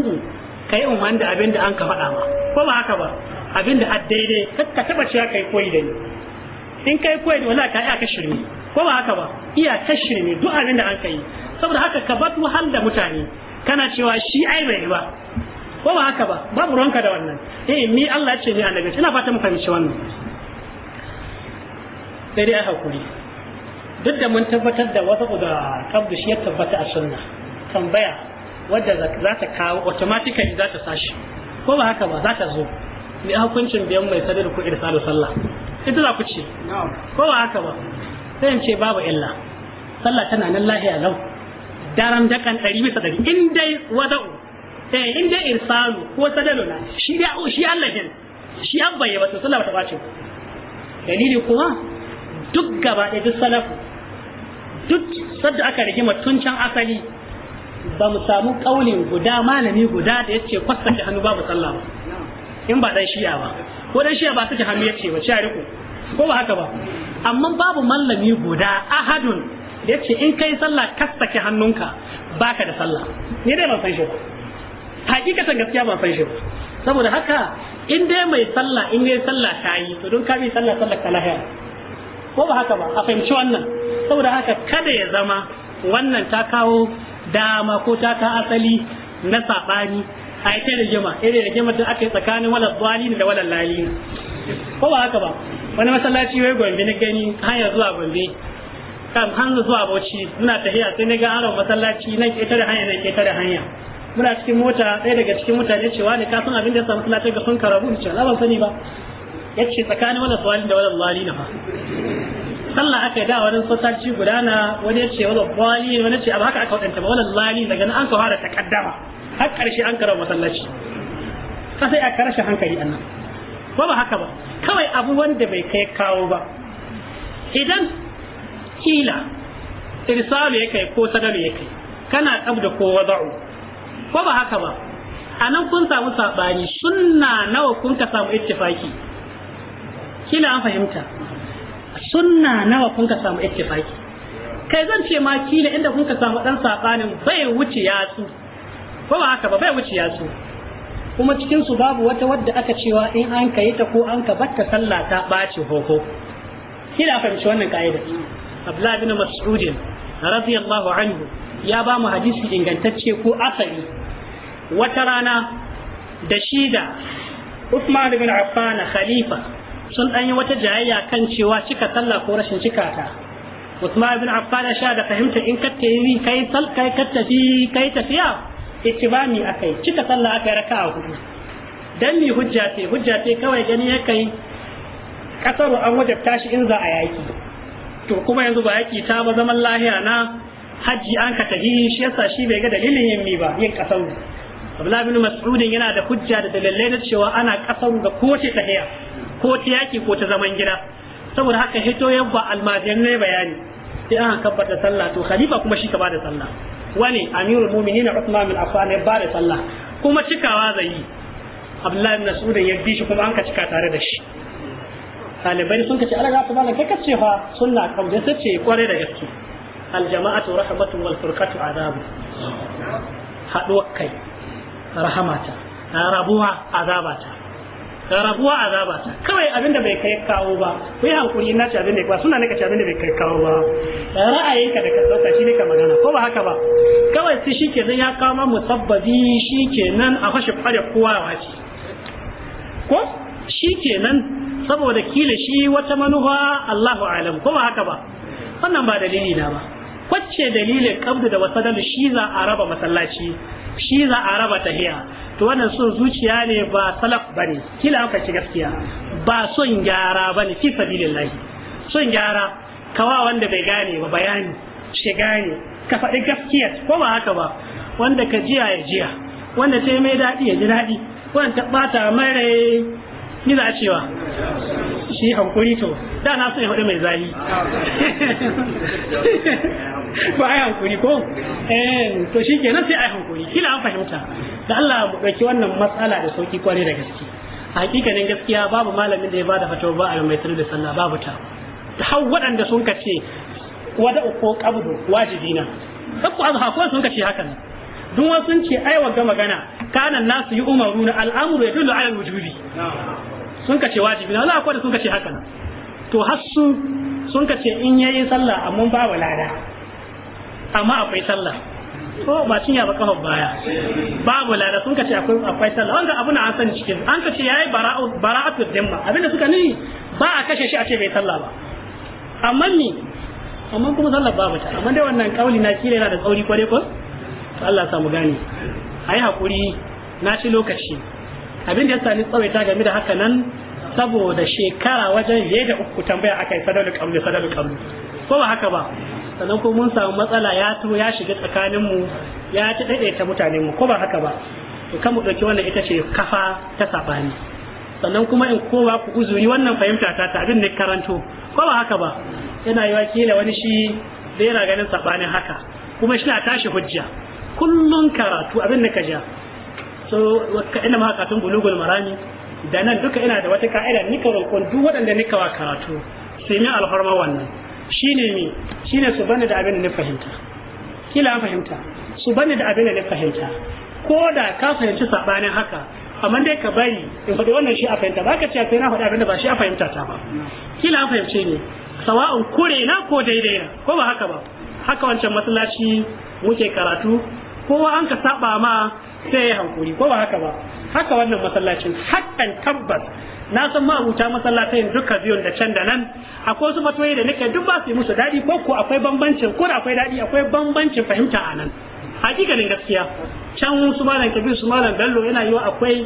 ka yi umarni da abin da an ka faɗa ma ko ba haka ba abin da a daidai ka taɓa cewa ka yi koyi da ni in ka yi koyi da wala ka yi aka shirme ko ba haka ba iya ta shirme duk abin da an ka yi saboda haka ka ba wahal da mutane kana cewa shi ai bai ba ko ba haka ba babu ruwanka da wannan eh ni Allah ya ce ni annabi ina fata mu fahimci wannan sai dai ai hakuri duk da mun tabbatar da wasu daga kabdu shi ya tabbata a sunna tambaya wadda za ta kawo automatically za ta sashi ko ba haka ba za ta zo ne hukuncin biyan mai sadar ko irsalu sallah ita za ku ce ko ba haka ba sai in ce babu illa sallah tana nan lahiya lau daram dakan 100% bisa ɗari in dai wada'u eh in dai irsalu ko sadalu na shi da shi Allah din shi abba ya wato sallah ta bace dalili kuma duk gaba ɗaya duk salafu duk sadda aka rigima tun can asali ba mu samu kaulin guda malami guda da yace ke hannu babu sallah ba in ba dan shi'a ba ko dan shi'a ba take hannu yace ba ci riko ko ba haka ba amma babu mallami guda ahadun da yace in kai sallah ke hannunka baka da sallah ni dai ban san shi ba hakikatan gaskiya ban san shi ba saboda haka in dai mai sallah in dai sallah ta yi to don ka bi sallah sallah ta lahiya ko ba haka ba a fahimci wannan saboda haka kada ya zama wannan ta kawo dama ko ta ka asali na saɓani a yi da jima iri da jima da aka yi tsakanin wala zalin da walal lali ko ba haka ba wani masallaci wai gombe na gani hanyar zuwa gombe kan hanzu zuwa bauchi muna tafiya sai na ga haron masallaci nan tare hanya nan tare hanya muna cikin mota ɗaya daga cikin mutane cewa ne ka san abin da ya samu masallaci ga sun karabu ni ce ban sani ba yace tsakanin wannan tsawalin da wannan zalin na ba sallah aka yi da wani sosaci guda na wani ya ce wani kwali wani ce abu haka aka wadanta ba wani lali daga nan an ka fara takaddama har karshe an karo masallaci ta sai aka rashin hankali a nan ba ba haka ba kawai abu wanda bai kai kawo ba idan kila irsalu ya kai ko sadar ya kai kana tsabda ko wada'u ko ba haka ba a nan kun samu saɓani sunna nawa kun ka samu ittifaki kila an fahimta sunna nawa kun ka samu ittifaki kai zan ce ma kila inda kun ka samu dan sabanin bai wuce yatsu ko ba haka ba bai wuce yatsu kuma cikin su babu wata wadda aka cewa in an kai ta ko an ka batta sallah ta baci hoho kila fahimci wannan kaida Abdullah bin Mas'ud radiyallahu anhu ya ba mu hadisi ingantacce ko asali wata rana da shida Uthman bin Affan khalifa sun dan yi wata jayayya kan cewa cika sallah ko rashin cika ta Usman ibn Affan sha da fahimta in ka kai sal kai ka tafi kai tafiya ittibami akai cika sallah akai raka'a hudu dan mi hujja ce hujja ce kawai gani ya kai kasaru an wajabta shi in za a yaki to kuma yanzu ba yaki ta ba zaman lahiya na hajji an ka tafi shi yasa shi bai ga dalilin yin mi ba yin kasaru Abdullahi bin Mas'udin yana da hujja da dalilai na cewa ana kasaru ga kowace tahiya ko ta yaki ko ta zaman gida saboda haka hito yabba almajirin ne bayani sai an kabbata sallah to khalifa kuma shi ka bada sallah wani amirul mu'minin Uthman bin Affan ya bada sallah kuma cikawa zai yi Abdullahi bin Mas'ud ya bi shi kuma an ka cika tare da shi talibai sun ka ce alaga ta malam kai ka ce fa sunna kan da sace kware da gaske aljama'atu rahmatun wal furqatu azabu haɗuwar kai rahamata rabuwa azabata rabuwa azaba kawai abinda bai kai kawo ba ku yi hankuri na ci abinda ba suna naka ci abinda bai kai kawo ba ra'ayinka da ka dauka shi ne ka magana ko ba haka ba kawai su shi ke zai ya kama musabbabi shi ke nan a fashe kware kowa wace ko shi nan saboda kila shi wata manufa Allahu alam ko ba haka ba wannan ba dalili na ba kwace dalilin kabdu da wasadar shi za a raba masallaci shi za a raba tahiya to wannan son zuciya ne ba salaf bane kila aka ci gaskiya ba son gyara bane fi sabilillahi son gyara kawa wanda bai gane ba bayani shi gane ka faɗi gaskiya ko ba haka ba wanda ka jiya ya jiya wanda sai mai daɗi ya ji daɗi wanda ta ɓata mare ni za cewa shi hankuri to da na so ya faɗi mai zali ba yi hankuri ko eh, To shi ke nan sai yi hankuri kila an fahimta da Allah mu ɗauki wannan matsala da sauki kwarai da gaske hakikanin gaskiya babu malamin da ya bada fatawa ba a mai sirri da sallah babu ta har waɗanda sun kace wada ko qabdu na. sakku azha ko sun kace hakan duk wasu sun ce ai wanga magana kana nasu yi umaru na al'amru yadullu ala wujubi sun kace wajibi na akwai da sun kace hakan to har sun sun kace in yayi sallah amma ba walada amma akwai sallah ko ba cinya ba kafa baya babu lada sun ka ce akwai akwai sallah wanda abu na an sani cikin an ka ce yayi bara'u bara'atu dimma abinda suka ni ba a kashe shi a ce bai sallah ba amma ni amma kuma sallah babu ta amma dai wannan kauli na kire yana da tsauri kware ko Allah samu gane ayi hakuri na ci lokaci abinda ya sani tsawaita game da haka nan saboda shekara wajen yayi da uku tambaya akai sadalu sadalul sadalu sadalul ko ba haka ba sannan ko mun samu matsala ya to ya shiga tsakanin mu ya ta daidaita mutanen mu ko ba haka ba to kan mu dauki wannan ita ce kafa ta sabani sannan kuma in kowa ku uzuri wannan fahimta ta ta abin ne karanto ko ba haka ba yana yi wakila wani shi da yana ganin sabanin haka kuma shi na tashi hujja kullun karatu abin da ka ja so ina ma katun bulugul marami da nan duka ina da wata ka'ida ni ka duk waɗanda ni kawa karatu Sai ni alfarma wannan shine me shine su bane da abin da na fahimta kila an fahimta su bane da abin da na fahimta ko da ka fahimci sabanin haka amma dai ka bari in faɗi wannan shi a fahimta ba ka ce sai na faɗi abin da ba shi a fahimta ta ba kila an fahimce ne sawa'un kure na ko daidai na ko ba haka ba haka wancan masallaci muke karatu kowa an ka saba ma sai ya hankuri ko ba haka ba haka wannan masallacin hakan tabbas na san ma abuta masallacin duka biyun da can da nan akwai wasu matoyi da nake duk ba su yi musu daɗi ko ko akwai bambancin ko da akwai daɗi akwai bambancin fahimta a nan hakikanin gaskiya can su malam kabir su malam bello yana yiwa akwai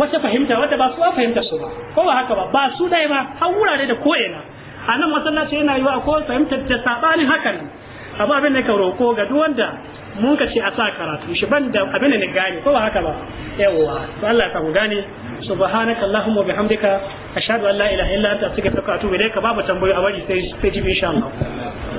wata fahimta wata ba su fahimta su ba ko ba haka ba ba su dai ba har wurare da ko'ina a nan masallaci yana yiwa akwai fahimtar da sabanin hakan abu abin da ka roko ga duk wanda mun ka ce a sa karatu shi ban da abin da ni gane ko ba haka ba yawwa to Allah ya samu gane subhanaka allahumma bihamdika ashhadu an la ilaha illa anta astaghfiruka wa atubu ilayka babu tambayoyi a bari sai sai ji insha Allah